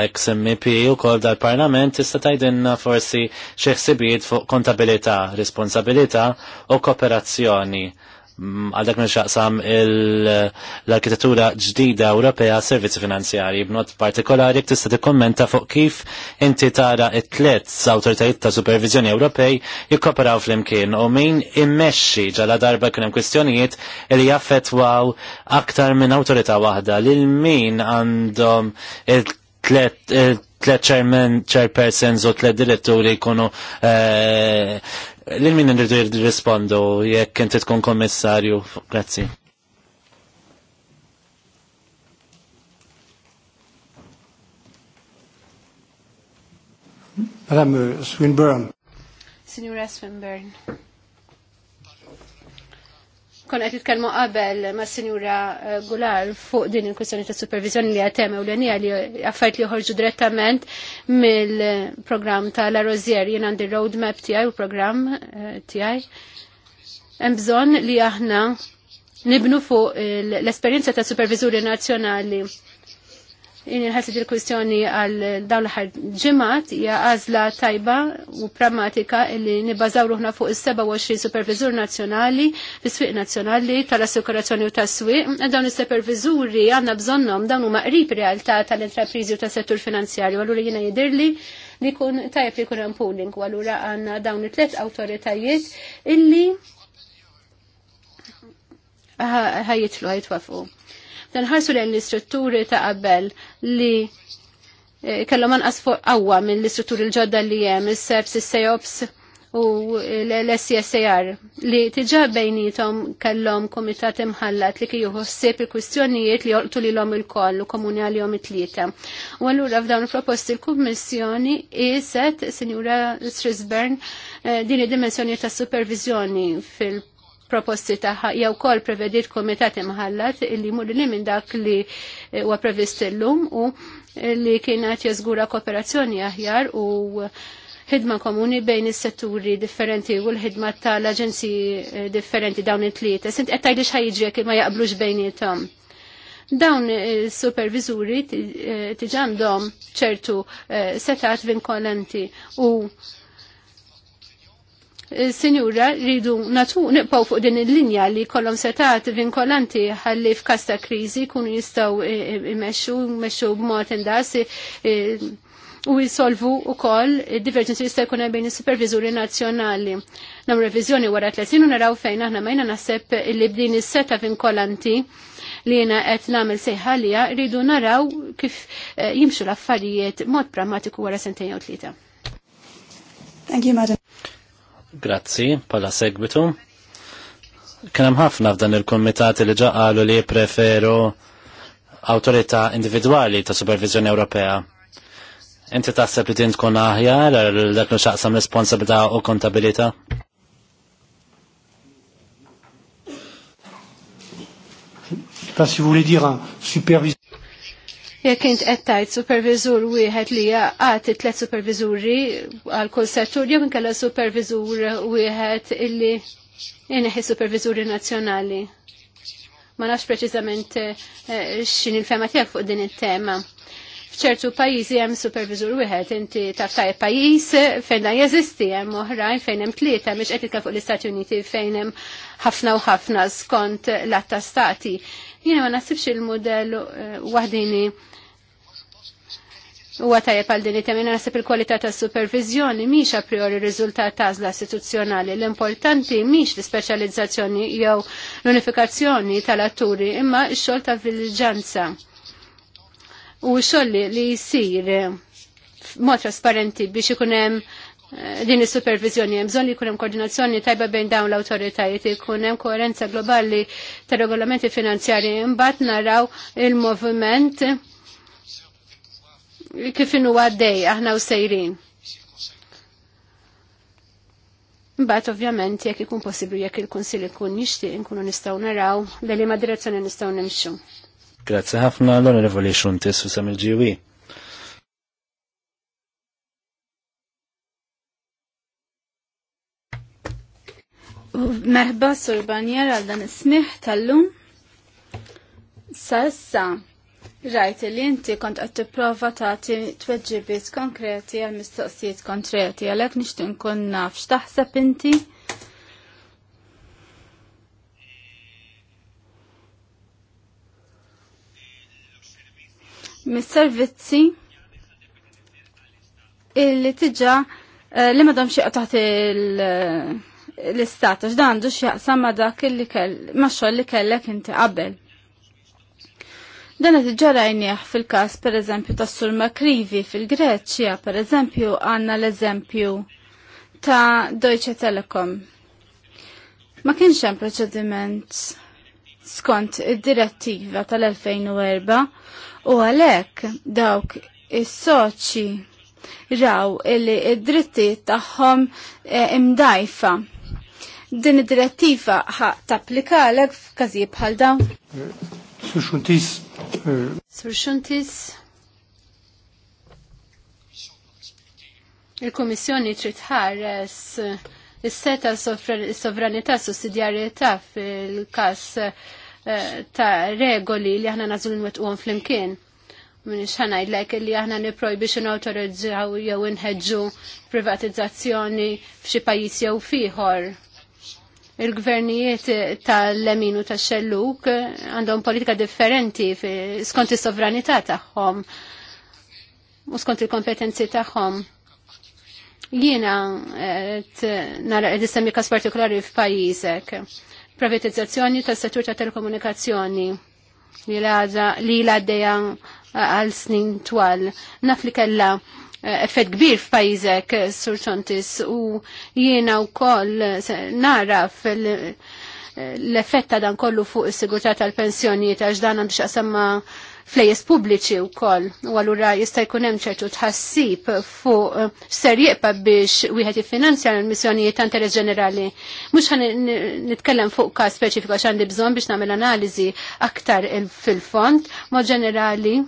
Speaker 2: ex-MP u kol dal-parlament tista tajdinna forsi xieħsibiet fuq kontabilità, responsabilità u kooperazzjoni Mm, għal dak nxaqsam l-arkitettura ġdida Ewropea servizzi finanzjari b'not partikolari tista' tikkommenta fuq kif inti tara it-tlet awtoritajiet ta' supervizjoni Ewropej jikkoperaw flimkien u min immexxi ġala darba kien hemm kwistjonijiet li jaffettwaw aktar minn awtorità waħda lil min għandhom it-tlet tlet chairman, chairpersons u tlet diretturi jkunu eh, lil min nirdu jirrispondu jekk inti tkun kommissarju. Grazzi.
Speaker 3: Madame uh, Swinburne.
Speaker 1: Signora Swinburne kon qed jitkellmu qabel ma' Sinjura eh, Gular fuq din il-kwistjoni ta' supervizjoni li għatem u l-għenija li affarijiet li joħorġu direttament mill-programm ta' La Rosier jien għandi roadmap tiegħi u programm eh, tiegħi. Hemm bżonn li aħna nibnu fuq l-esperjenza ta' supervizuri nazzjonali ħassi il kwistjoni għal dawn l-ħar ġimat hija għażla tajba u pragmatika li nibazawru ruħna fuq is-27 supervizur nazzjonali fis-swieq nazzjonali tal-assikurazzjoni u tas-swieq. Dawn is-supervizuri għandna bżonnhom dawn huma qrib realtà tal entrapriżi u tas-settur finanzjarju għallura jiena jidhirli li kun tajab li kun hemm pooling u allura għandna dawn it tlet awtoritajiet illi ħajitlu ħajitwafu l-ħarsu lejn l-istrutturi ta' qabel li eh, kellhom anqas fuq qawwa minn l-istrutturi l-ġodda li hemm is-SEPS, is-SEOPS u l-SCSAR li tiġa bejnietom kellhom komitat imħallat li kiju ħsieb il-kwistjonijiet li jolqtu li l-om il-koll u komuni għal-jom it-tlieta. U allura f'dawn proposti l-Kummissjoni iset, Sinjura Srisburn, eh, din id-dimensjoni ta' supervizjoni fil- proposti taħħa jew kol prevedit komitat imħallat li mur li minn dak li eh, huwa previst illum u li kienet jeżgura kooperazzjoni aħjar u ħidma komuni bejn is-setturi differenti u l-ħidma tal-aġenziji eh, differenti dawn it-tlieta. Sint qed tgħidli ħajġiek jekk ma jaqblux bejnietom. Dawn is-superviżuri eh, tiġandhom ċertu setat vinkolenti u Sinjura, rridu natu nipaw fuq din il-linja li kollom setat vinkolanti ħalli f'kasta krizi kun jistaw e, e, imexxu, imexxu b'mod indas e, u jisolvu u koll divergenzi jista' jkun bejn is-supervizuri nazzjonali. Nam revizjoni wara 30 u naraw fejn aħna majna naħseb li b'din is-seta vinkolanti li jena qed nagħmel sejħalija ridu rridu naraw kif jimxu l-affarijiet mod pragmatiku wara sentejn jew tlieta.
Speaker 5: Thank you, madam.
Speaker 2: Grazzi, pala segwitu. Kienem ħafna f'dan il-komitati li ġaqalu li preferu autorita individuali ta' supervizjoni Ewropea. Inti taħseb li din tkun aħjar l dak li xaqsam responsabilità u kontabilità?
Speaker 3: pas si vous voulez dire un
Speaker 1: Jekk int qed tajt supervizur wieħed li għati tliet supervizuri għal kull settur jew inkella supervizur wieħed illi ineħi supervizuri nazzjonali. Ma nafx preċiżament eh, x'in il-fema tiegħek fuq din it-tema fċertu pajizi hemm supervizur wieħed, inti taf tajb pajjiż fejn dan jeżisti hemm oħrajn fejn hemm tlieta mhix qed fuq l-Istati Uniti fejn hemm ħafna u ħafna skont l-atta stati. Jiena ma nasibx il-modell eh, waħdini U tajjeb għal din it-tema il-kwalità tas-supervizjoni mhix a priori riżultat zla istituzzjonali. L-importanti miex l-ispeċjalizzazzjoni jew l-unifikazzjoni tal-atturi imma x-xogħol ta' vilġanza. U x-xogħol li jsir mod trasparenti biex ikun hemm eh, din is-supervizjoni hemm bżonn li jkun hemm koordinazzjoni tajba bejn dawn l-awtoritajiet, ikun hemm koerenza globali ta' regolamenti finanzjarji imbagħad naraw il-moviment kif inu għaddej aħna u sejrin. Mbagħad ovvjament jekk ikun possibbli jekk il-Kunsill ikun jixtieq inkunu nistgħu naraw li liema direzzjoni nistgħu nimxu.
Speaker 2: Grazzi ħafna l-Onorevoli Xuntis u Samil ġiwi
Speaker 5: Merħba Sur Banjer għal dan is-smih tal-lum. Sa issa Rajt li inti kont qed tipprova tagħti tweġibiet konkreti għal mistoqsijiet konkreti għalhekk nixtieq nkun naf x'taħseb inti?
Speaker 1: Mis-servizzi
Speaker 5: illi tiġa eh, li madhom xieqa taħt l-istat, għax dan għandu ma dak li kell, ma li kellek inti qabel. Dan qed ġarajnieh fil-każ pereżempju tas-Sur Makrivi fil-Greċja, pereżempju għandna l-eżempju ta' Deutsche Telekom. Ma kienx hemm proċediment skont id-direttiva tal-2004 u għalhekk dawk is-soċi raw illi id-drittijiet tagħhom e, imdajfa. Din id-direttiva ħaq tapplikalek f'każijiet bħal dawn?
Speaker 1: Sur Xuntis, il-Komissjoni trid ħares is-seta sovranità sussidjarjetà fil-każ eh, ta' regoli li aħna nażlu nwettquhom flimkien. Minix ngħidlek li aħna niprojbix inawtorizzaw jew inħeġġu privatizzazzjoni f'xi pajjiż jew fieħor il-gvernijiet tal-leminu ta' xelluk għandhom politika differenti skont is-sovranità tagħhom u skont il-kompetenzi tagħhom. Jiena eh, nara qed issemmi każ partikolari f'pajjiżek. Privatizzazzjoni tas-settur ta' telekomunikazzjoni li l-għadda għal snin twal. Naf li kella Eh, effett kbir f'pajjiżek eh, surċontis u jiena wkoll eh, nara l effetta dan kollu fuq is-sigurtà tal-pensjonijiet għax dan għandu x'aqsamma flejes pubbliċi u koll u għallura jista' jkun hemm ċertu tħassib fuq ser jibqa' biex wieħed jiffinanzja l-missjonijiet ta' interess ġenerali. Mhux ħan nitkellem fuq każ speċifiku għax għandi bżonn biex nagħmel analiżi aktar fil-fond, mod ġenerali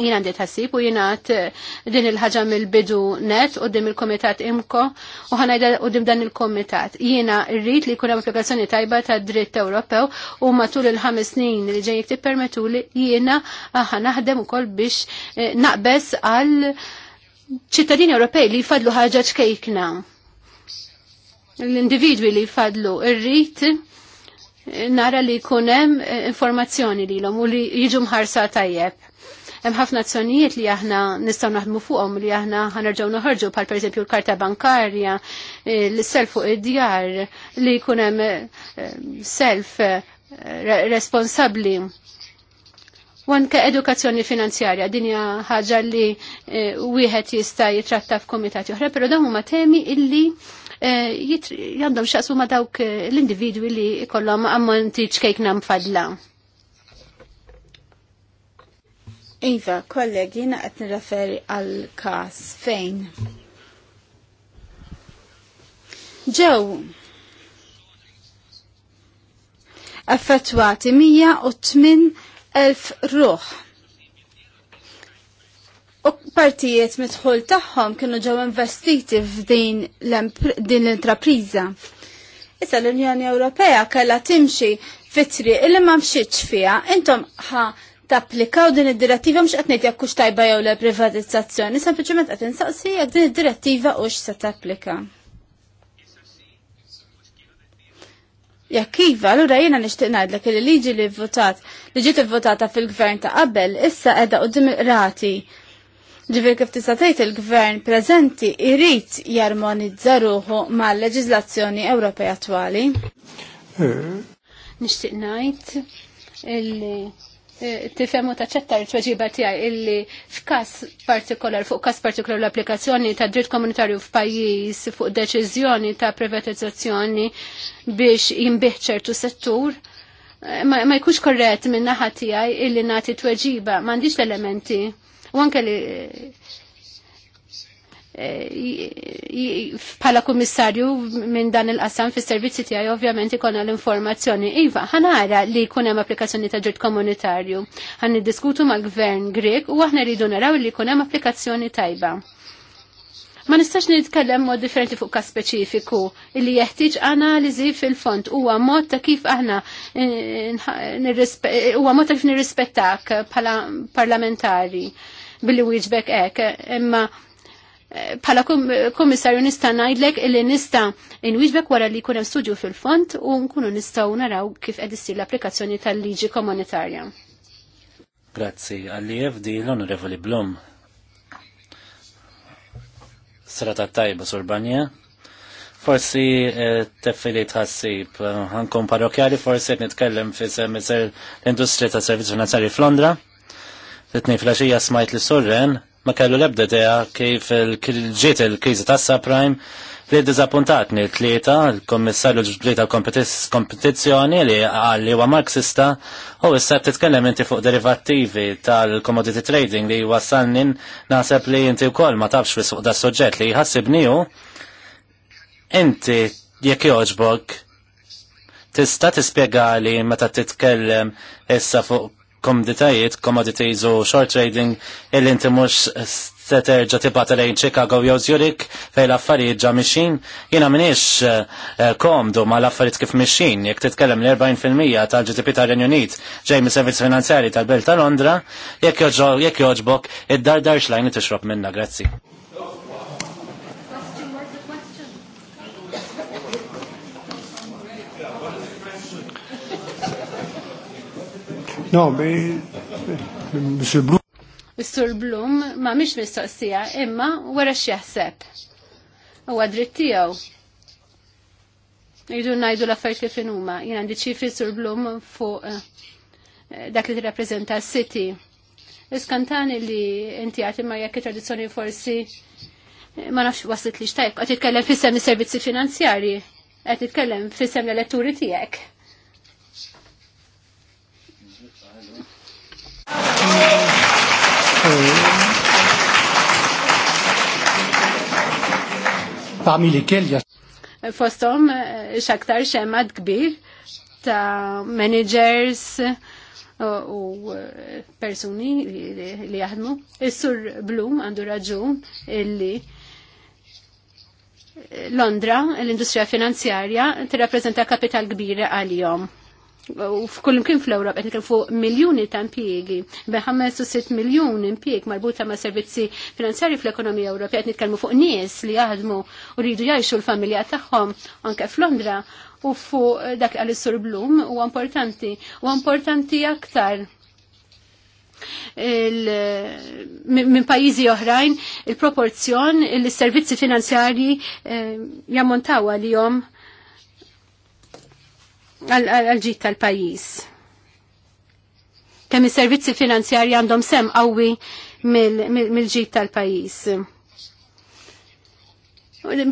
Speaker 1: jien għandi tħassib u jienat eh, din il-ħagġa mill-bidu net u dim il-komitat imko u ħanajda u dim dan il-komitat. Jiena rrit li kunem applikazzjoni tajba ta' dritt Ewropew u matul il-ħames snin li ġejjek permetu li jiena ah, ħanaħdem ukoll biex eh, naqbess għal ċittadini Ewropej li jfadlu ħaġa ċkejkna. L-individwi li jfadlu rrit eh, nara li kunem informazzjoni li l-om u li jiġu mħarsa tajjeb Hemm ħafna azzjonijiet li aħna nistgħu naħdmu fuqhom li aħna ħanerġgħu noħorġu bħal pereżempju l-karta bankarja, eh, l-self fuq id-djar li jkun hemm eh, self eh, responsabbli. U anke edukazzjoni finanzjarja, din hija ħaġa li wieħed jista' jitratta f'komitati oħra, però dawn huma temi illi jandom xaqsu ma dawk l-individwi li jkollhom ammonti ċkejkna mfadla.
Speaker 5: Iva, kollegi, jina qed nirreferi għal każ fejn. Ġew. Affettwati 108,000 ruħ. U partijiet mitħol tagħhom kienu ġew investiti f'din l-intrapriża. Issa l-Unjoni Ewropea kellha timxi fitri illi ma mxitx fiha, intom ħa tapplikaw din id-direttiva mhux qed ngħid jekk hux tajba jew le privatizzazzjoni, sempliċement qed insaqsi jekk din id-direttiva hux se tapplika. Jekk iva, allura jiena nixtieq ngħidlek li liġi li vvutat li ġiet ivvutata fil-gvern ta' qabel issa qiegħda qudiem rati. Ġifier kif tista' tgħid il-gvern preżenti jrid jarmonizza ruħu mal-leġiżlazzjoni Ewropea attwali.
Speaker 3: Eh.
Speaker 1: Nixtieq ngħid illi tifhem u taċċetta l-tweġiba tiegħi illi f'każ partikolar fuq każ partikolar l-applikazzjoni ta' dritt komunitarju f'pajjiż fuq deċiżjoni ta' privatizzazzjoni biex jinbih ċertu settur eh, ma, ma jkunx korrett minn naħa tiegħi illi nagħti tweġiba m'għandix l-elementi u anke li Eh, bħala kummissarju minn dan il-qasam fis servizzi tiegħi ovvjament ikonna l-informazzjoni. Iva, ħanara li jkun hemm applikazzjoni ta' ġurt komunitarju. Ħan niddiskutu mal-gvern Grek u aħna rridu naraw li jkun hemm applikazzjoni tajba. Ma nistax nitkellem mod differenti fuq kas speċifiku illi jeħtieġ analiżi fil-font huwa mod ta' kif aħna eh, eh, huwa mod ta' kif nirrispettak bħala parlamentari billi wieġbek hekk imma bħala komissarju nista' ngħidlek illi nista' inwiġbek wara li jkun hemm studju fil-fond u nkunu nistgħu naraw kif qed issir l-applikazzjoni tal-liġi komunitarja.
Speaker 2: Grazzi, għalli jevdi l-onorevoli Blum. Srata tajba surbanja. Forsi eh, teffili tħassib, ħankun parrokjali, forsi nitkellem fi l-industri ta' servizzi finanzjari f'Londra. Fitni flasġija smajt li surren, ma kellu lebda teja kif ġiet il-kriżi tas subprime li dizappuntatni l-tlieta, l-kommissarju ġblieta kompetizzjoni li għalli huwa marxista u issa titkellem inti fuq derivattivi tal-commodity trading li wasalnin naħseb li inti wkoll ma tafx fi suq da soġġett li jħassibni inti jekk joġbok tista tispjega li meta titkellem issa fuq komoditajiet, commodities u short trading illi inti mhux se terġa' tibgħat lejn Chicago jew Zurich fejn l-affarijiet ġa mixin, jiena minix eh, komdu ma l-affarijiet kif mixin, jekk titkellem l-40% tal-GDP tal renju Unit ġej mis-servizz finanzjari tal-Belt ta' Londra, jekk joġbok id-dar darx lajn tixrob minnha, grazzi.
Speaker 3: No, Mr. Blum.
Speaker 1: Mr. Blum ma mhix mistoqsija, imma wara x'jaħseb. U għadrit tiegħu. Jridu ngħidu l-affarijiet kif huma. Jina għandi ċifri Sur Blum fuq eh, dak li tirrappreżenta s-City. Iskantani li inti għati ma jekk tradizzjoni forsi eh, ma nafx waslit li xtajk, t-kellem fissem il-servizzi finanzjari, t-kellem fissem l-elettori tijek.
Speaker 3: Parmi lesquels
Speaker 1: Fostom xaktar xemad kbir ta' managers u persuni li jaħdmu. Is-sur Blum għandu raġun illi Londra, l-industrija finanzjarja, tirrappreżenta kapital kbir għal-jom u f'kull imkien fl-Ewropa qed nitkellmu fuq miljuni ta' impjiegi, be u 6 miljun impjieg marbuta ma' servizzi finanzjari fl-ekonomija Ewropea qed nitkellmu fuq nies li jaħdmu u rridu jgħixu l-familja tagħhom anke f'Londra u fuq dak għal sur Blum u importanti u importanti aktar minn pajjiżi oħrajn il-proporzjon il-servizzi finanzjari eh, jammontaw għalihom jom għal-ġit tal-pajis. Kemm is-servizzi finanzjarji għandhom sem qawwi mill-ġit tal-pajis.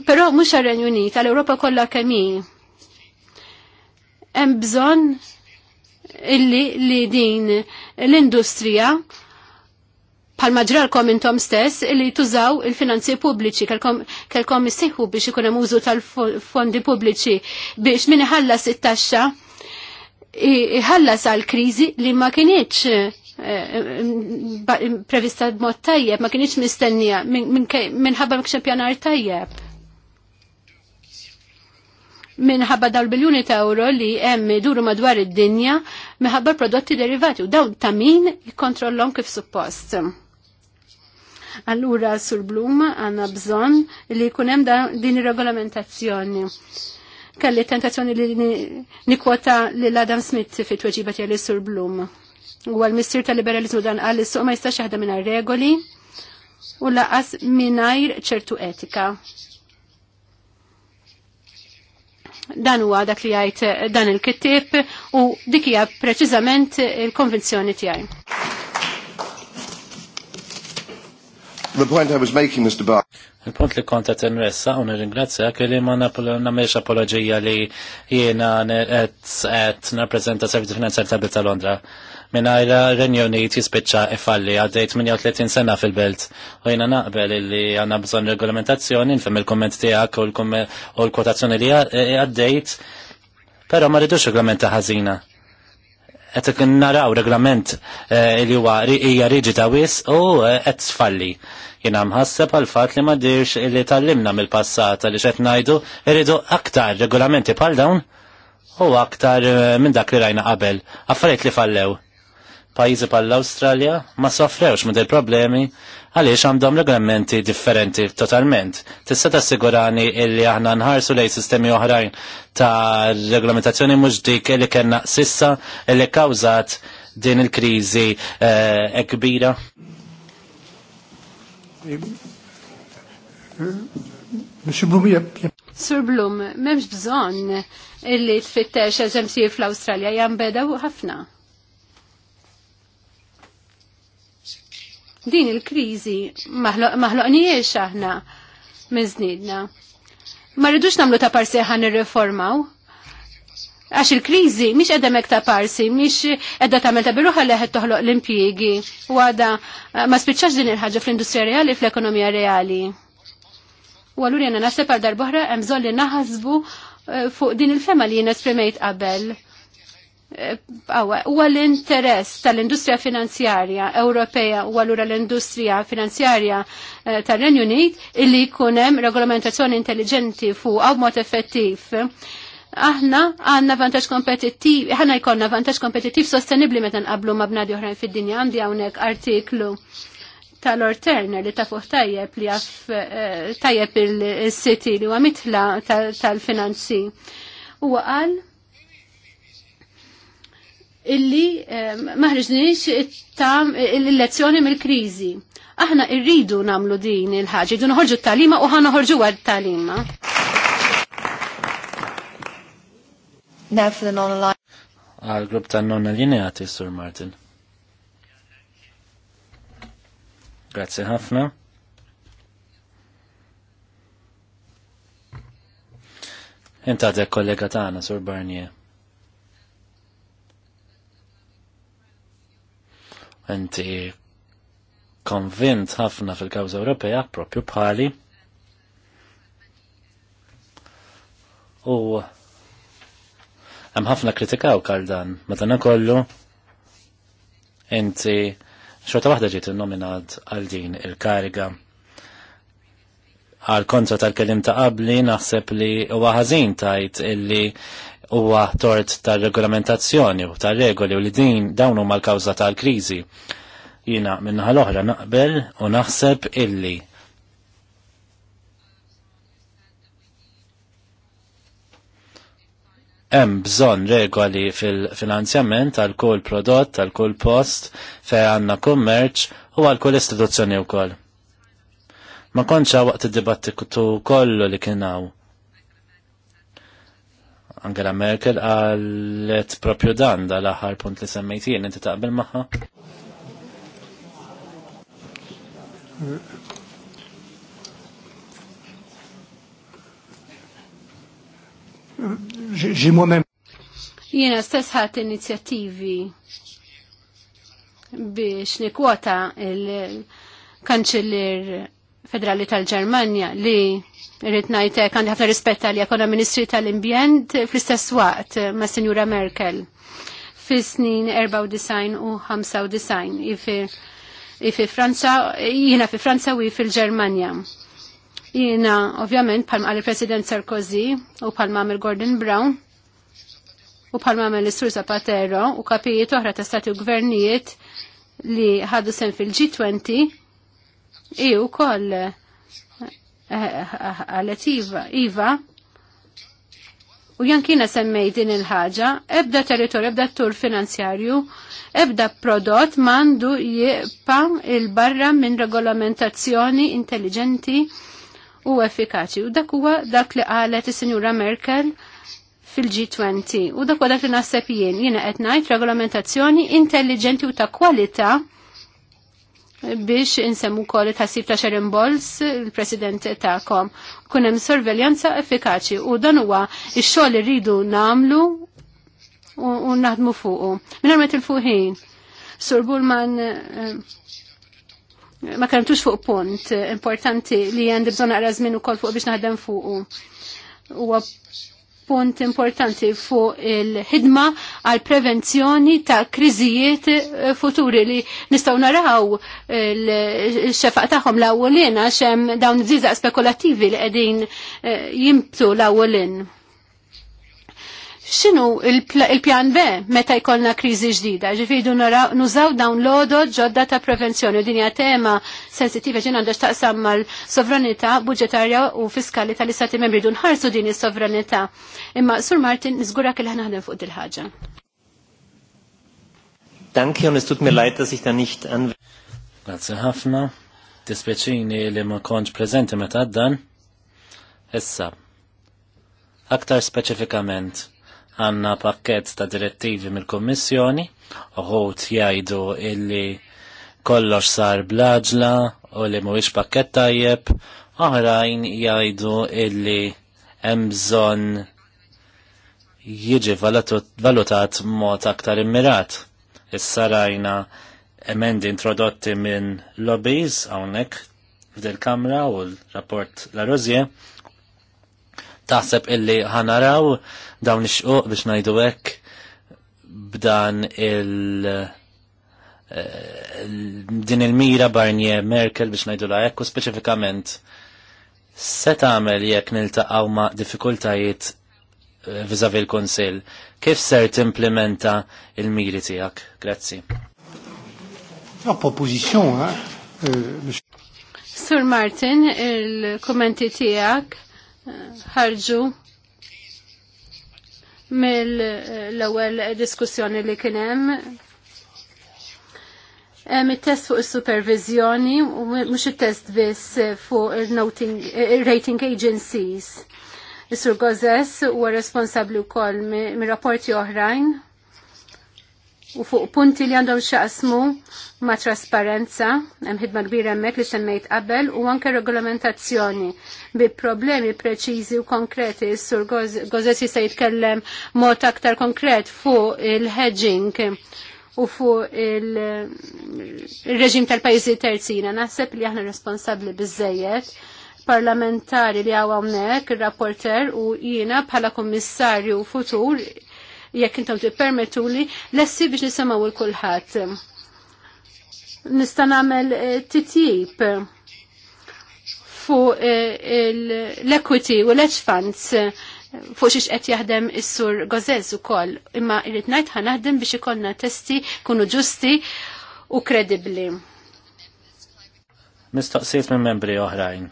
Speaker 1: Però mhux għar-Renju Unit, għall-Ewropa kollha kemm hi. Hemm bżonn illi li din l-industrija palma ġralkom intom stess li tużaw il-finanzi pubbliċi, kelkom jisihu biex ikun hemm użu tal-fondi pubbliċi biex min iħallas it-taxxa iħallas għal kriżi li ma kienieċ eh, prevista b'mod tajjeb, ma kienieċ mistennija minħabba mkxem pjanar tajjeb. Minħabba dal biljuni ta' euro li hemm iduru madwar id-dinja minħabba prodotti derivati u dawn ta' min jikkontrollhom kif suppost. Allura sur Blum għanna bżon li kunem din regolamentazzjoni. Kalli tentazzjoni li nikwota li l-Adam Smith fit tweġiba tiegħi sur Blum. U għal-missir tal-liberalizmu dan għalli suq ma jistax jaħdem minn regoli u laqas minajr ċertu etika dan huwa dak li jgħid dan il-kittib u dik hija preċiżament il-konvenzjoni tiegħi.
Speaker 2: The point I was making, Mr. Barr. Il-punt li konta t-nressa, un ringrazzja, kelli ma namiex apologija li jiena et napprezenta Servizi finanzjari ta' Bilta ta' Londra. Minajra Renjonit jispicċa ifalli għaddejt 38 sena fil-belt. U jiena naqbel li għanna bżon e- regolamentazzjoni, nfem il-komment tijak u l-kotazzjoni li għaddejt, pero ma rridux regolamenta ħazina qed naraw reglament eh, li huwa hija riġita wis u eh, qed tfalli. Jiena mħasseb għal fatt li ma dirx li tallimna mill-passata li xed ngħidu irridu aktar regolamenti bħal dawn u aktar eh, minn dak li rajna qabel. Affarijiet li fallew. Pajjiżi bħall-Awstralja ma sofrewx minn il-problemi għaliex għandhom regolamenti differenti totalment. Tista' tassigurani illi aħna nħarsu lej sistemi oħrajn ta' regolamentazzjoni mhux dik li kellna sissa illi kawżat din il-kriżi eh, e kbira.
Speaker 1: Sur Blum, memx bżon illi tfittex eżemsi fl-Australja jambeda ħafna. Din il-kriżi maħloqniex aħna minn żniedna. Ma rridux nagħmlu ta' parsi ħan reformaw Għax il-krizi, miex edha mek ta' parsi, miex edha ta' melta biruħa li toħloq l-impiegi, u għada eh, ma spiċċax din il-ħagġa fl-industrija reali, fl-ekonomija reali. U għallur jena nasib għal darbohra, bżonn li naħazbu eh, fuq din il-fema li jena esprimejt qabel huwa l-interess tal-industrija finanzjarja Ewropea u allura l-industrija finanzjarja eh, tal-Renju Unit illi jkun hemm regolamentazzjoni intelligenti fuq mod effettiv. Aħna għandna vantaġġ kompetittiv, aħna jkollna vantaġġ kompetittiv sostenibbli meta nqablu ma' bnadi oħrajn fid-dinja għandi hawnhekk artiklu tal Turner li tafuq tajjeb li għaf eh, tajjeb il-siti li huwa mitla tal-finanzi. Huwa qal illi eh, maħriġniex tam l-lezzjoni mill-kriżi. Aħna irridu namlu din il-ħaġa, idu noħorġu t-talima u ħana ħorġu għad t-talima.
Speaker 2: Għal-grupp ta' li neħati, Sur Martin. Grazie ħafna. Inta kollega tagħna, Sur Barnier. Inti konvint ħafna fil-kawza Ewropea propju bħali. U hemm ħafna kritikaw għal dan, meta kollu inti xorta waħda ġiet innominat għal din il-kariga. Għal kontra tal-kelim ta' qabli naħseb li huwa ħażin tajt illi huwa tort tar-regolamentazzjoni u tar-regoli u li din dawn huma l-kawża tal-kriżi. Jiena minnaħa l-oħra naqbel u naħseb illi hemm bżonn regoli fil-finanzjament għal kull prodott, għal kull post, fejn għandna kummerċ u għal kull istituzzjoni wkoll. Ma konċa waqt id-dibattitu kollu li kien hawn Angela Merkel għallet propju dan dal-aħħar punt li semmejtien, inti taqbel maħħa?
Speaker 1: Ġi mumem. stess ħadd inizjattivi biex nikwota il-kanċellir Federali tal-Ġermanja li rrit najtek għandi ħafna rispetta li għakona Ministri tal-Imbjent fl-istess waqt ma' Sinjura Merkel fis-snin 94 u 95 ifir fi Franza, jina fi Franza u fil-Ġermanja. Jina, ovvjament, palma għal president Sarkozy u palma għamil Gordon Brown u palma għamil Sur Zapatero u kapijiet oħra ta' stati u gvernijiet li ħadu sen fil-G20 I u koll eh, eh, għalet Iva, iva u jankina semmej din il-ħaġa, ebda territorju, ebda tur finanzjarju, ebda prodott mandu jibqa il-barra minn regolamentazzjoni intelligenti u effikaċi. U dak huwa dak li qalet is-Sinjura Merkel fil-G20. U dak huwa dak li naħseb jien, jiena qed ngħid regolamentazzjoni intelligenti u ta' kwalità biex insemmu kol il-ħassib ta' Sharon Bowles, il-president kom. Kunem sorveljanza effikaċi u dan huwa ix li rridu namlu u naħdmu fuqu. Minna għamet il-fuħin, Sur Bullman eh, ma kantux fuq punt importanti li għandi bżon kol ukoll fuq biex naħdem fuqu punt importanti fuq il-ħidma għal prevenzjoni ta' kriżijiet eh, futuri li nistaw naraw il-xefaq eh, tagħhom l-awwelin għax hemm dawn iż spekulativi li qegħdin eh, jimbtu l-awwelin xinu il-pjan B meta jkollna kriżi ġdida? Ġifidu nużaw dawn l odo ġodda ta' prevenzjoni. Dinja tema sensitiva ġin għandax taqsam mal-sovranità budġetarja u fiskali tal-istati membri dun ħarsu din is-sovranità. Imma Sur Martin, nizgurak il ħanaħdem fuq dil-ħagġa.
Speaker 2: Danke und es tut mir leid, dass ich da nicht an... Grazie ħafna. Dispeċini li ma konċ prezenti meta dan. Issa, aktar speċifikament għanna pakket ta' direttivi mill-Kommissjoni, uħut jgħidu illi kollox sar blaġla u li mhuwiex pakket tajjeb, oħrajn jgħidu illi hemm bżonn jiġi valutat mod aktar immirat. Issa rajna emendi introdotti minn lobbies hawnhekk f'dil kamra u l-rapport la Rozje taħseb illi ħanaraw dawn ix-xquq biex ngħidu hekk b'dan il- eh, din il-mira Barnier Merkel biex ngħidu la u speċifikament se tagħmel jekk niltaqgħu ma' diffikultajiet eh, viżavi l-Kunsill. Kif ser timplementa il-miri tiegħek? Grazzi.
Speaker 3: proposition, eh?
Speaker 1: Sur Martin, il-kommenti tiegħek ħarġu mill-ewwel diskussjoni li kien hemm Hemm it-test fuq is-supervizjoni u mhux it-test biss fuq ir-rating agencies. Is-Sur Gozes huwa responsabbli wkoll mir-rapporti oħrajn u fuq punti li għandhom xaqsmu ma' trasparenza, hemm ħidma kbira hemmhekk li semmejt qabel, u anke regolamentazzjoni bi problemi preċiżi u konkreti. Sur Gozesi se jitkellem mod aktar konkret fuq il-hedging u fuq il-reġim tal-pajjiżi terzina. Naħseb li aħna responsabbli biżejjed parlamentari li għawamnek, il-rapporter u jiena bħala kommissarju futur jekk intom tippermettuli, lessi biex nisimgħu l kulħadd. Nista' nagħmel eh, titjib fuq eh, l-equity u l edge funds eh, fuq xiex qed jaħdem is-sur Gozez ukoll, imma irrid ngħid ħanaħdem biex ikollna testi kunu ġusti u kredibbli.
Speaker 2: Mistoqsijiet minn membri oħrajn.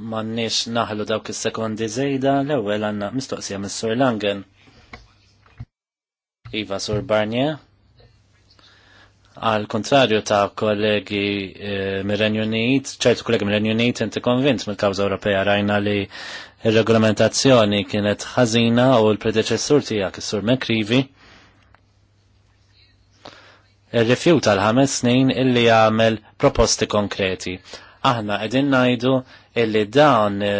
Speaker 2: M'għandniex naħlu dawk is-sekondi żejda, l-ewwel għandna mistoqsija mis-Sur Langen. Iva Sur Barnier. Għal kontrarju ta' kollegi eh, mir-Renju Unit, ċertu kollegi mir-Renju Unit inti konvint mill-kawża Ewropea rajna li il regolamentazzjoni kienet ħażina u l-predeċessur tiegħek is-Sur Mekrivi rifjuta l-ħames snin illi jagħmel proposti konkreti. Aħna qegħdin ngħidu illi dawn e,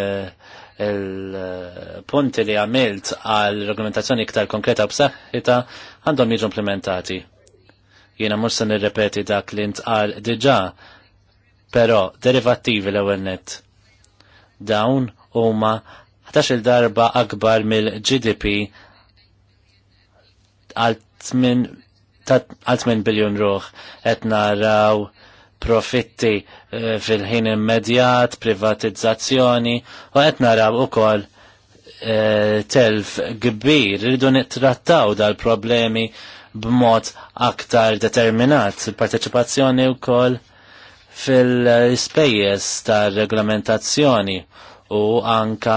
Speaker 2: il-punti li għamilt għal regolamentazzjoni iktar konkreta b'saħħita għandhom jiġu implementati. Jiena mhux se nirrepeti dak li ntqal diġà, però derivattivi l-ewwel net. Dawn huma ħtax il darba akbar mill-GDP għal 8 biljon ruħ qed naraw profitti eh, fil-ħin immedjat, privatizzazzjoni, u qed naraw ukoll eh, telf kbir, rridu nittrattaw dal-problemi b'mod aktar determinat, il-parteċipazzjoni wkoll fil spejjes tar-reglamentazzjoni u anka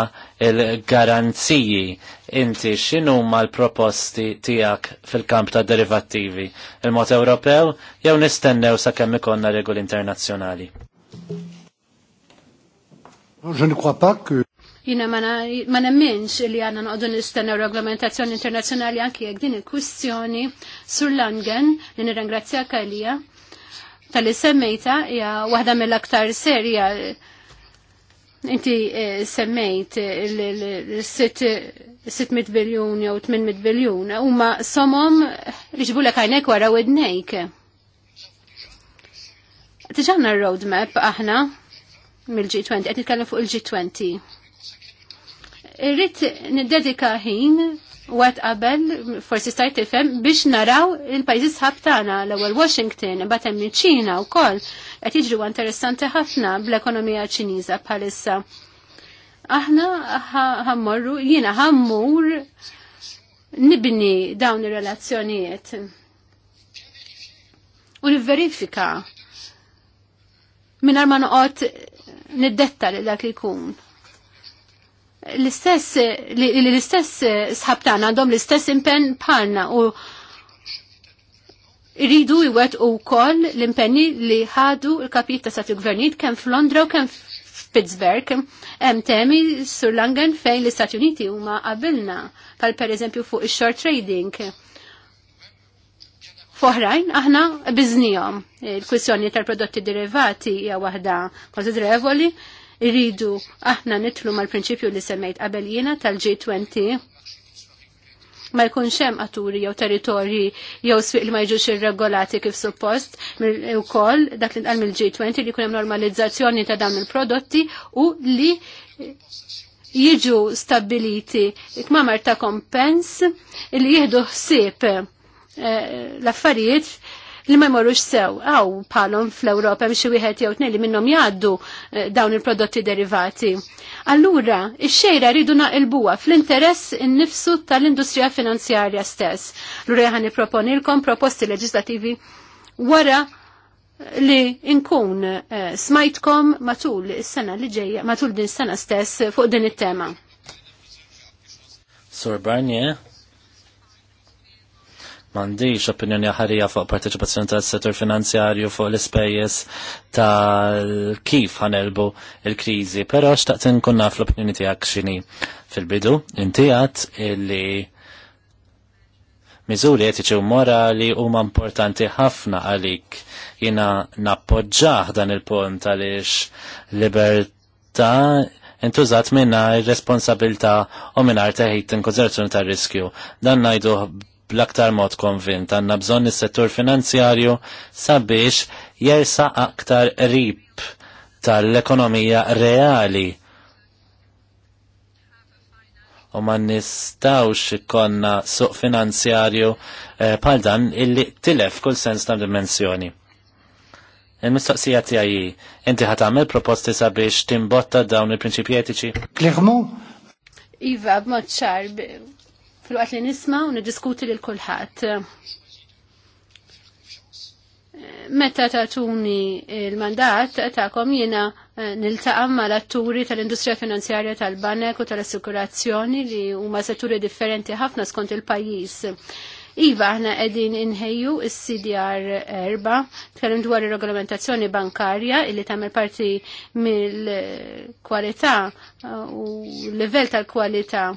Speaker 2: il-garanziji inti ma l-proposti tiegħek fil-kamp ta' derivattivi il-mod Ewropew jew nistennew sakemm ikollna regoli internazzjonali.
Speaker 1: jina ma nemminx li għanna noqdu nistennew reglamentazzjoni internazzjonali anki jekk din il-kwistjoni sur Langen li nirringrazzja kalija tal semmejta hija waħda mill-aktar serja inti eh, semmejt l-sit 600 biljun jew 800 biljun huma somom li ġbulek għajnek wara id-nejk. Tiġanna r-roadmap aħna mill-G20, qed nitkellem fuq il-G20. Irrid niddedika ħin waqt qabel forsi stajt tifhem biex naraw il-pajjiżi sħab tagħna l-ewwel Washington imbagħad hemm iċ-Ċina wkoll qed jiġru interessanti ħafna bl-ekonomija Ċiniża bħalissa aħna ħammorru, jiena ħammur nibni dawn ir-relazzjonijiet. U nivverifika minn ma noqgħod niddetta li dak li L-istess l-istess sħab tagħna għandhom l-istess impenn bħalna u rridu jwet u koll l-impenni li ħadu il-kapit ta' Sati gvernijiet kemm f'Londra u kemm Pittsburgh, hemm temi sur Langen fejn l-Istati Uniti huma qabilna, pal pereżempju fuq ix-short trading. Foħrajn, aħna biznijom. Il-kwissjoni tal-prodotti derivati hija waħda konsidrevoli. Irridu aħna nitlu mal-prinċipju li semmejt qabel jiena tal-G20 ma jkunx hemm aturi jew territorji jew sfiq li ma jiġux irregolati kif suppost ukoll dak li tqal mill-G20 li jkun hemm normalizzazzjoni ta' dawn il-prodotti u li jiġu stabiliti kmamar ta' kompens li jieħdu ħsieb eh, l-affarijiet li ma jmorrux sew, għaw palom fl-Europa mxie wieħed jew tnejn li minnhom jgħaddu eh, dawn il-prodotti derivati. Allura, il xejra rridu naqilbuha fl-interess innifsu tal-industrija finanzjarja stess. Lura ħan nipproponilkom proposti leġislativi wara li inkun eh, smajtkom matul is-sena li ġejja, matul din sena stess fuq din it-tema.
Speaker 2: Sur Barnier, Mandiġ opinjoni ħarija fuq parteċipazzjoni tal-settur finanzjarju fuq l-ispejjes tal-kif ħanelbu il-krizi, pero xtaqt inkun naf l-opinjoni tijak xini fil-bidu, intijat illi miżuri etiċi u morali huma importanti ħafna għalik jina nappoġġaħ dan il-punt għaliex libertà intużat minna il-responsabilta u minna teħid in konzerazzjoni ta' riskju. Dan najdu bl-aktar mod konvint għanna bżonn is-settur finanzjarju sabiex jersa aktar rip tal-ekonomija reali. U ma nistawx ikonna suq finanzjarju eh, pal dan illi tilef kull sens ta' dimensjoni. Il-mistoqsija tiegħi inti ħat tagħmel proposti sabiex timbotta dawn il-prinċipji etiċi?
Speaker 1: Iva, b'mod ċarbi fil-waqt li nisma' u niddiskuti lil kulħadd. Meta tatuni il-mandat ta'kom jiena eh, niltaqa' mal-atturi tal-industrija finanzjarja tal-banek u tal-assikurazzjoni li huma setturi differenti ħafna skont il-pajjiż. Iva, aħna qegħdin inħejju il cdr erba, tkellim dwar ir-regolamentazzjoni bankarja illi tagħmel parti mill-kwalità eh, u l-livell tal-kwalità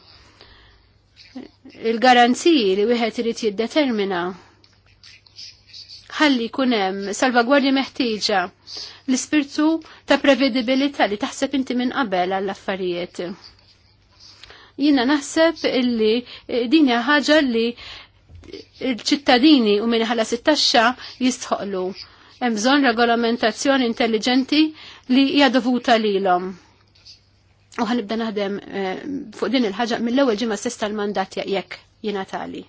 Speaker 1: il-garanziji li wieħed irid jiddetermina ħalli jkun hemm salvagwardja meħtieġa l-ispirtu ta' prevedibilità li taħseb inti minn qabel għall-affarijiet. Jina naħseb illi eh, din hija ħaġa li l ċittadini u minn ħala sittaxxa jistħoqlu. Hemm bżonn regolamentazzjoni intelligenti li hija dovuta lilhom u ħanibda naħdem eh, fuq din il-ħaġa mill-ewwel ġimgħa sista l-mandat jekk jingħatali.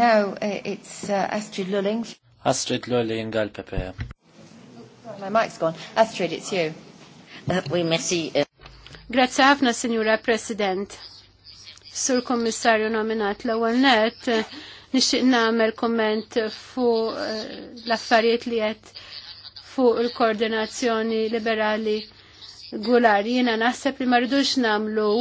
Speaker 1: No, eh, it's uh, Astrid Lulling.
Speaker 2: Astrid Lulling għal Pepe.
Speaker 1: My mic's gone. Astrid, it's you. we merci. Grazie ħafna, Signora President. Sur Kommissarju nominat l-ewwel net, nixtieq nagħmel komment fuq l-affarijiet li qed fuq il-koordinazzjoni liberali Gular, jina naħseb li marridux namlu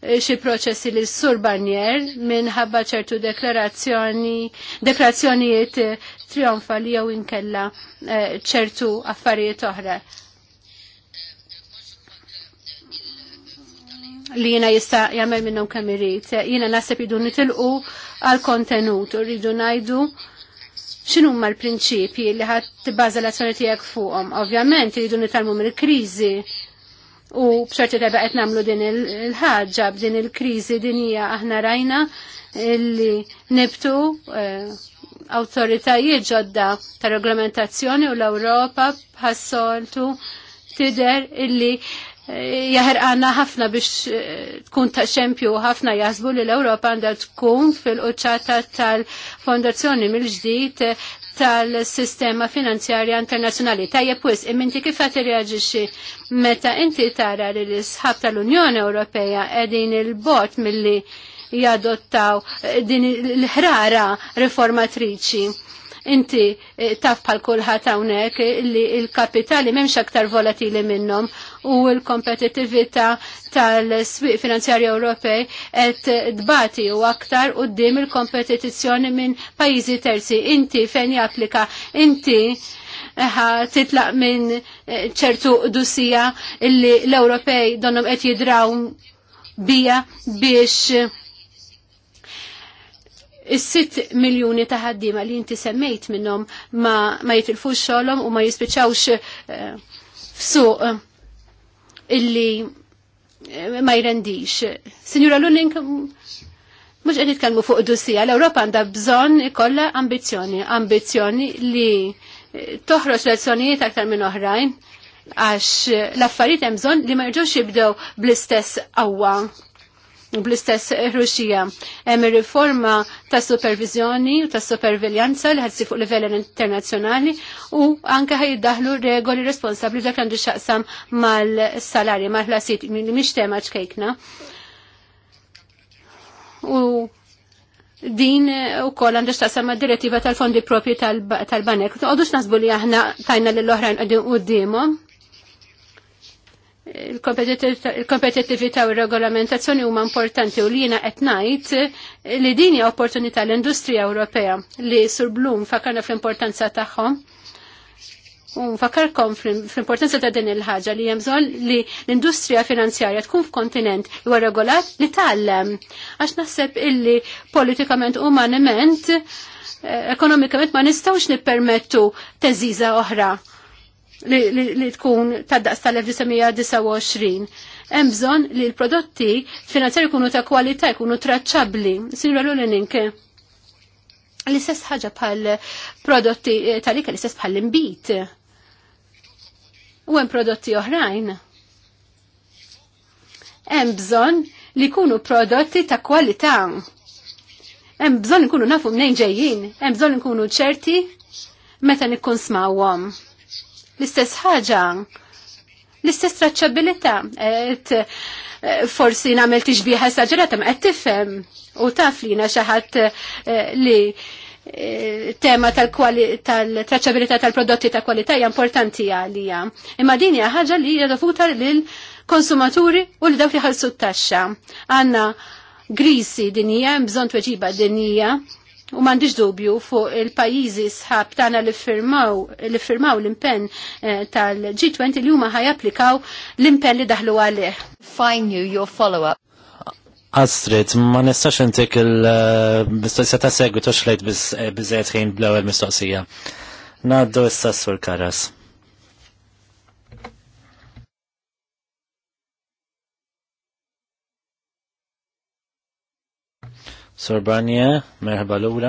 Speaker 1: eh, xi proċessi li sur Barnier minħabba ċertu deklarazzjoni, deklarazzjonijiet eh, trionfa li jew inkella eh, ċertu affarijiet oħra. Li jina jista jagħmel minnhom kemm irid. Jiena naħseb idu nitilqu għal kontenut u rridu ngħidu x'inhu l-prinċipji li ħadd tibbaża l-azzjoni tiegħek fuqhom. Ovvjament iridu nitalmu mill-kriżi U bċerti darba qed nagħmlu din il-ħaġa b'din il-kriżi dinija aħna rajna illi nibtu eh, awtoritajiet ġodda ta' reglamentazzjoni u l-Ewropa bħassoltu tider illi eh, jaħerqana ħafna biex eh, tkun ta' xempju ħafna jazbu li l-Europa għandha tkun fil-qoċata tal-fondazzjoni mill-ġdid tal-sistema finanzjarja internazzjonali. Tajjeb wis, imminti kif qed meta inti tara li l-isħab tal-Unjoni Ewropea qegħdin il-bot milli jadottaw eh, din l-ħrara riformatriċi. Inti eh, taf bħal kulħadd hawnhekk li l-kapitali m'hemmx aktar volatili minnhom u l kompetitivita tal-swiq finanzjari Ewropej qed dbati u aktar qudiem il-kompetizzjoni minn pajjiżi terzi. Inti fejn japplika, inti eh, titlaq minn eh, ċertu dusija illi l-Ewropej donhom qed jidraw bija biex eh, Is-sitt miljuni ta' ħaddiema li inti semmejt minnhom ma, ma jitilfux xogħolhom u ma jispiċċawx uh, f'suq. Uh, illi eh, ma jrendix. Sinjura Lunin, mux għedit nitkellmu fuq dusija, l-Europa għandha bżonn ikolla ambizzjoni, ambizzjoni li eh, toħroġ lezzjonijiet aktar minn oħrajn għax l-affarijiet hemm bżonn li ma jiġux jibdew bl-istess qawwa bl-istess ħruxija. Hemm ir-riforma ta' supervizjoni u ta' superviljanza li ħadsi fuq livell internazzjonali u anke ħajdaħlu regoli responsabbli dak għandu xaqsam mal-salarji, mal ħlasit li mhix tema ċkejkna. U din u koll għandu xtaqsam direttiva tal-fondi propri tal-banek. Għodux naħsbu li aħna tajna l-oħrajn għoddim il-kompetittività u regolamentazzjoni huma importanti u li jiena qed ngħid li din hija opportunità l-industrija Ewropea li Sur Blum fakarna fl-importanza tagħhom. U fakarkom fl-importanza ta' din il-ħaġa li hemm bżonn li l-industrija finanzjarja tkun f'kontinent li huwa regolat li tgħallem. Għax naħseb illi politikament u umaniment eh, ekonomikament ma nistgħux nippermettu teżiża oħra li tkun ta' daqs tal-1929. Hemm bżonn li l-prodotti finanzjari kunu ta' kwalità jkunu traċċabbli. Sinjura Luleninke, l-istess ħaġa bħal prodotti eh, tal-ika l-istess bħal imbit. U hemm prodotti oħrajn. Hemm bżonn li jkunu prodotti ta' kwalità hemm bżonn kunu nafu minn ġejjin, hemm bżonn nkunu ċerti meta nikkun smawhom. L-istess ħaġa, l-istess traċċabilità. Eh, forsi namel tiġbiħa saġerata ma qed tifhem u taf li xi ħadd eh, li eh, tema tal traċabilita tal-prodotti ta' kwalità hija importanti għalija. Imma din hija ħaġa li hija dovuta lill-konsumaturi u li dawk li ħallsu t-taxxa. Għandna grisi hija, bżonn tweġiba dinija U m'għandix dubju fuq il-pajjiżi sħab tagħna li firmaw li l-impenn eh, tal-G20 li huma applikaw l impen li daħlu għalih. Fine you your follow-up.
Speaker 2: Astrid, ma nistax intik il-mistoqsija ta' u xlejt bizzejt eh, ħin bl-ewwel mistoqsija. Naddu issa sur Karas. Sorbania, merħba l-ura.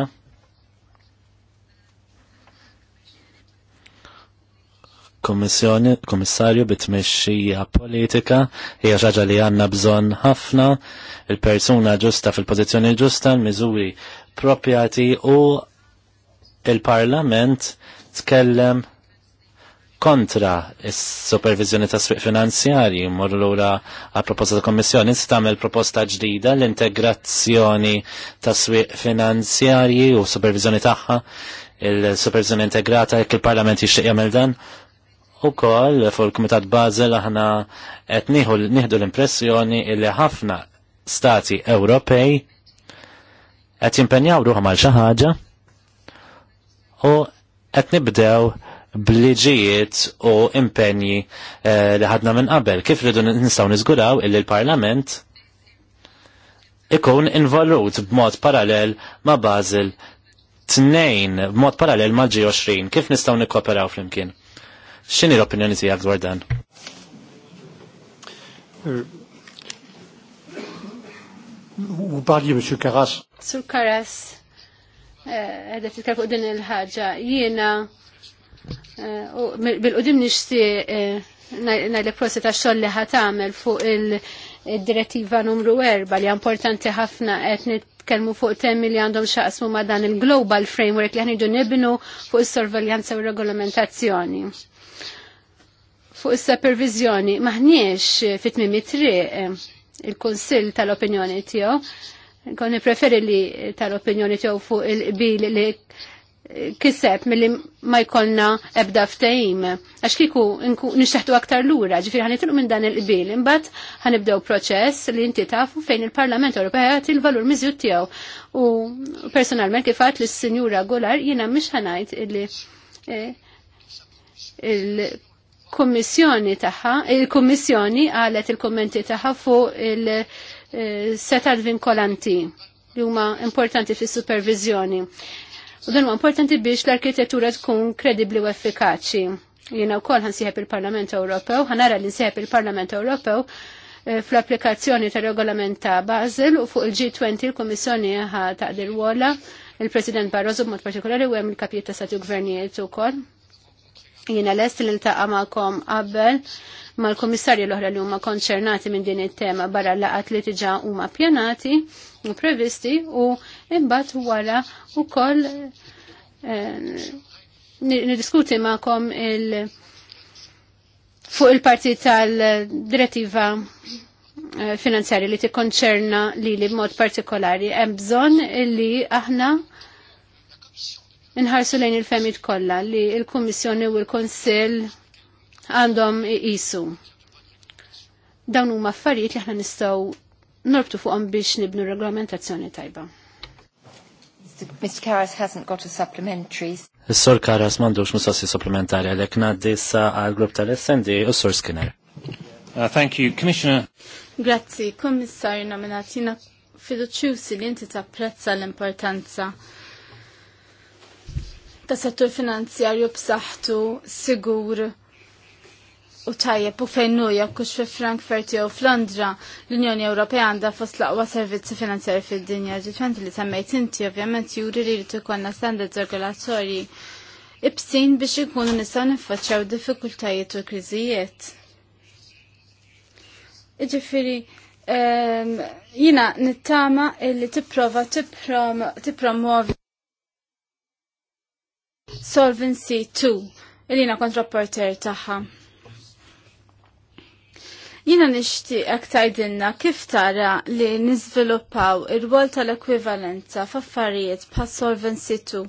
Speaker 2: Komissarju bitmexxija politika hija ħaġa li għandna bżonn ħafna il-persuna ġusta fil-pożizzjoni ġusta l-miżuri propjati u il-Parlament tkellem kontra is-supervizjoni ta' sfiq finanzjarji mmorru lura għal proposta ta' kommissjoni tagħmel proposta ġdida l-integrazzjoni ta' sfiq finanzjarji u supervizjoni tagħha il-supervizjoni integrata jekk il-Parlament jixtieq jagħmel dan u koll fuq il-Kumitat Basel aħna qed nieħdu l-impressjoni li ħafna stati Ewropej qed jimpenjaw ruħhom għal xi ħaġa u qed nibdew bliġijiet u impenji eh, li ħadna minn qabel. Kif rridu nistaw niżguraw illi l-Parlament ikun involut b'mod parallel ma' basil tnejn b'mod parallel ma' G20. Kif nistaw nikkooperaw flimkien? X'inhi l-opinjoni tiegħek dwar dan?
Speaker 3: U euh, parli, Mr. Karas.
Speaker 1: Sur Karas, għedet il fuq din il-ħagġa. Jiena Eh, bil-qudim nixti eh, najle prosi ta' xoll li ħatamel fuq il-direttiva numru 4 li importanti ħafna qed nitkellmu fuq temmi li għandhom xaqsmu ma' dan il-global framework li għanidu nibnu fuq is-sorveljanza u regolamentazzjoni. Fuq is-supervizjoni maħniex fit-mimi triq eh, il-konsil tal-opinjoni tiegħu. Kon preferi li tal-opinjoni tiegħu fuq il-qbil li kiseb mill-li ma jkollna ebda ftehim. Għax kiku nixtaħtu aktar lura, ġifir ħanitilqu minn dan il-qbil. Imbagħad ħanibdew proċess li inti tafu fejn il-Parlament Ewropea għati l-valur miżjud tiegħu. U personalment kif għat lis-Sinjura Golar jiena mhix ħanajt li eh, il-kommissjoni tagħha, il-kommissjoni għalet il-kommenti tagħha fuq il eh, setar vinkolanti li huma importanti fis-supervizjoni. U dan huwa importanti biex l-arkitettura tkun kredibbli u effikaċi. Jiena wkoll ħansieħeb il-Parlament Ewropew, ħanara li nsieħeb il-Parlament Ewropew eh, fl-applikazzjoni tar regolament ta' Basel u fuq il-G20 il-Kummissjoni ħa ta' wola il-President Barroso b'mod partikolari u għem il-kapijiet ta' stati gvernijiet ukoll. Jiena lest li niltaqa' magħkom qabel mal-komissarju l-oħra li huma konċernati minn din it-tema barra l laqat li tiġa huma pjanati u previsti u imbagħad wara wkoll eh, nidiskuti ma'kom il- fuq il-parti tal-direttiva eh, finanzjari li tikkonċerna li li mod partikolari hemm bżonn li aħna nħarsu lejn il-femit kollha li l-Kummissjoni u l-Kunsill għandhom iqisu. Dawn huma affarijiet li aħna nistgħu norbtu fuqhom biex nibnu regolamentazzjoni tajba. Mr. Karas hasn't got a supplementary. is
Speaker 2: supplementari grupp tal-SND u Skinner. Uh, thank you, Commissioner.
Speaker 5: Grazie, Kommissarju nominatina fiduċjusi li inti tapprezza l-importanza ta' settur finanzjarju sigur u tajjeb u fejn nu jekk fi Frankfurt jew f'Londra l-Unjoni Ewropea għandha fost l-aqwa servizzi finanzjari fid-dinja. Ġifant li semmejt inti ovvjament juri li jrid ikollna standards regolatorji ibsin biex ikunu nistgħu niffaċċjaw diffikultajiet u kriżijiet. Iġifieri ehm, jina nittama illi tipprova tippromovi Solvency 2 il-jina kontrapporter taħħa. Jina nishti aktajdinna kif tara li nizviluppaw ir wol tal-ekwivalenza f'affarijiet pa' Solvency 2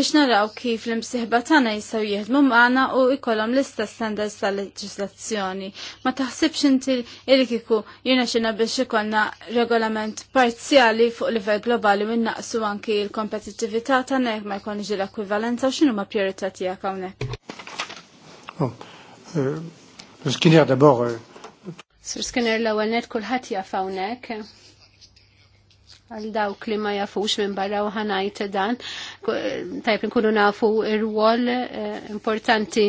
Speaker 5: biex naraw kif l-imsiħba tagħna jistgħu jihdmu maħna u jkollhom l-istess standards tal-leġislazzjoni. Ma taħsibx inti il-kiku jina xina biex ikollna regolament parzjali fuq livell globali u naqsu anki l kompetitivita tagħna jekk ma jkollniex l-ekwivalenza u x'inhuma
Speaker 1: priorità tiegħek hawnhekk.
Speaker 3: Skinner euh, d'abord euh,
Speaker 1: Sir Skinner l-ewwel net kulħadd jaf hawnhekk għal dawk li ma jafux minn barra u ħanajt dan. Tajb nkunu nafu ir wol eh, importanti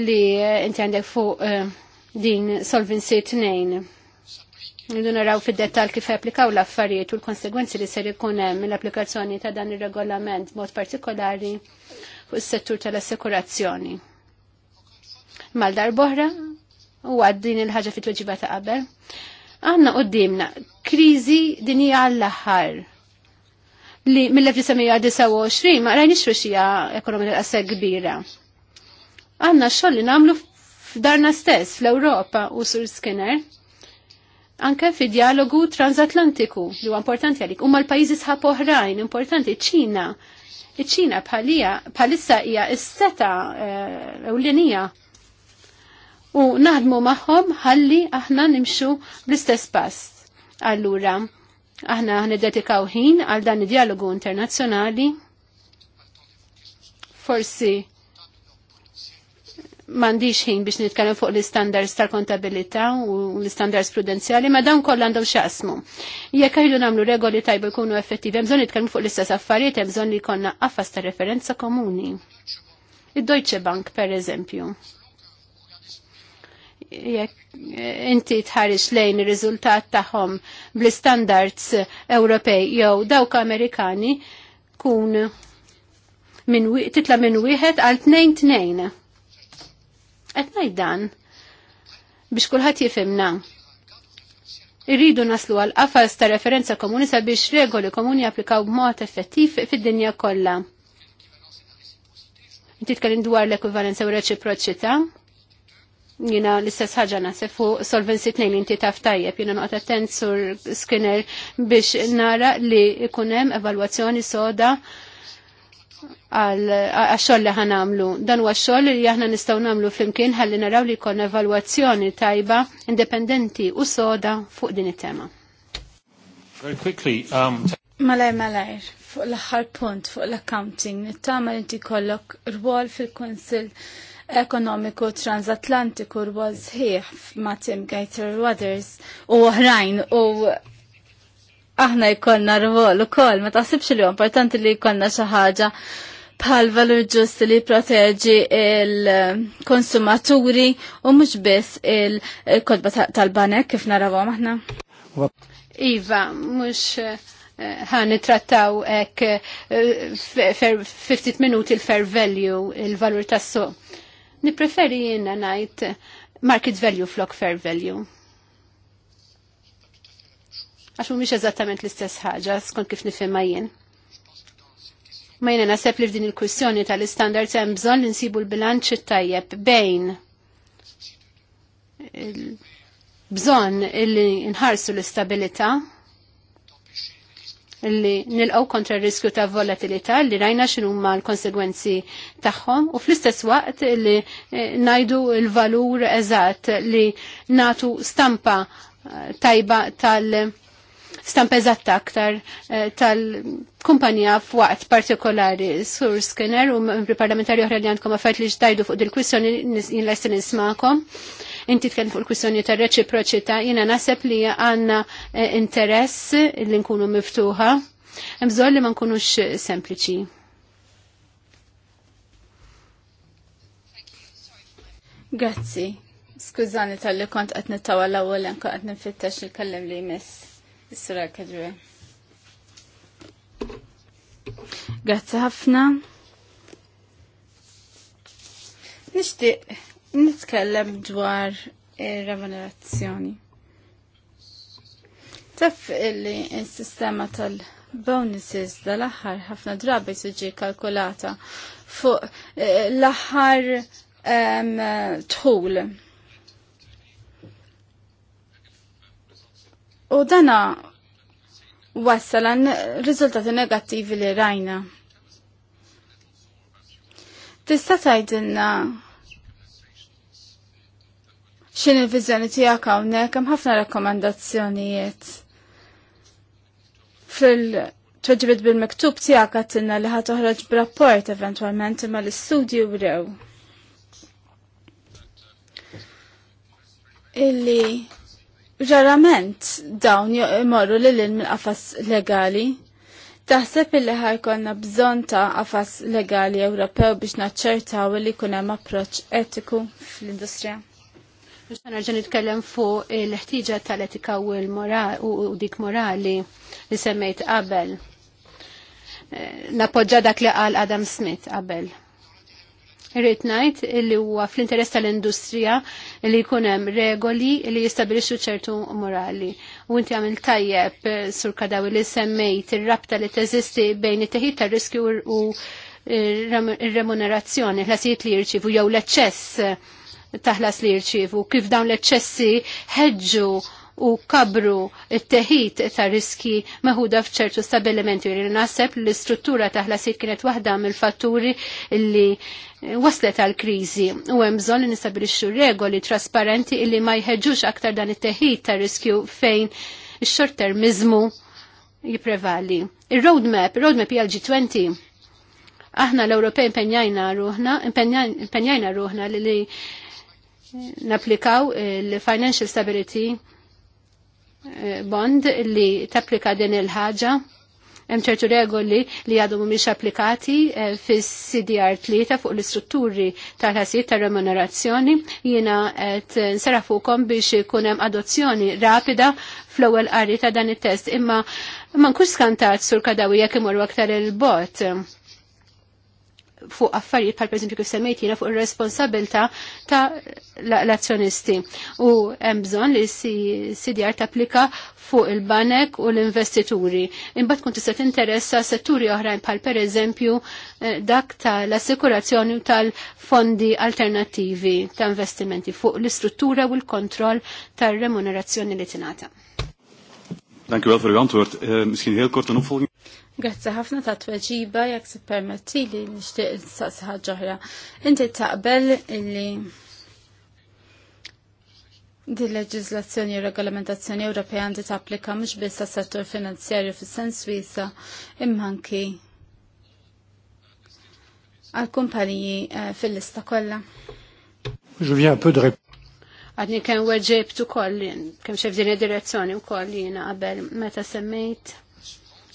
Speaker 1: li eh, inti għandek fuq eh, din Solvency 2. Nidu naraw fid dettal kif applikaw l-affarijiet u l-konsegwenzi li ser ikun hemm mill applikazzjoni ta' dan ir-regolament mod partikolari fuq is-settur tal-assikurazzjoni. mal darboħra? u għaddin il-ħagġa fit tweġiba ta' qabel. Għanna dimna, krizi dinija għall-aħħar li mill-1929 ma rajniex xwexija ekonomika qasja kbira. Għanna xoll li namlu f'darna stess fl-Ewropa u sur Skinner anke fi dialogu transatlantiku li huwa importanti għalik. Huma l-pajjiżi sħab oħrajn importanti ċina. Iċ-Ċina bħalissa hija s-seta eh, ewlenija u naħdmu magħhom ħalli aħna nimxu bl-istess pass. Allura, aħna nedetikaw ħin għal dan id-dialogu internazzjonali. Forsi mandiċ ħin biex nitkellem fuq l-standards tal-kontabilità u l-standards prudenzjali, ma dan koll għandhom xasmu. Jekk għajdu namlu regoli tajba jkunu effettivi, bżon nitkellem fuq l-istess affarijiet, bżon li konna qafas ta' referenza komuni. Id-Deutsche Bank, per eżempju jekk eh, inti tħares lejn ir-riżultat tagħhom bl istandards Ewropej jew dawk Amerikani kun min titla' minn wieħed għal tnejn tnejn. Qed ngħid dan biex kulħadd jifhimna. Irridu naslu għal qafas ta' referenza komuni sabiex regoli komuni applikaw b'mod effettiv fid-dinja kollha. Inti tkellim dwar l-ekwivalenza u reċiproċità, jina l-istess ħagġa nasib fuq Solvency 2 inti taf tajjeb jina noqgħod attent sur skinner biex nara li ikun hemm evalwazzjoni soda għal-xoll li għamlu. Dan huwa xoll li aħna nistgħu nagħmlu flimkien ħalli naraw li jkollna evalwazzjoni tajba, indipendenti u soda fuq din it-tema.
Speaker 2: Very quickly, um...
Speaker 5: Malaj fuq l-aħħar punt fuq l-accounting, nittama li inti kollok rwol fil-Konsil ekonomiku transatlantiku rwol sħiħ ma' Tim Gator Waters u oħrajn u aħna jkollna rwol ukoll ma taħsibx li importanti li jkollna xi ħaġa bħal valur ġust li proteġi il-konsumaturi u mhux biss
Speaker 1: il-kodba tal-banek kif narawhom aħna. Iva, mhux eh, ħan trattaw ek 50 minuti il-fair value, il-valur tas-suq. Nipreferi jiena ngħid market value flok fair value. Għax mhumiex eżattament l-istess ħaġa skont kif nifhimha jien. Ma jiena naħseb li f'din il-kwistjoni tal-istandards hemm bżonn insibu l-bilanċ tajjeb bejn bżonn illi nħarsu l istabilita li nilqaw kontra riskju ta' volatilità li rajna x'inhu huma l-konsegwenzi tagħhom u fl-istess waqt li eh, najdu l-valur eżatt li natu stampa eh, tajba tal- stampa eżatta aktar eh, tal-kumpanija f'waqt partikolari Sur Skinner u parlamentari oħra li għandkom affarijiet li ġdajdu fuq dil-kwissjoni jien lesti nismakom. Inti tkellem fuq il-kwistjoni ta' reċiproċità, jiena naħseb li għandna eh, interess li nkunu miftuħa. Hemm bżonn li ma nkunux sempliċi. Grazzi. Skużani
Speaker 5: tal-li kont qed nittawa l-ewwel anke qed nifittex il-kellem li jmiss. Is-sura kadri. Grazzi ħafna. Nixtieq nitkellem dwar ir-remunerazzjoni. Taf illi s-sistema tal- bonuses dal-aħħar ħafna drabi suġi kalkulata fuq eh, l-aħħar tħul. U dana wassalan rizultati negattivi li rajna. Tista' tgħidilna xin il-vizjoni tijak għawnek, hemm ħafna rakkomandazzjonijiet. Fil-tweġibit bil-miktub tijak għattinna li ħat uħraġ b'rapport eventualment imma l-istudju brew. Illi rarament dawn imorru li l ilm mill-qafas legali. Taħseb illi ħajkonna bżon ta' qafas legali Ewropew
Speaker 1: biex naċċertaw li kunem approċ etiku fl-industrija biex nerġa' nitkellem fuq l-ħtiġa tal-etika u dik morali li semmejt qabel. Napoġġa dak li qal Adam Smith qabel. Irrid ngħid li huwa fl-interess tal-industrija li jkun hemm regoli li jistabilixxu ċertu morali. U inti għamil tajjeb sur kadawi li semmejt ir-rabta li teżisti bejn it-teħid tar-riskju u il-remunerazzjoni, ħlasijiet li jirċivu jew l-eċċess taħlas li jirċivu, kif dawn l-eċċessi ħeġġu u kabru it-teħid ta' riski meħuda fċertu stabilimenti. Li naħseb l-istruttura ta' ħlasir kienet waħda mill-fatturi li waslet għal kriżi u hemm bżonn li nistabilixxu regoli trasparenti illi ma jħeġġux aktar dan it-teħid ta' riskju fejn ix-short termizmu jiprevali. Il-roadmap, il-roadmap hija g 20 Aħna l-Ewropej impenjajna ruħna, impenjajna ruħna li naplikaw il-Financial eh, Stability eh, Bond li tapplika din il-ħaġa hemm ċertu regoli li għadhom mhumiex applikati eh, fis-CDR tlieta fuq l-istrutturi tal ħasib tar-remunerazzjoni jiena qed nsaraf fuqhom biex ikun hemm adozzjoni rapida fl-ewwel qari ta' dan it-test imma ma nkunx skantat sur kadawi jekk imorru aktar il-bot fuq affarijiet bħal pereżempju kif semmejt jiena fuq ir-responsabilità ta' l-azzjonisti. U hemm bżonn li CDR tapplika fuq il-banek u l-investituri. Imbagħad tkun tista' tinteressa setturi oħrajn bħal pereżempju eh, dak tal-assikurazzjoni tal-fondi alternattivi ta' investimenti fuq l-istruttura u l-kontroll tar-remunerazzjoni li tingħata.
Speaker 3: Thank you well for your answer. Uh, misschien heel kort
Speaker 1: Grazzi ħafna ta' tweġiba jekk se permetti li nixtieq nistaqsi
Speaker 5: ħaġa Inti taqbel illi din leġiżlazzjoni u regolamentazzjoni Ewropea għandi tapplika mhux biss għas-settur finanzjarju fis-sens wiesa imma anki għal
Speaker 1: kumpaniji eh, fil-lista kollha. Għadni kemm weġibt ukoll kemm xejn id-direzzjoni wkoll jiena qabel meta semmejt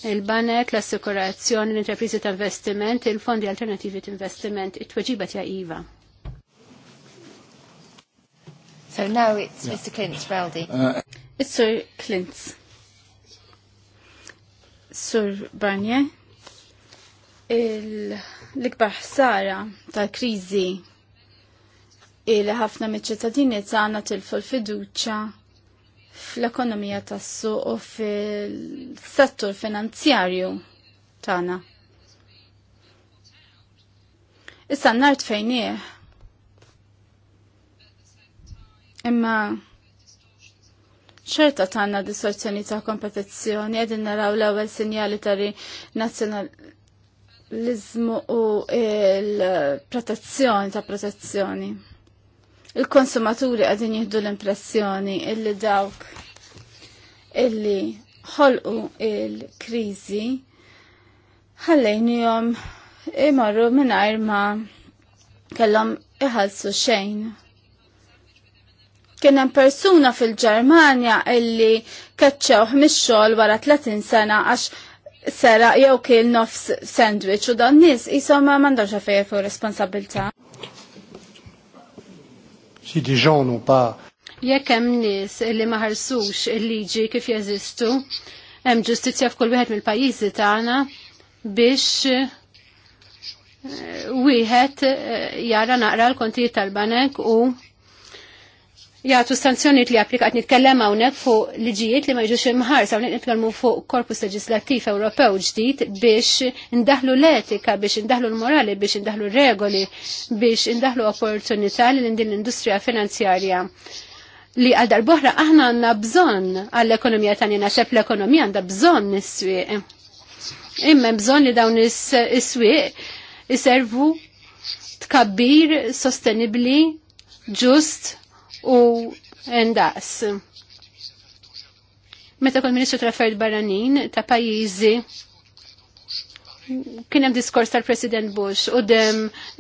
Speaker 1: il-banek, l-assikurazzjoni, l-intrapriżi ta' investiment, il-fondi alternativi ta' investiment, it-tweġiba ta' IVA. So now it's yeah. Mr. Clintz, Raldi. Uh, it's Sir Clintz.
Speaker 5: Sur Barnier, l-ikbar ħsara tal-krizi il ħafna miċ t tagħna tilfu l-fiduċja fl-ekonomija tassu u fil-settur finanzjarju tana. Issa n-nart fejnieħ. Imma ċerta tagħna disorzjoni ta' kompetizzjoni, qegħdin naraw l-ewwel sinjali ta' nazzjonaliżmu u l-protezzjoni ta' protezzjoni il-konsumaturi għadin jihdu l-impressjoni illi dawk illi ħolqu il-krizi jom imorru minnajr ma kellhom iħalsu xejn. Kien hemm persuna fil-Ġermanja illi kaċċew mix-xogħol wara 30 sena għax sera jew kien nofs sandwich u dan nies jisom ma m'għandhomx affarijiet responsabilità.
Speaker 1: responsabilta
Speaker 3: si des gens n'ont pas
Speaker 1: Jekk hemm nies li ma ħarsux il-liġi kif jeżistu, hemm ġustizzja f'kull wieħed mill-pajjiżi tagħna biex eh, wieħed eh, jara naqra l-kontijiet tal-banek u jgħatu sanzjoniet li applikat nitkellem hawnhekk fuq liġijiet li ma jiġux sa hawnhekk nitkellmu fuq korpus leġislattiv Ewropew ġdid biex indaħlu l-etika, biex indaħlu l-morali, biex indaħlu regoli, biex indaħlu opportunità li din l-industrija finanzjarja li għal darbohra aħna għanna bżon għall-ekonomija tani naxep l-ekonomija għanda bżon niswiq. Imma bżon li dawn is-swieq iservu tkabbir sostenibli ġust u ndaqs. Meta kol ministru tal-affarijiet barranin ta' pajjiżi kien hemm diskors tal-President Bush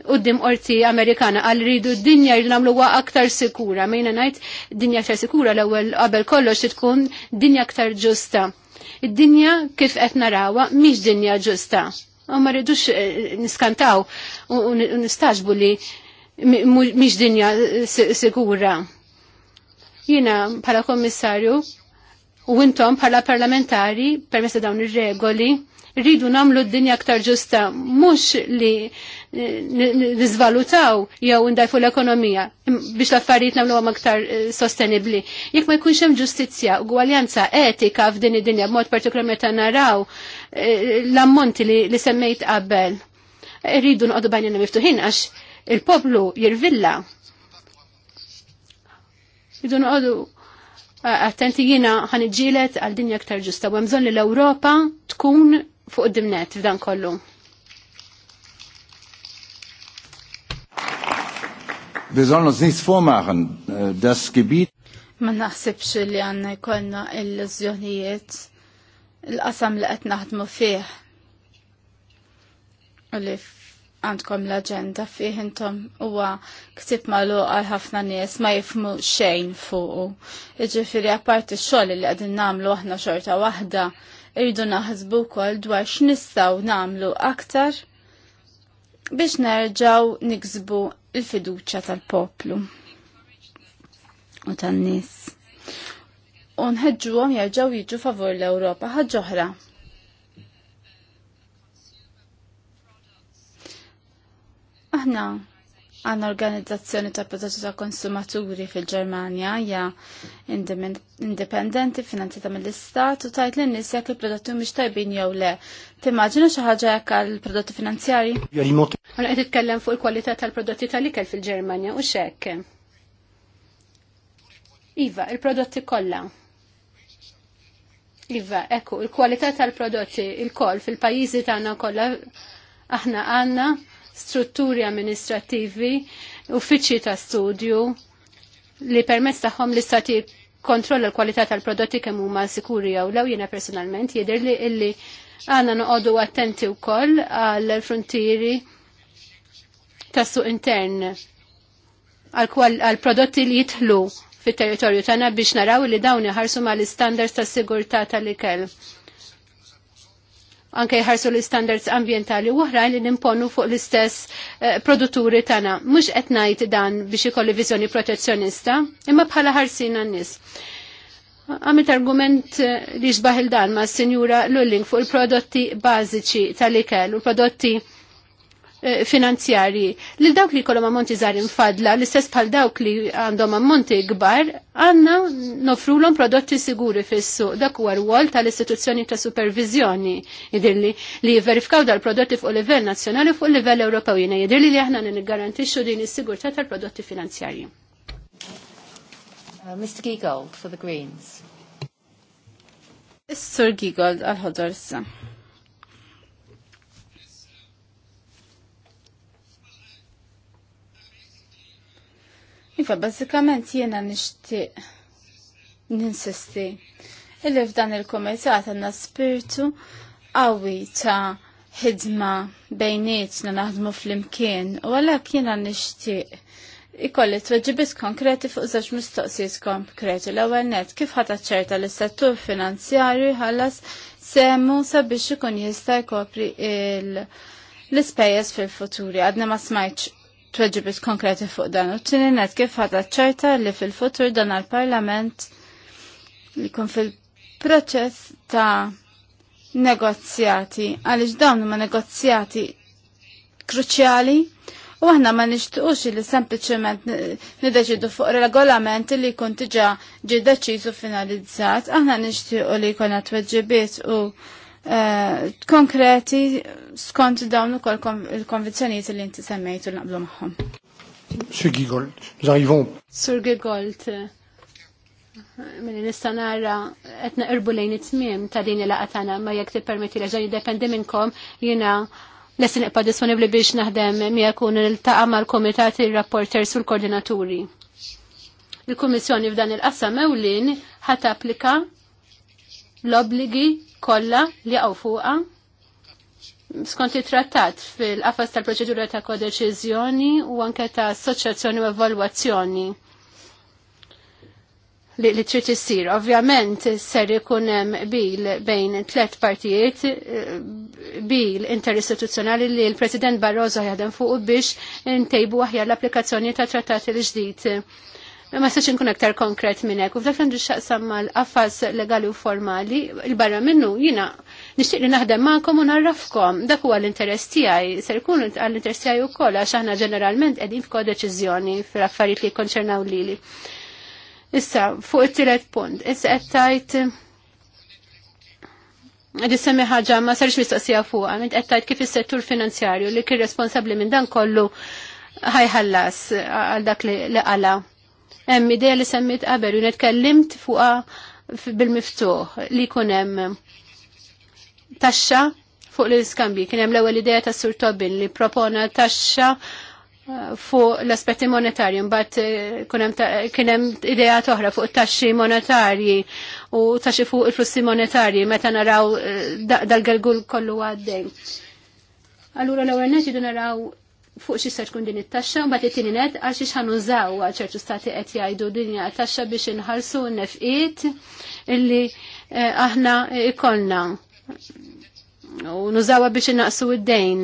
Speaker 1: qudiem qorti Amerikana għal ridu d-dinja li nagħmluha aktar sikura. Mejna ngħid dinja aktar sikura l-ewwel qabel kollox tkun dinja aktar ġusta. Id-dinja kif qed narawha mhix dinja ġusta. U ma rridux eh, niskantaw u nistaġbu li mhix dinja eh, sigura. Jiena bħala kommissarju u intom bħala parlamentari permessa dawn ir-regoli rridu namlu d-dinja aktar ġusta, mux li eh, nizvalutaw jew ndajfu l-ekonomija biex l-affarijiet namlu aktar eh, sostenibli. Jekk ma jkunx hemm ġustizzja u gwaljanza etika f'din id-dinja b'mod partikolar meta naraw l-ammonti li, semmejt qabel. Rridu nqogħdu bajnina miftuħin għax il-poplu jirvilla. Idun għadu attenti jina ħan iġilet għal dinja aktar ġusta. U li l-Europa tkun fuq id-dimnet f'dan kollu.
Speaker 3: Wir sollen uns nichts vormachen. Das Gebiet.
Speaker 5: Ma naħsibx li għanna jkollna illużjonijiet l-qasam li qed fih. U li għandkom l-agenda fih intom huwa ktib magħluq għal ħafna nies ma jifmu xejn fuqu. Iġifieri apparti x-xogħol li qegħdin nagħmlu aħna xorta waħda, irridu naħsbu wkoll dwar x'nistgħu nagħmlu aktar biex nerġgħu niksbu l-fiduċja tal-poplu u tan-nies. U nħeġġuhom jerġgħu jiġu favur l-Ewropa ħaġa oħra Aħna għanna organizzazzjoni ta' prodotti ta' konsumaturi fil-Ġermanja ja indipendenti finanzjata mill-Istat u tajt l-nis jekk il-prodotti mux tajbin
Speaker 1: jew le. Timmaġina xi ħaġa hekk għall-prodotti finanzjari?
Speaker 3: għed mela,
Speaker 1: qed kellem fuq il-kwalità tal-prodotti tal-ikel fil-Ġermanja u xek. Iva, il-prodotti kollha. Iva, ekku, il-kwalità tal-prodotti il-koll fil-pajjiżi tagħna kollha aħna għandna strutturi amministrativi, uffiċċji ta' studju li permezz tagħhom li stati kontroll l-kwalità tal-prodotti kemm huma sikuri jew law jiena personalment jidher li illi għandna noqogħdu attenti wkoll għall-frontieri tas-suq intern għal prodotti li jitħlu fit-territorju tagħna biex naraw li dawn iħarsu mal-istandards tas-sigurtà tal-ikel anke jħarsu l-standards ambientali uħrajn li nimponu fuq l-istess eh, produtturi tana. Mux etnajt dan biex ikolli vizjoni protezzjonista, imma bħala ħarsin għannis. Għamit argument eh, li xbaħil dan ma' s-senjura Lulling fuq il-prodotti bażiċi tal-ikel u prodotti, Eh, finanzjari li dawk li kolom ammonti zarin fadla, l-istess bħal dawk li għandhom ammonti gbar, għanna nofrulhom prodotti siguri fissu. Dak huwa rwol tal-istituzzjoni ta' supervizjoni jidirli li verifkaw dal-prodotti fuq livell nazzjonali fuq livell Ewropew jina jidirli li aħna niggarantixxu din is-sigurtà tal-prodotti finanzjarji.
Speaker 2: Uh, Mr.
Speaker 5: Giegold for the Greens. Mr. Giegold għal-ħodor Iva, bazzikament jena nishti ninsisti illi f'dan il-komitat għanna spiritu għawi ta' ħidma bejnietna naħdmu fl-imkien u għalhekk jiena nixtieq ikolli tweġibiet konkreti fuq żewġ mistoqsijiet konkreti. L-ewwel net kif ħata ċerta l settur finanzjarju ħallas semmu sabiex ikun jista' jkopri l-ispejjeż fil-futuri. Għadna ma smajtx tweġibis konkreti fuq dan. U t tininet net kif ħadha ċerta li fil-futur dan għal-parlament li kun fil-proċess ta' negozjati, għalix dawn ma negozjati kruċjali u aħna ma nishtuqx li sempliciment nideċidu fuq regolamenti li kun tiġa ġi deċizu finalizzat, aħna nixtuqu li kuna tweġibiet u Eh, konkreti skont dawn ukoll il-konvenzjonijiet li inti semmejtu
Speaker 1: naqblu magħhom.
Speaker 3: Sur Gigold, żarrivom.
Speaker 1: Sur eh, Gigold, minn nista nara qed naqrbu lejn it-tmiem ta' din il tagħna ma jekk tippermetti li ġej jiddependi minnkom jiena lesin iqpa disponibbli biex naħdem miegħek il niltaqa' mal-kumitat ir-rapporters u l-koordinaturi. Il-Kummissjoni f'dan il-qasam ewlin ħat applika l-obligi kollha li għaw fuqa skont trattat fil-qafas tal-proċedura ta' kodeċiżjoni u anke ta' assoċjazzjoni u evalwazzjoni li, li trid issir. Ovvjament ser ikun hemm bil bejn tliet partijiet eh, bil interistituzzjonali li l-President Barroso jaħdem fuq biex intejbu aħjar l-applikazzjoni ta' trattati l-ġdid ma sax nkun aktar konkret minn hekk. U f'dak għandu x'aqsam mal affas legali u formali, il-barra minnu jiena nixtieq li naħdem magħkom u narrafkom. Dak huwa l-interess tiegħi, ser ikun għall-interess tiegħi wkoll għax aħna ġeneralment qegħdin f'ko deċiżjoni fl-affarijiet li jkonċernaw lili. Issa, fuq it-tielet punt, issa qed tajt jissemmi ħagġa ma sarx mistoqsija fuq, minn għettajt kif il-settur finanzjarju li kien responsabli minn dan kollu ħajħallas għal dak li għala hemm idea li semmit qabel u netkellimt fuqha bil-miftuħ li jkun hemm taxxa fuq l-iskambji. Kien hemm l-ewwel idea ta' Sur Tobin li propona taxxa uh, fuq l-aspetti monetarji, mbagħad uh, kien hemm idea toħra fuq taxxi monetarji u taxxi fuq il-flussi monetarji meta naraw uh, dal-gelgul kollu għaddej. Allura l-ewwel netidu naraw fuq xi se tkun din it-taxxa mbagħad it-tieni net għal xi ħanużaw għal ċertu stati qed jgħidu din hija taxxa biex inħarsu n-nefqiet illi eh, aħna ikollna u nużawha biex innaqsu id-dejn.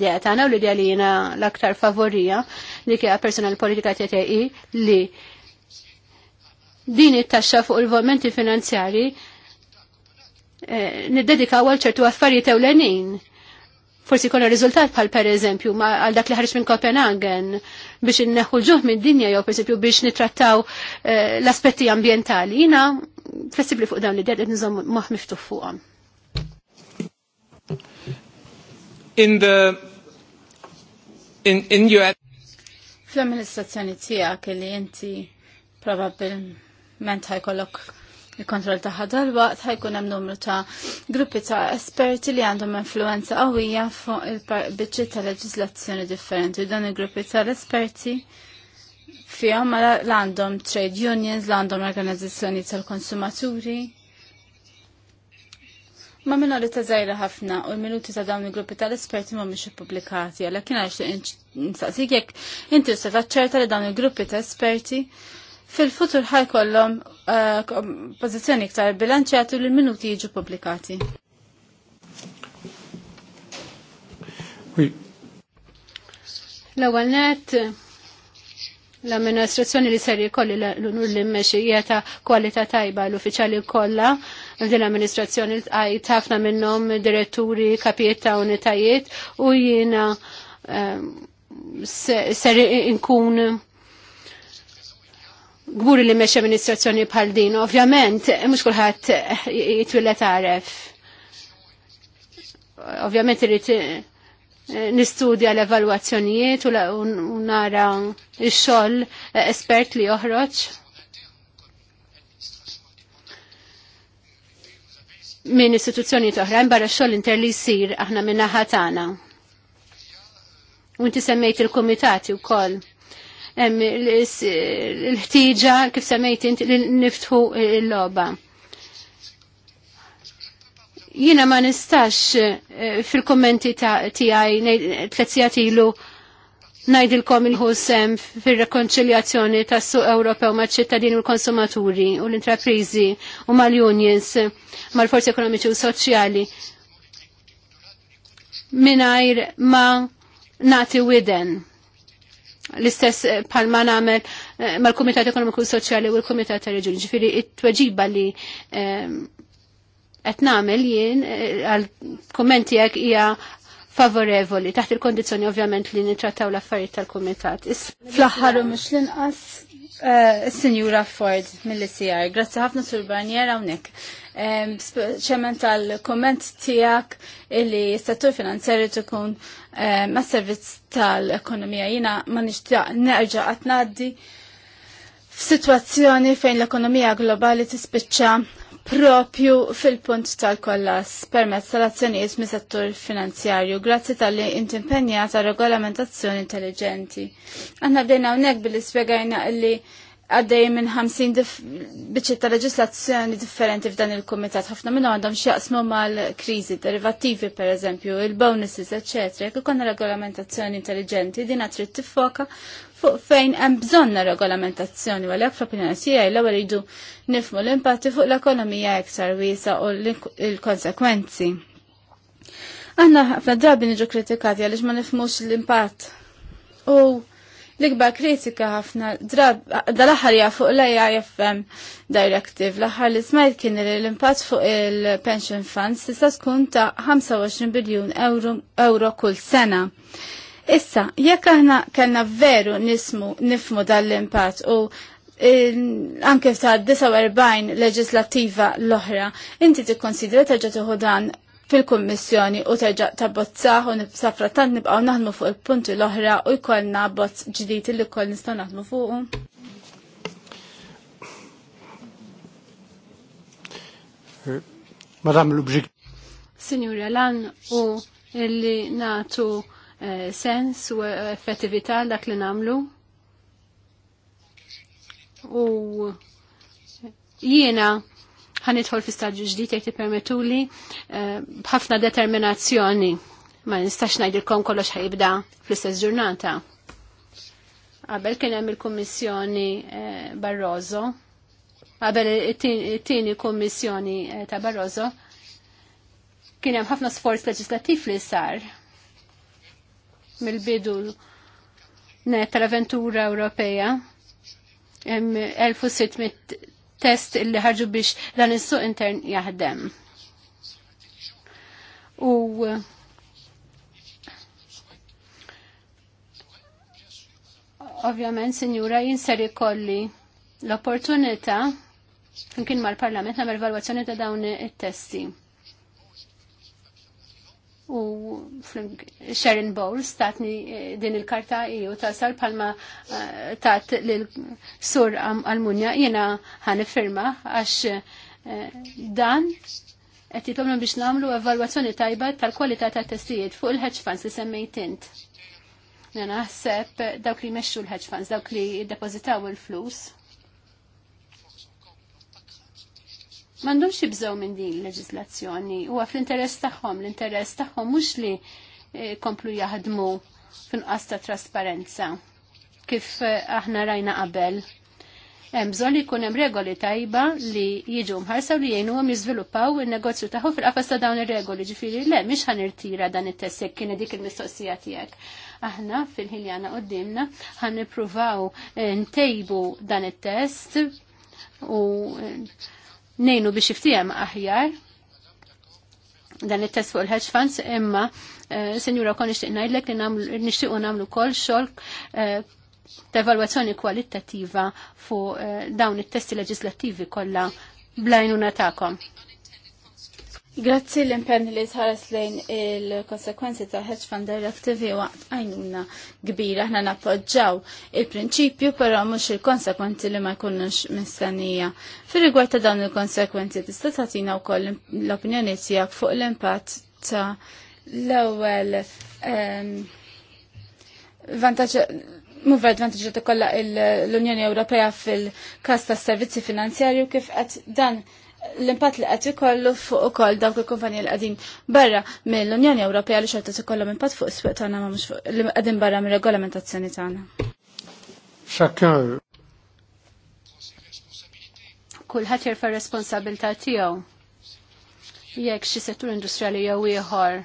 Speaker 1: Dija tagħna u li jiena l-aktar favorija li kija personal politika TTI li din it-taxxa fuq il-volmenti finanzjari eh, niddedika għal ċertu affarijiet ewlenin forsi kollu rizultat bħal per eżempju ma għal dak li ħarġ minn Copenhagen biex inneħu l-ġuħ minn dinja jew per eżempju biex nitrattaw eh, l-aspetti ambientali. Jina flessibli fuq dawn l-idea li nżomm moħ miftuħ fuqhom.
Speaker 4: In the in, in your
Speaker 5: fl-amministrazzjoni tijak li inti probabbilment ħajkollok il-kontroll taħħa dal-waqt ħajkun hemm numru ta' gruppi ta' esperti li għandhom influenza qawwija fuq il-biċċi ta' leġislazzjoni differenti. Dan il-gruppi tal-esperti fihom l-għandhom trade unions, l-għandhom organizzazzjoni tal-konsumaturi, Ma minna li ta' zaħira ħafna u l-minuti ta' dawn il-gruppi tal-esperti ma' miex publikati, għalla kien għax nistaqsik jek inti usta taċċerta li dawn il-gruppi ta' esperti fil-futur ħajkollhom Eh, pożizzjoni iktar bilanċjatu li l-minuti jiġu publikati.
Speaker 1: L-ewwel net l-amministrazzjoni li ser jkolli l-unur li mmexxija ta' kwalità tajba l-uffiċjali kollha din l-amministrazzjoni għaj ħafna minnhom diretturi, kapijiet ta' unitajiet u jiena eh, ser inkun gburi li meċ amministrazzjoni bħal din, ovvjament, mux kullħat jitwilla taref. Ovvjament irrit nistudja l-evalwazzjonijiet u nara x-xogħol eh, espert li joħroġ. Min istituzzjoni toħra, barra xogħol inter li jsir aħna minna ħatana. U inti semmejt il-komitati wkoll hemm l-ħtieġa kif semmejt inti li niftħu l-logħba. Jiena ma nistax eh, fil-kommenti tiegħi tliet ilu ngħidilkom il ħusem fir-rekonċiljazzjoni tas-suq Ewropew maċ-ċittadini u l-konsumaturi u l-intrapriżi u mal-unions mal-forzi ekonomiċi u soċjali minajr ma nati widen L-istess eh, palma namel eh, mal-Komitat Ekonomiku Soċjali u l-Komitat ta' Reġuni. Ġifiri, it-tweġiba li eh, qed nagħmel jien għal-kommenti jekk hija favorevoli taħt il-kondizzjoni ovvjament li nitrattaw l-affarijiet tal-Kumitat. Fl-aħħar u mhux inqas Sinjura
Speaker 5: Ford mill-ICR, grazzi ħafna sur Barnier hawnhekk. Ċement tal-komment tiegħek illi s-settur finanzjari tkun Eh, ma' servizz tal-ekonomija. Jina ma' nishtiq nerġa' għatnaddi f'sitwazzjoni fejn l-ekonomija globali tispiċċa propju fil-punt tal-kollas permezz tal-azzjonijiet mis settur finanzjarju grazzi tal-li intimpenja ta' regolamentazzjoni intelligenti. Għanna bdejna unnek billi spiegajna illi għaddej minn 50 biċċi ta' leġislazzjoni differenti f'dan il-komitat. ħafna minn għandhom xjaqsmu mal-krizi, derivativi per eżempju, il-bonuses, eccetera. Jekk ikonna regolamentazzjoni intelligenti, dina trid tiffoka fuq fejn hemm bżonna regolamentazzjoni għal għalhekk fl-opinjoni tiegħi l-ewwel jridu nifmu l-impatti fuq l-ekonomija iktar wiesa u l-konsekwenzi. Aħna ħafna drabi niġu kritikati għaliex ma nifmux l-impatt. U L-ikbar kritika ħafna drab dal-aħħar ja fuq l-AIFM Directive l-aħħar li smajt kien li l-impatt fuq il-pension funds tista' tkun ta' 25 biljun euro, euro kull sena. Issa, jekk aħna kellna veru nismu nifmu dal-impatt u anke ta' 49 leġislattiva l-oħra, inti tikkonsidra ġatuħu dan fil-Kummissjoni u terġa' bozzah u nibsafra tant nibqgħu naħdmu fuq il-punti l-oħra u jkollna bozz ġdid li wkoll nistgħu naħdmu fuqu.
Speaker 3: Madam l ubġik
Speaker 1: Signora Lan u illi natu eh, sens u effettività dak li namlu. U jiena ħanidħol fi stadju ġdid jgħid tippermetuli eh, b'ħafna determinazzjoni. Ma nistax ngħidilkom kollox ħajibda fl-istess ġurnata. Qabel kien hemm il-Kummissjoni eh, Barroso, qabel it-tieni Kummissjoni eh, ta' Barroso, kien hemm ħafna sforz leġislattiv li sar mill-bidu tal-avventura Ewropea. 1600 test illi ħarġu biex dan is-suq intern jaħdem. U ovvjament, sinjura, jinser ikolli l-opportunità, kien mal-parlament, namel valwazzjoni ta' dawn it-testi u Sharon Bowles tatni eh, din il-karta iju tasal palma eh, tat l-sur Almunja jena ħan firma għax eh, dan qed jitlobna biex namlu evalwazzjoni tajba tal-kwalità tat-testijiet fuq il-hedge funds li semmejt int. Jena naħseb dawk li jmexxu l-hedge funds, dawk li depozitaw il-flus M'għandhomx jibżgħu minn din il-leġislazzjoni. Huwa fl-interess tagħhom, l-interess tagħhom mhux li eh, komplu jaħdmu f'inqas qasta trasparenza kif eh, aħna rajna qabel. Mżon bżonn li jkun hemm regoli tajba li jiġu mħarsa li jgħinuhom jiżviluppaw in-negozju tagħhom fil-qafas ta' dawn ir-regoli. ġifiri le mhix ħanirtira dan it-test jekk dik il-mistoqsija tiegħek. Aħna fil-ħiljana qudiemna ħan nippruvaw eh, ntejbu dan it-test u nejnu biex iftijem aħjar dan it test fuq il-hedge funds imma eh, senjura kon nishtiq najdlek li nishtiqu namlu kol xol ta' eh, evalwazzjoni kwalittativa fuq eh, dawn it-testi leġislattivi kollha blajnuna ta'kom. Grazzi
Speaker 5: l-impenn li tħares lejn il-konsekwenzi ta' Hedge Fund Directive waqt għajnuna kbira. Aħna nappoġġaw il-prinċipju, però mhux il-konsekwenzi li ma jkunux mistennija. Fir-rigward ta' dawn il-konsekwenzi tista' tagħtina wkoll l-opinjoni tiegħek fuq l-impatt ta' l-ewwel ehm, vantaġġ Move advantage li kollha l-Unjoni Ewropea fil każ ta' servizzi finanzjarju kif qed dan l-impatt li qed ikollu fuq ukoll dawk il-kumpanji li għadin barra mill-Unjoni Ewropea li xorta ikollhom impatt fuq s swieq tagħna ma mux fuq li qegħdin barra
Speaker 1: mir-regolamentazzjoni tagħna.
Speaker 3: Xakar.
Speaker 1: Kulħadd jirfa' responsabilità tiegħu. Jekk xi settur industrijali jew ieħor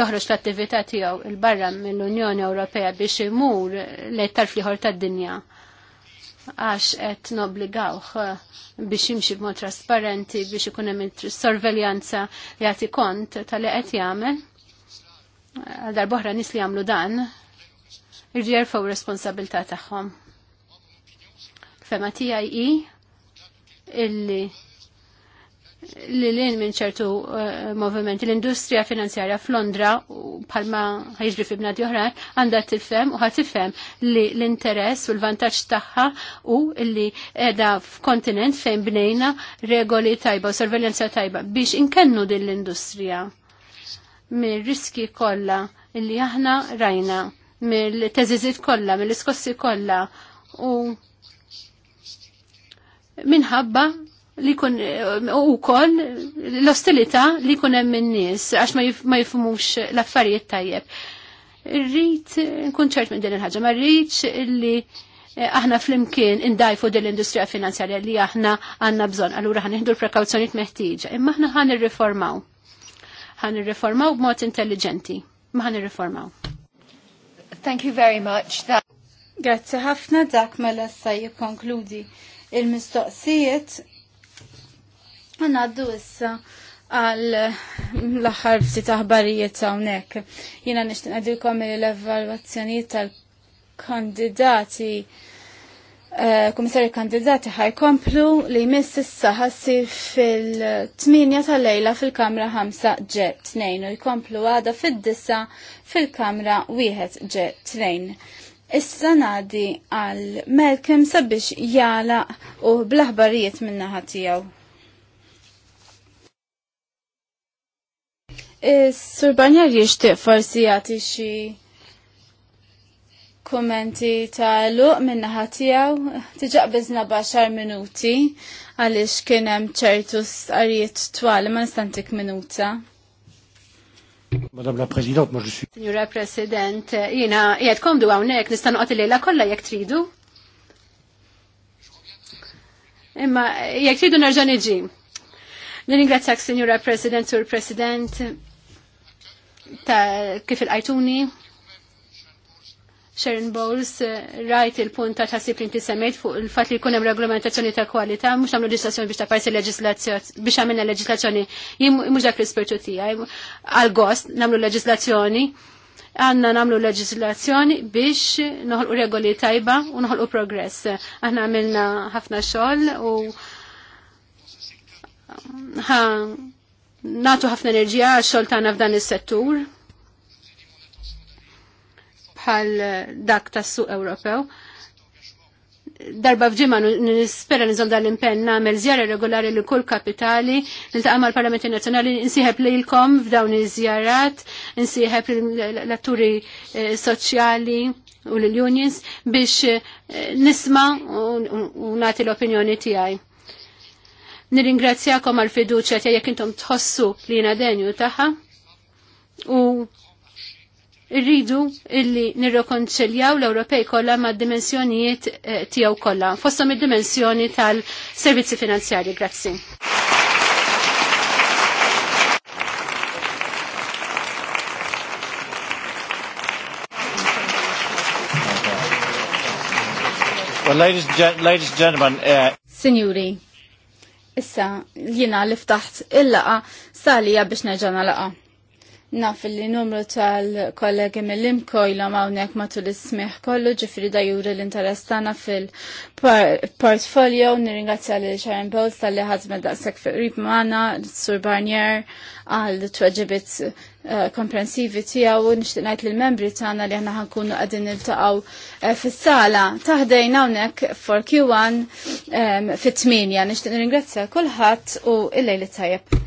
Speaker 1: joħroġ l-attività tiegħu il-barra mill-Unjoni Ewropea biex imur lejn tarf liħor tad-dinja għax qed nobbligawh eh, biex jimxi b'mod trasparenti biex ikun hemm sorveljanza li jagħti kont tal-li qed jagħmel. Għal darbohra nis li jagħmlu dan irġi jerfgħu responsabilità tagħhom. Fema tiegħi hi illi li l-in minn ċertu eh, movimenti l-industrija finanzjarja f'Londra palma ħajġri fi bnadi oħrajn għandha tifhem u ħatifhem li l-interess u l-vantaġġ tagħha u li qiegħda f'kontinent fejn bnejna regoli tajba u sorveljanza tajba biex inkennu din l-industrija mir-riski kollha li aħna rajna mill-teżiżiet kollha, mill-iskossi kollha u minħabba li kun u kol l-ostilita li kun hemm min-nies għax ma jifhmux l-affarijiet tajjeb. Rrit nkun ċert minn din il-ħaġa, ma rridx li eh, aħna flimkien indajfu din l-industrija finanzjarja li aħna għandna bżonn, allura ħan l prekawzjonijiet meħtieġa, imma aħna ħan irriformaw. Ħan irriformaw b'mod intelligenti, ma ħan irriformaw. Thank you
Speaker 5: very much. Grazie Grazzi ħafna dak mela sa jikkonkludi il-mistoqsijiet għaddu issa għal l-axar ħbarijiet aħbarijiet hawnhekk. Jiena nixtieq għaddu li l-evalwazzjoni tal-kandidati eh, Komissari kandidati ħajkomplu li jmiss issa ħassi fil-8 tal-lejla fil-kamra 5 ġe 2 u jkomplu għada fid-9 fil-kamra 1 ġe 2. Issa nadi għal Malcolm sabiex jala u blaħbarijiet minna ħatijaw. Sur Banjar jishtiq forsi jagħti xi kummenti ta' luq minnaħa tiegħu bizna baxar minuti għaliex kien hemm ċertu stqarijiet twali ma nistantik minuta.
Speaker 3: Madame la Presidente, moi je suis.
Speaker 1: Signora President, jina, jgħed komdu għawnek, nistan uqt il-lejla kolla jek tridu. Imma, jek tridu narġan iġi. Nirringrazzjak, Signora President, Sur President, ta' kif il-qajtuni Sharon Bowles eh, rajt il-punt ta' tħassib li inti fuq il-fatt li jkun hemm regolamentazzjoni ta' kwalità mhux nagħmlu leġislazzjoni biex l leġislazzjoni biex għamilna legislazzjoni mhux dak l-ispirtu tija, għal gost nagħmlu leġislazzjoni għanna namlu leġislazzjoni biex u regoli tajba u noħolqu progress. Aħna għamilna ħafna xogħol u natu ħafna enerġija għax tagħna f'dan is-settur bħal dak tas-suq Ewropew. Darba fġimma nispera nizom l impenn namel zjara regolari li kull kapitali, niltaqa mal parlamenti Nazzjonali, nsiħeb lilkom f'dawn iż-żjarat, nsiħeb l-atturi eh, soċjali u l-unions biex eh, nisma u nagħti l-opinjoni tiegħi. Nirringrazzjakom għal fiduċja tja jekk intom tħossu li jiena denju tagħha u rridu illi nirrekonċiljaw l-Ewropej kollha mad dimensjonijiet eh, tiegħu kollha, fosthom id-dimensjoni tal-servizzi finanzjari. Grazzi.
Speaker 2: Well, ladies, ladies and gentlemen, uh...
Speaker 5: Signori, Issa jina li ftaħt il-laqa salija biex neġana laqa. Naf li numru tal-kollegi mill-imko jla mawnek matul ismiħ kollu ġifri da juri l-interess fil-portfolio nirringrazzja li Sharon Bowles tal-li ħazmed daqsek fil-rib maħna, Sur Barnier, għal tweġibit Eh, komprensivi tijaw u nishtinajt l-membri tana li ħna ħankunu għadin il-taqaw eh, fil-sala taħdejna unek for Q1 fil 8 nishtiq ringrazzja kullħat u il-lejli tajab.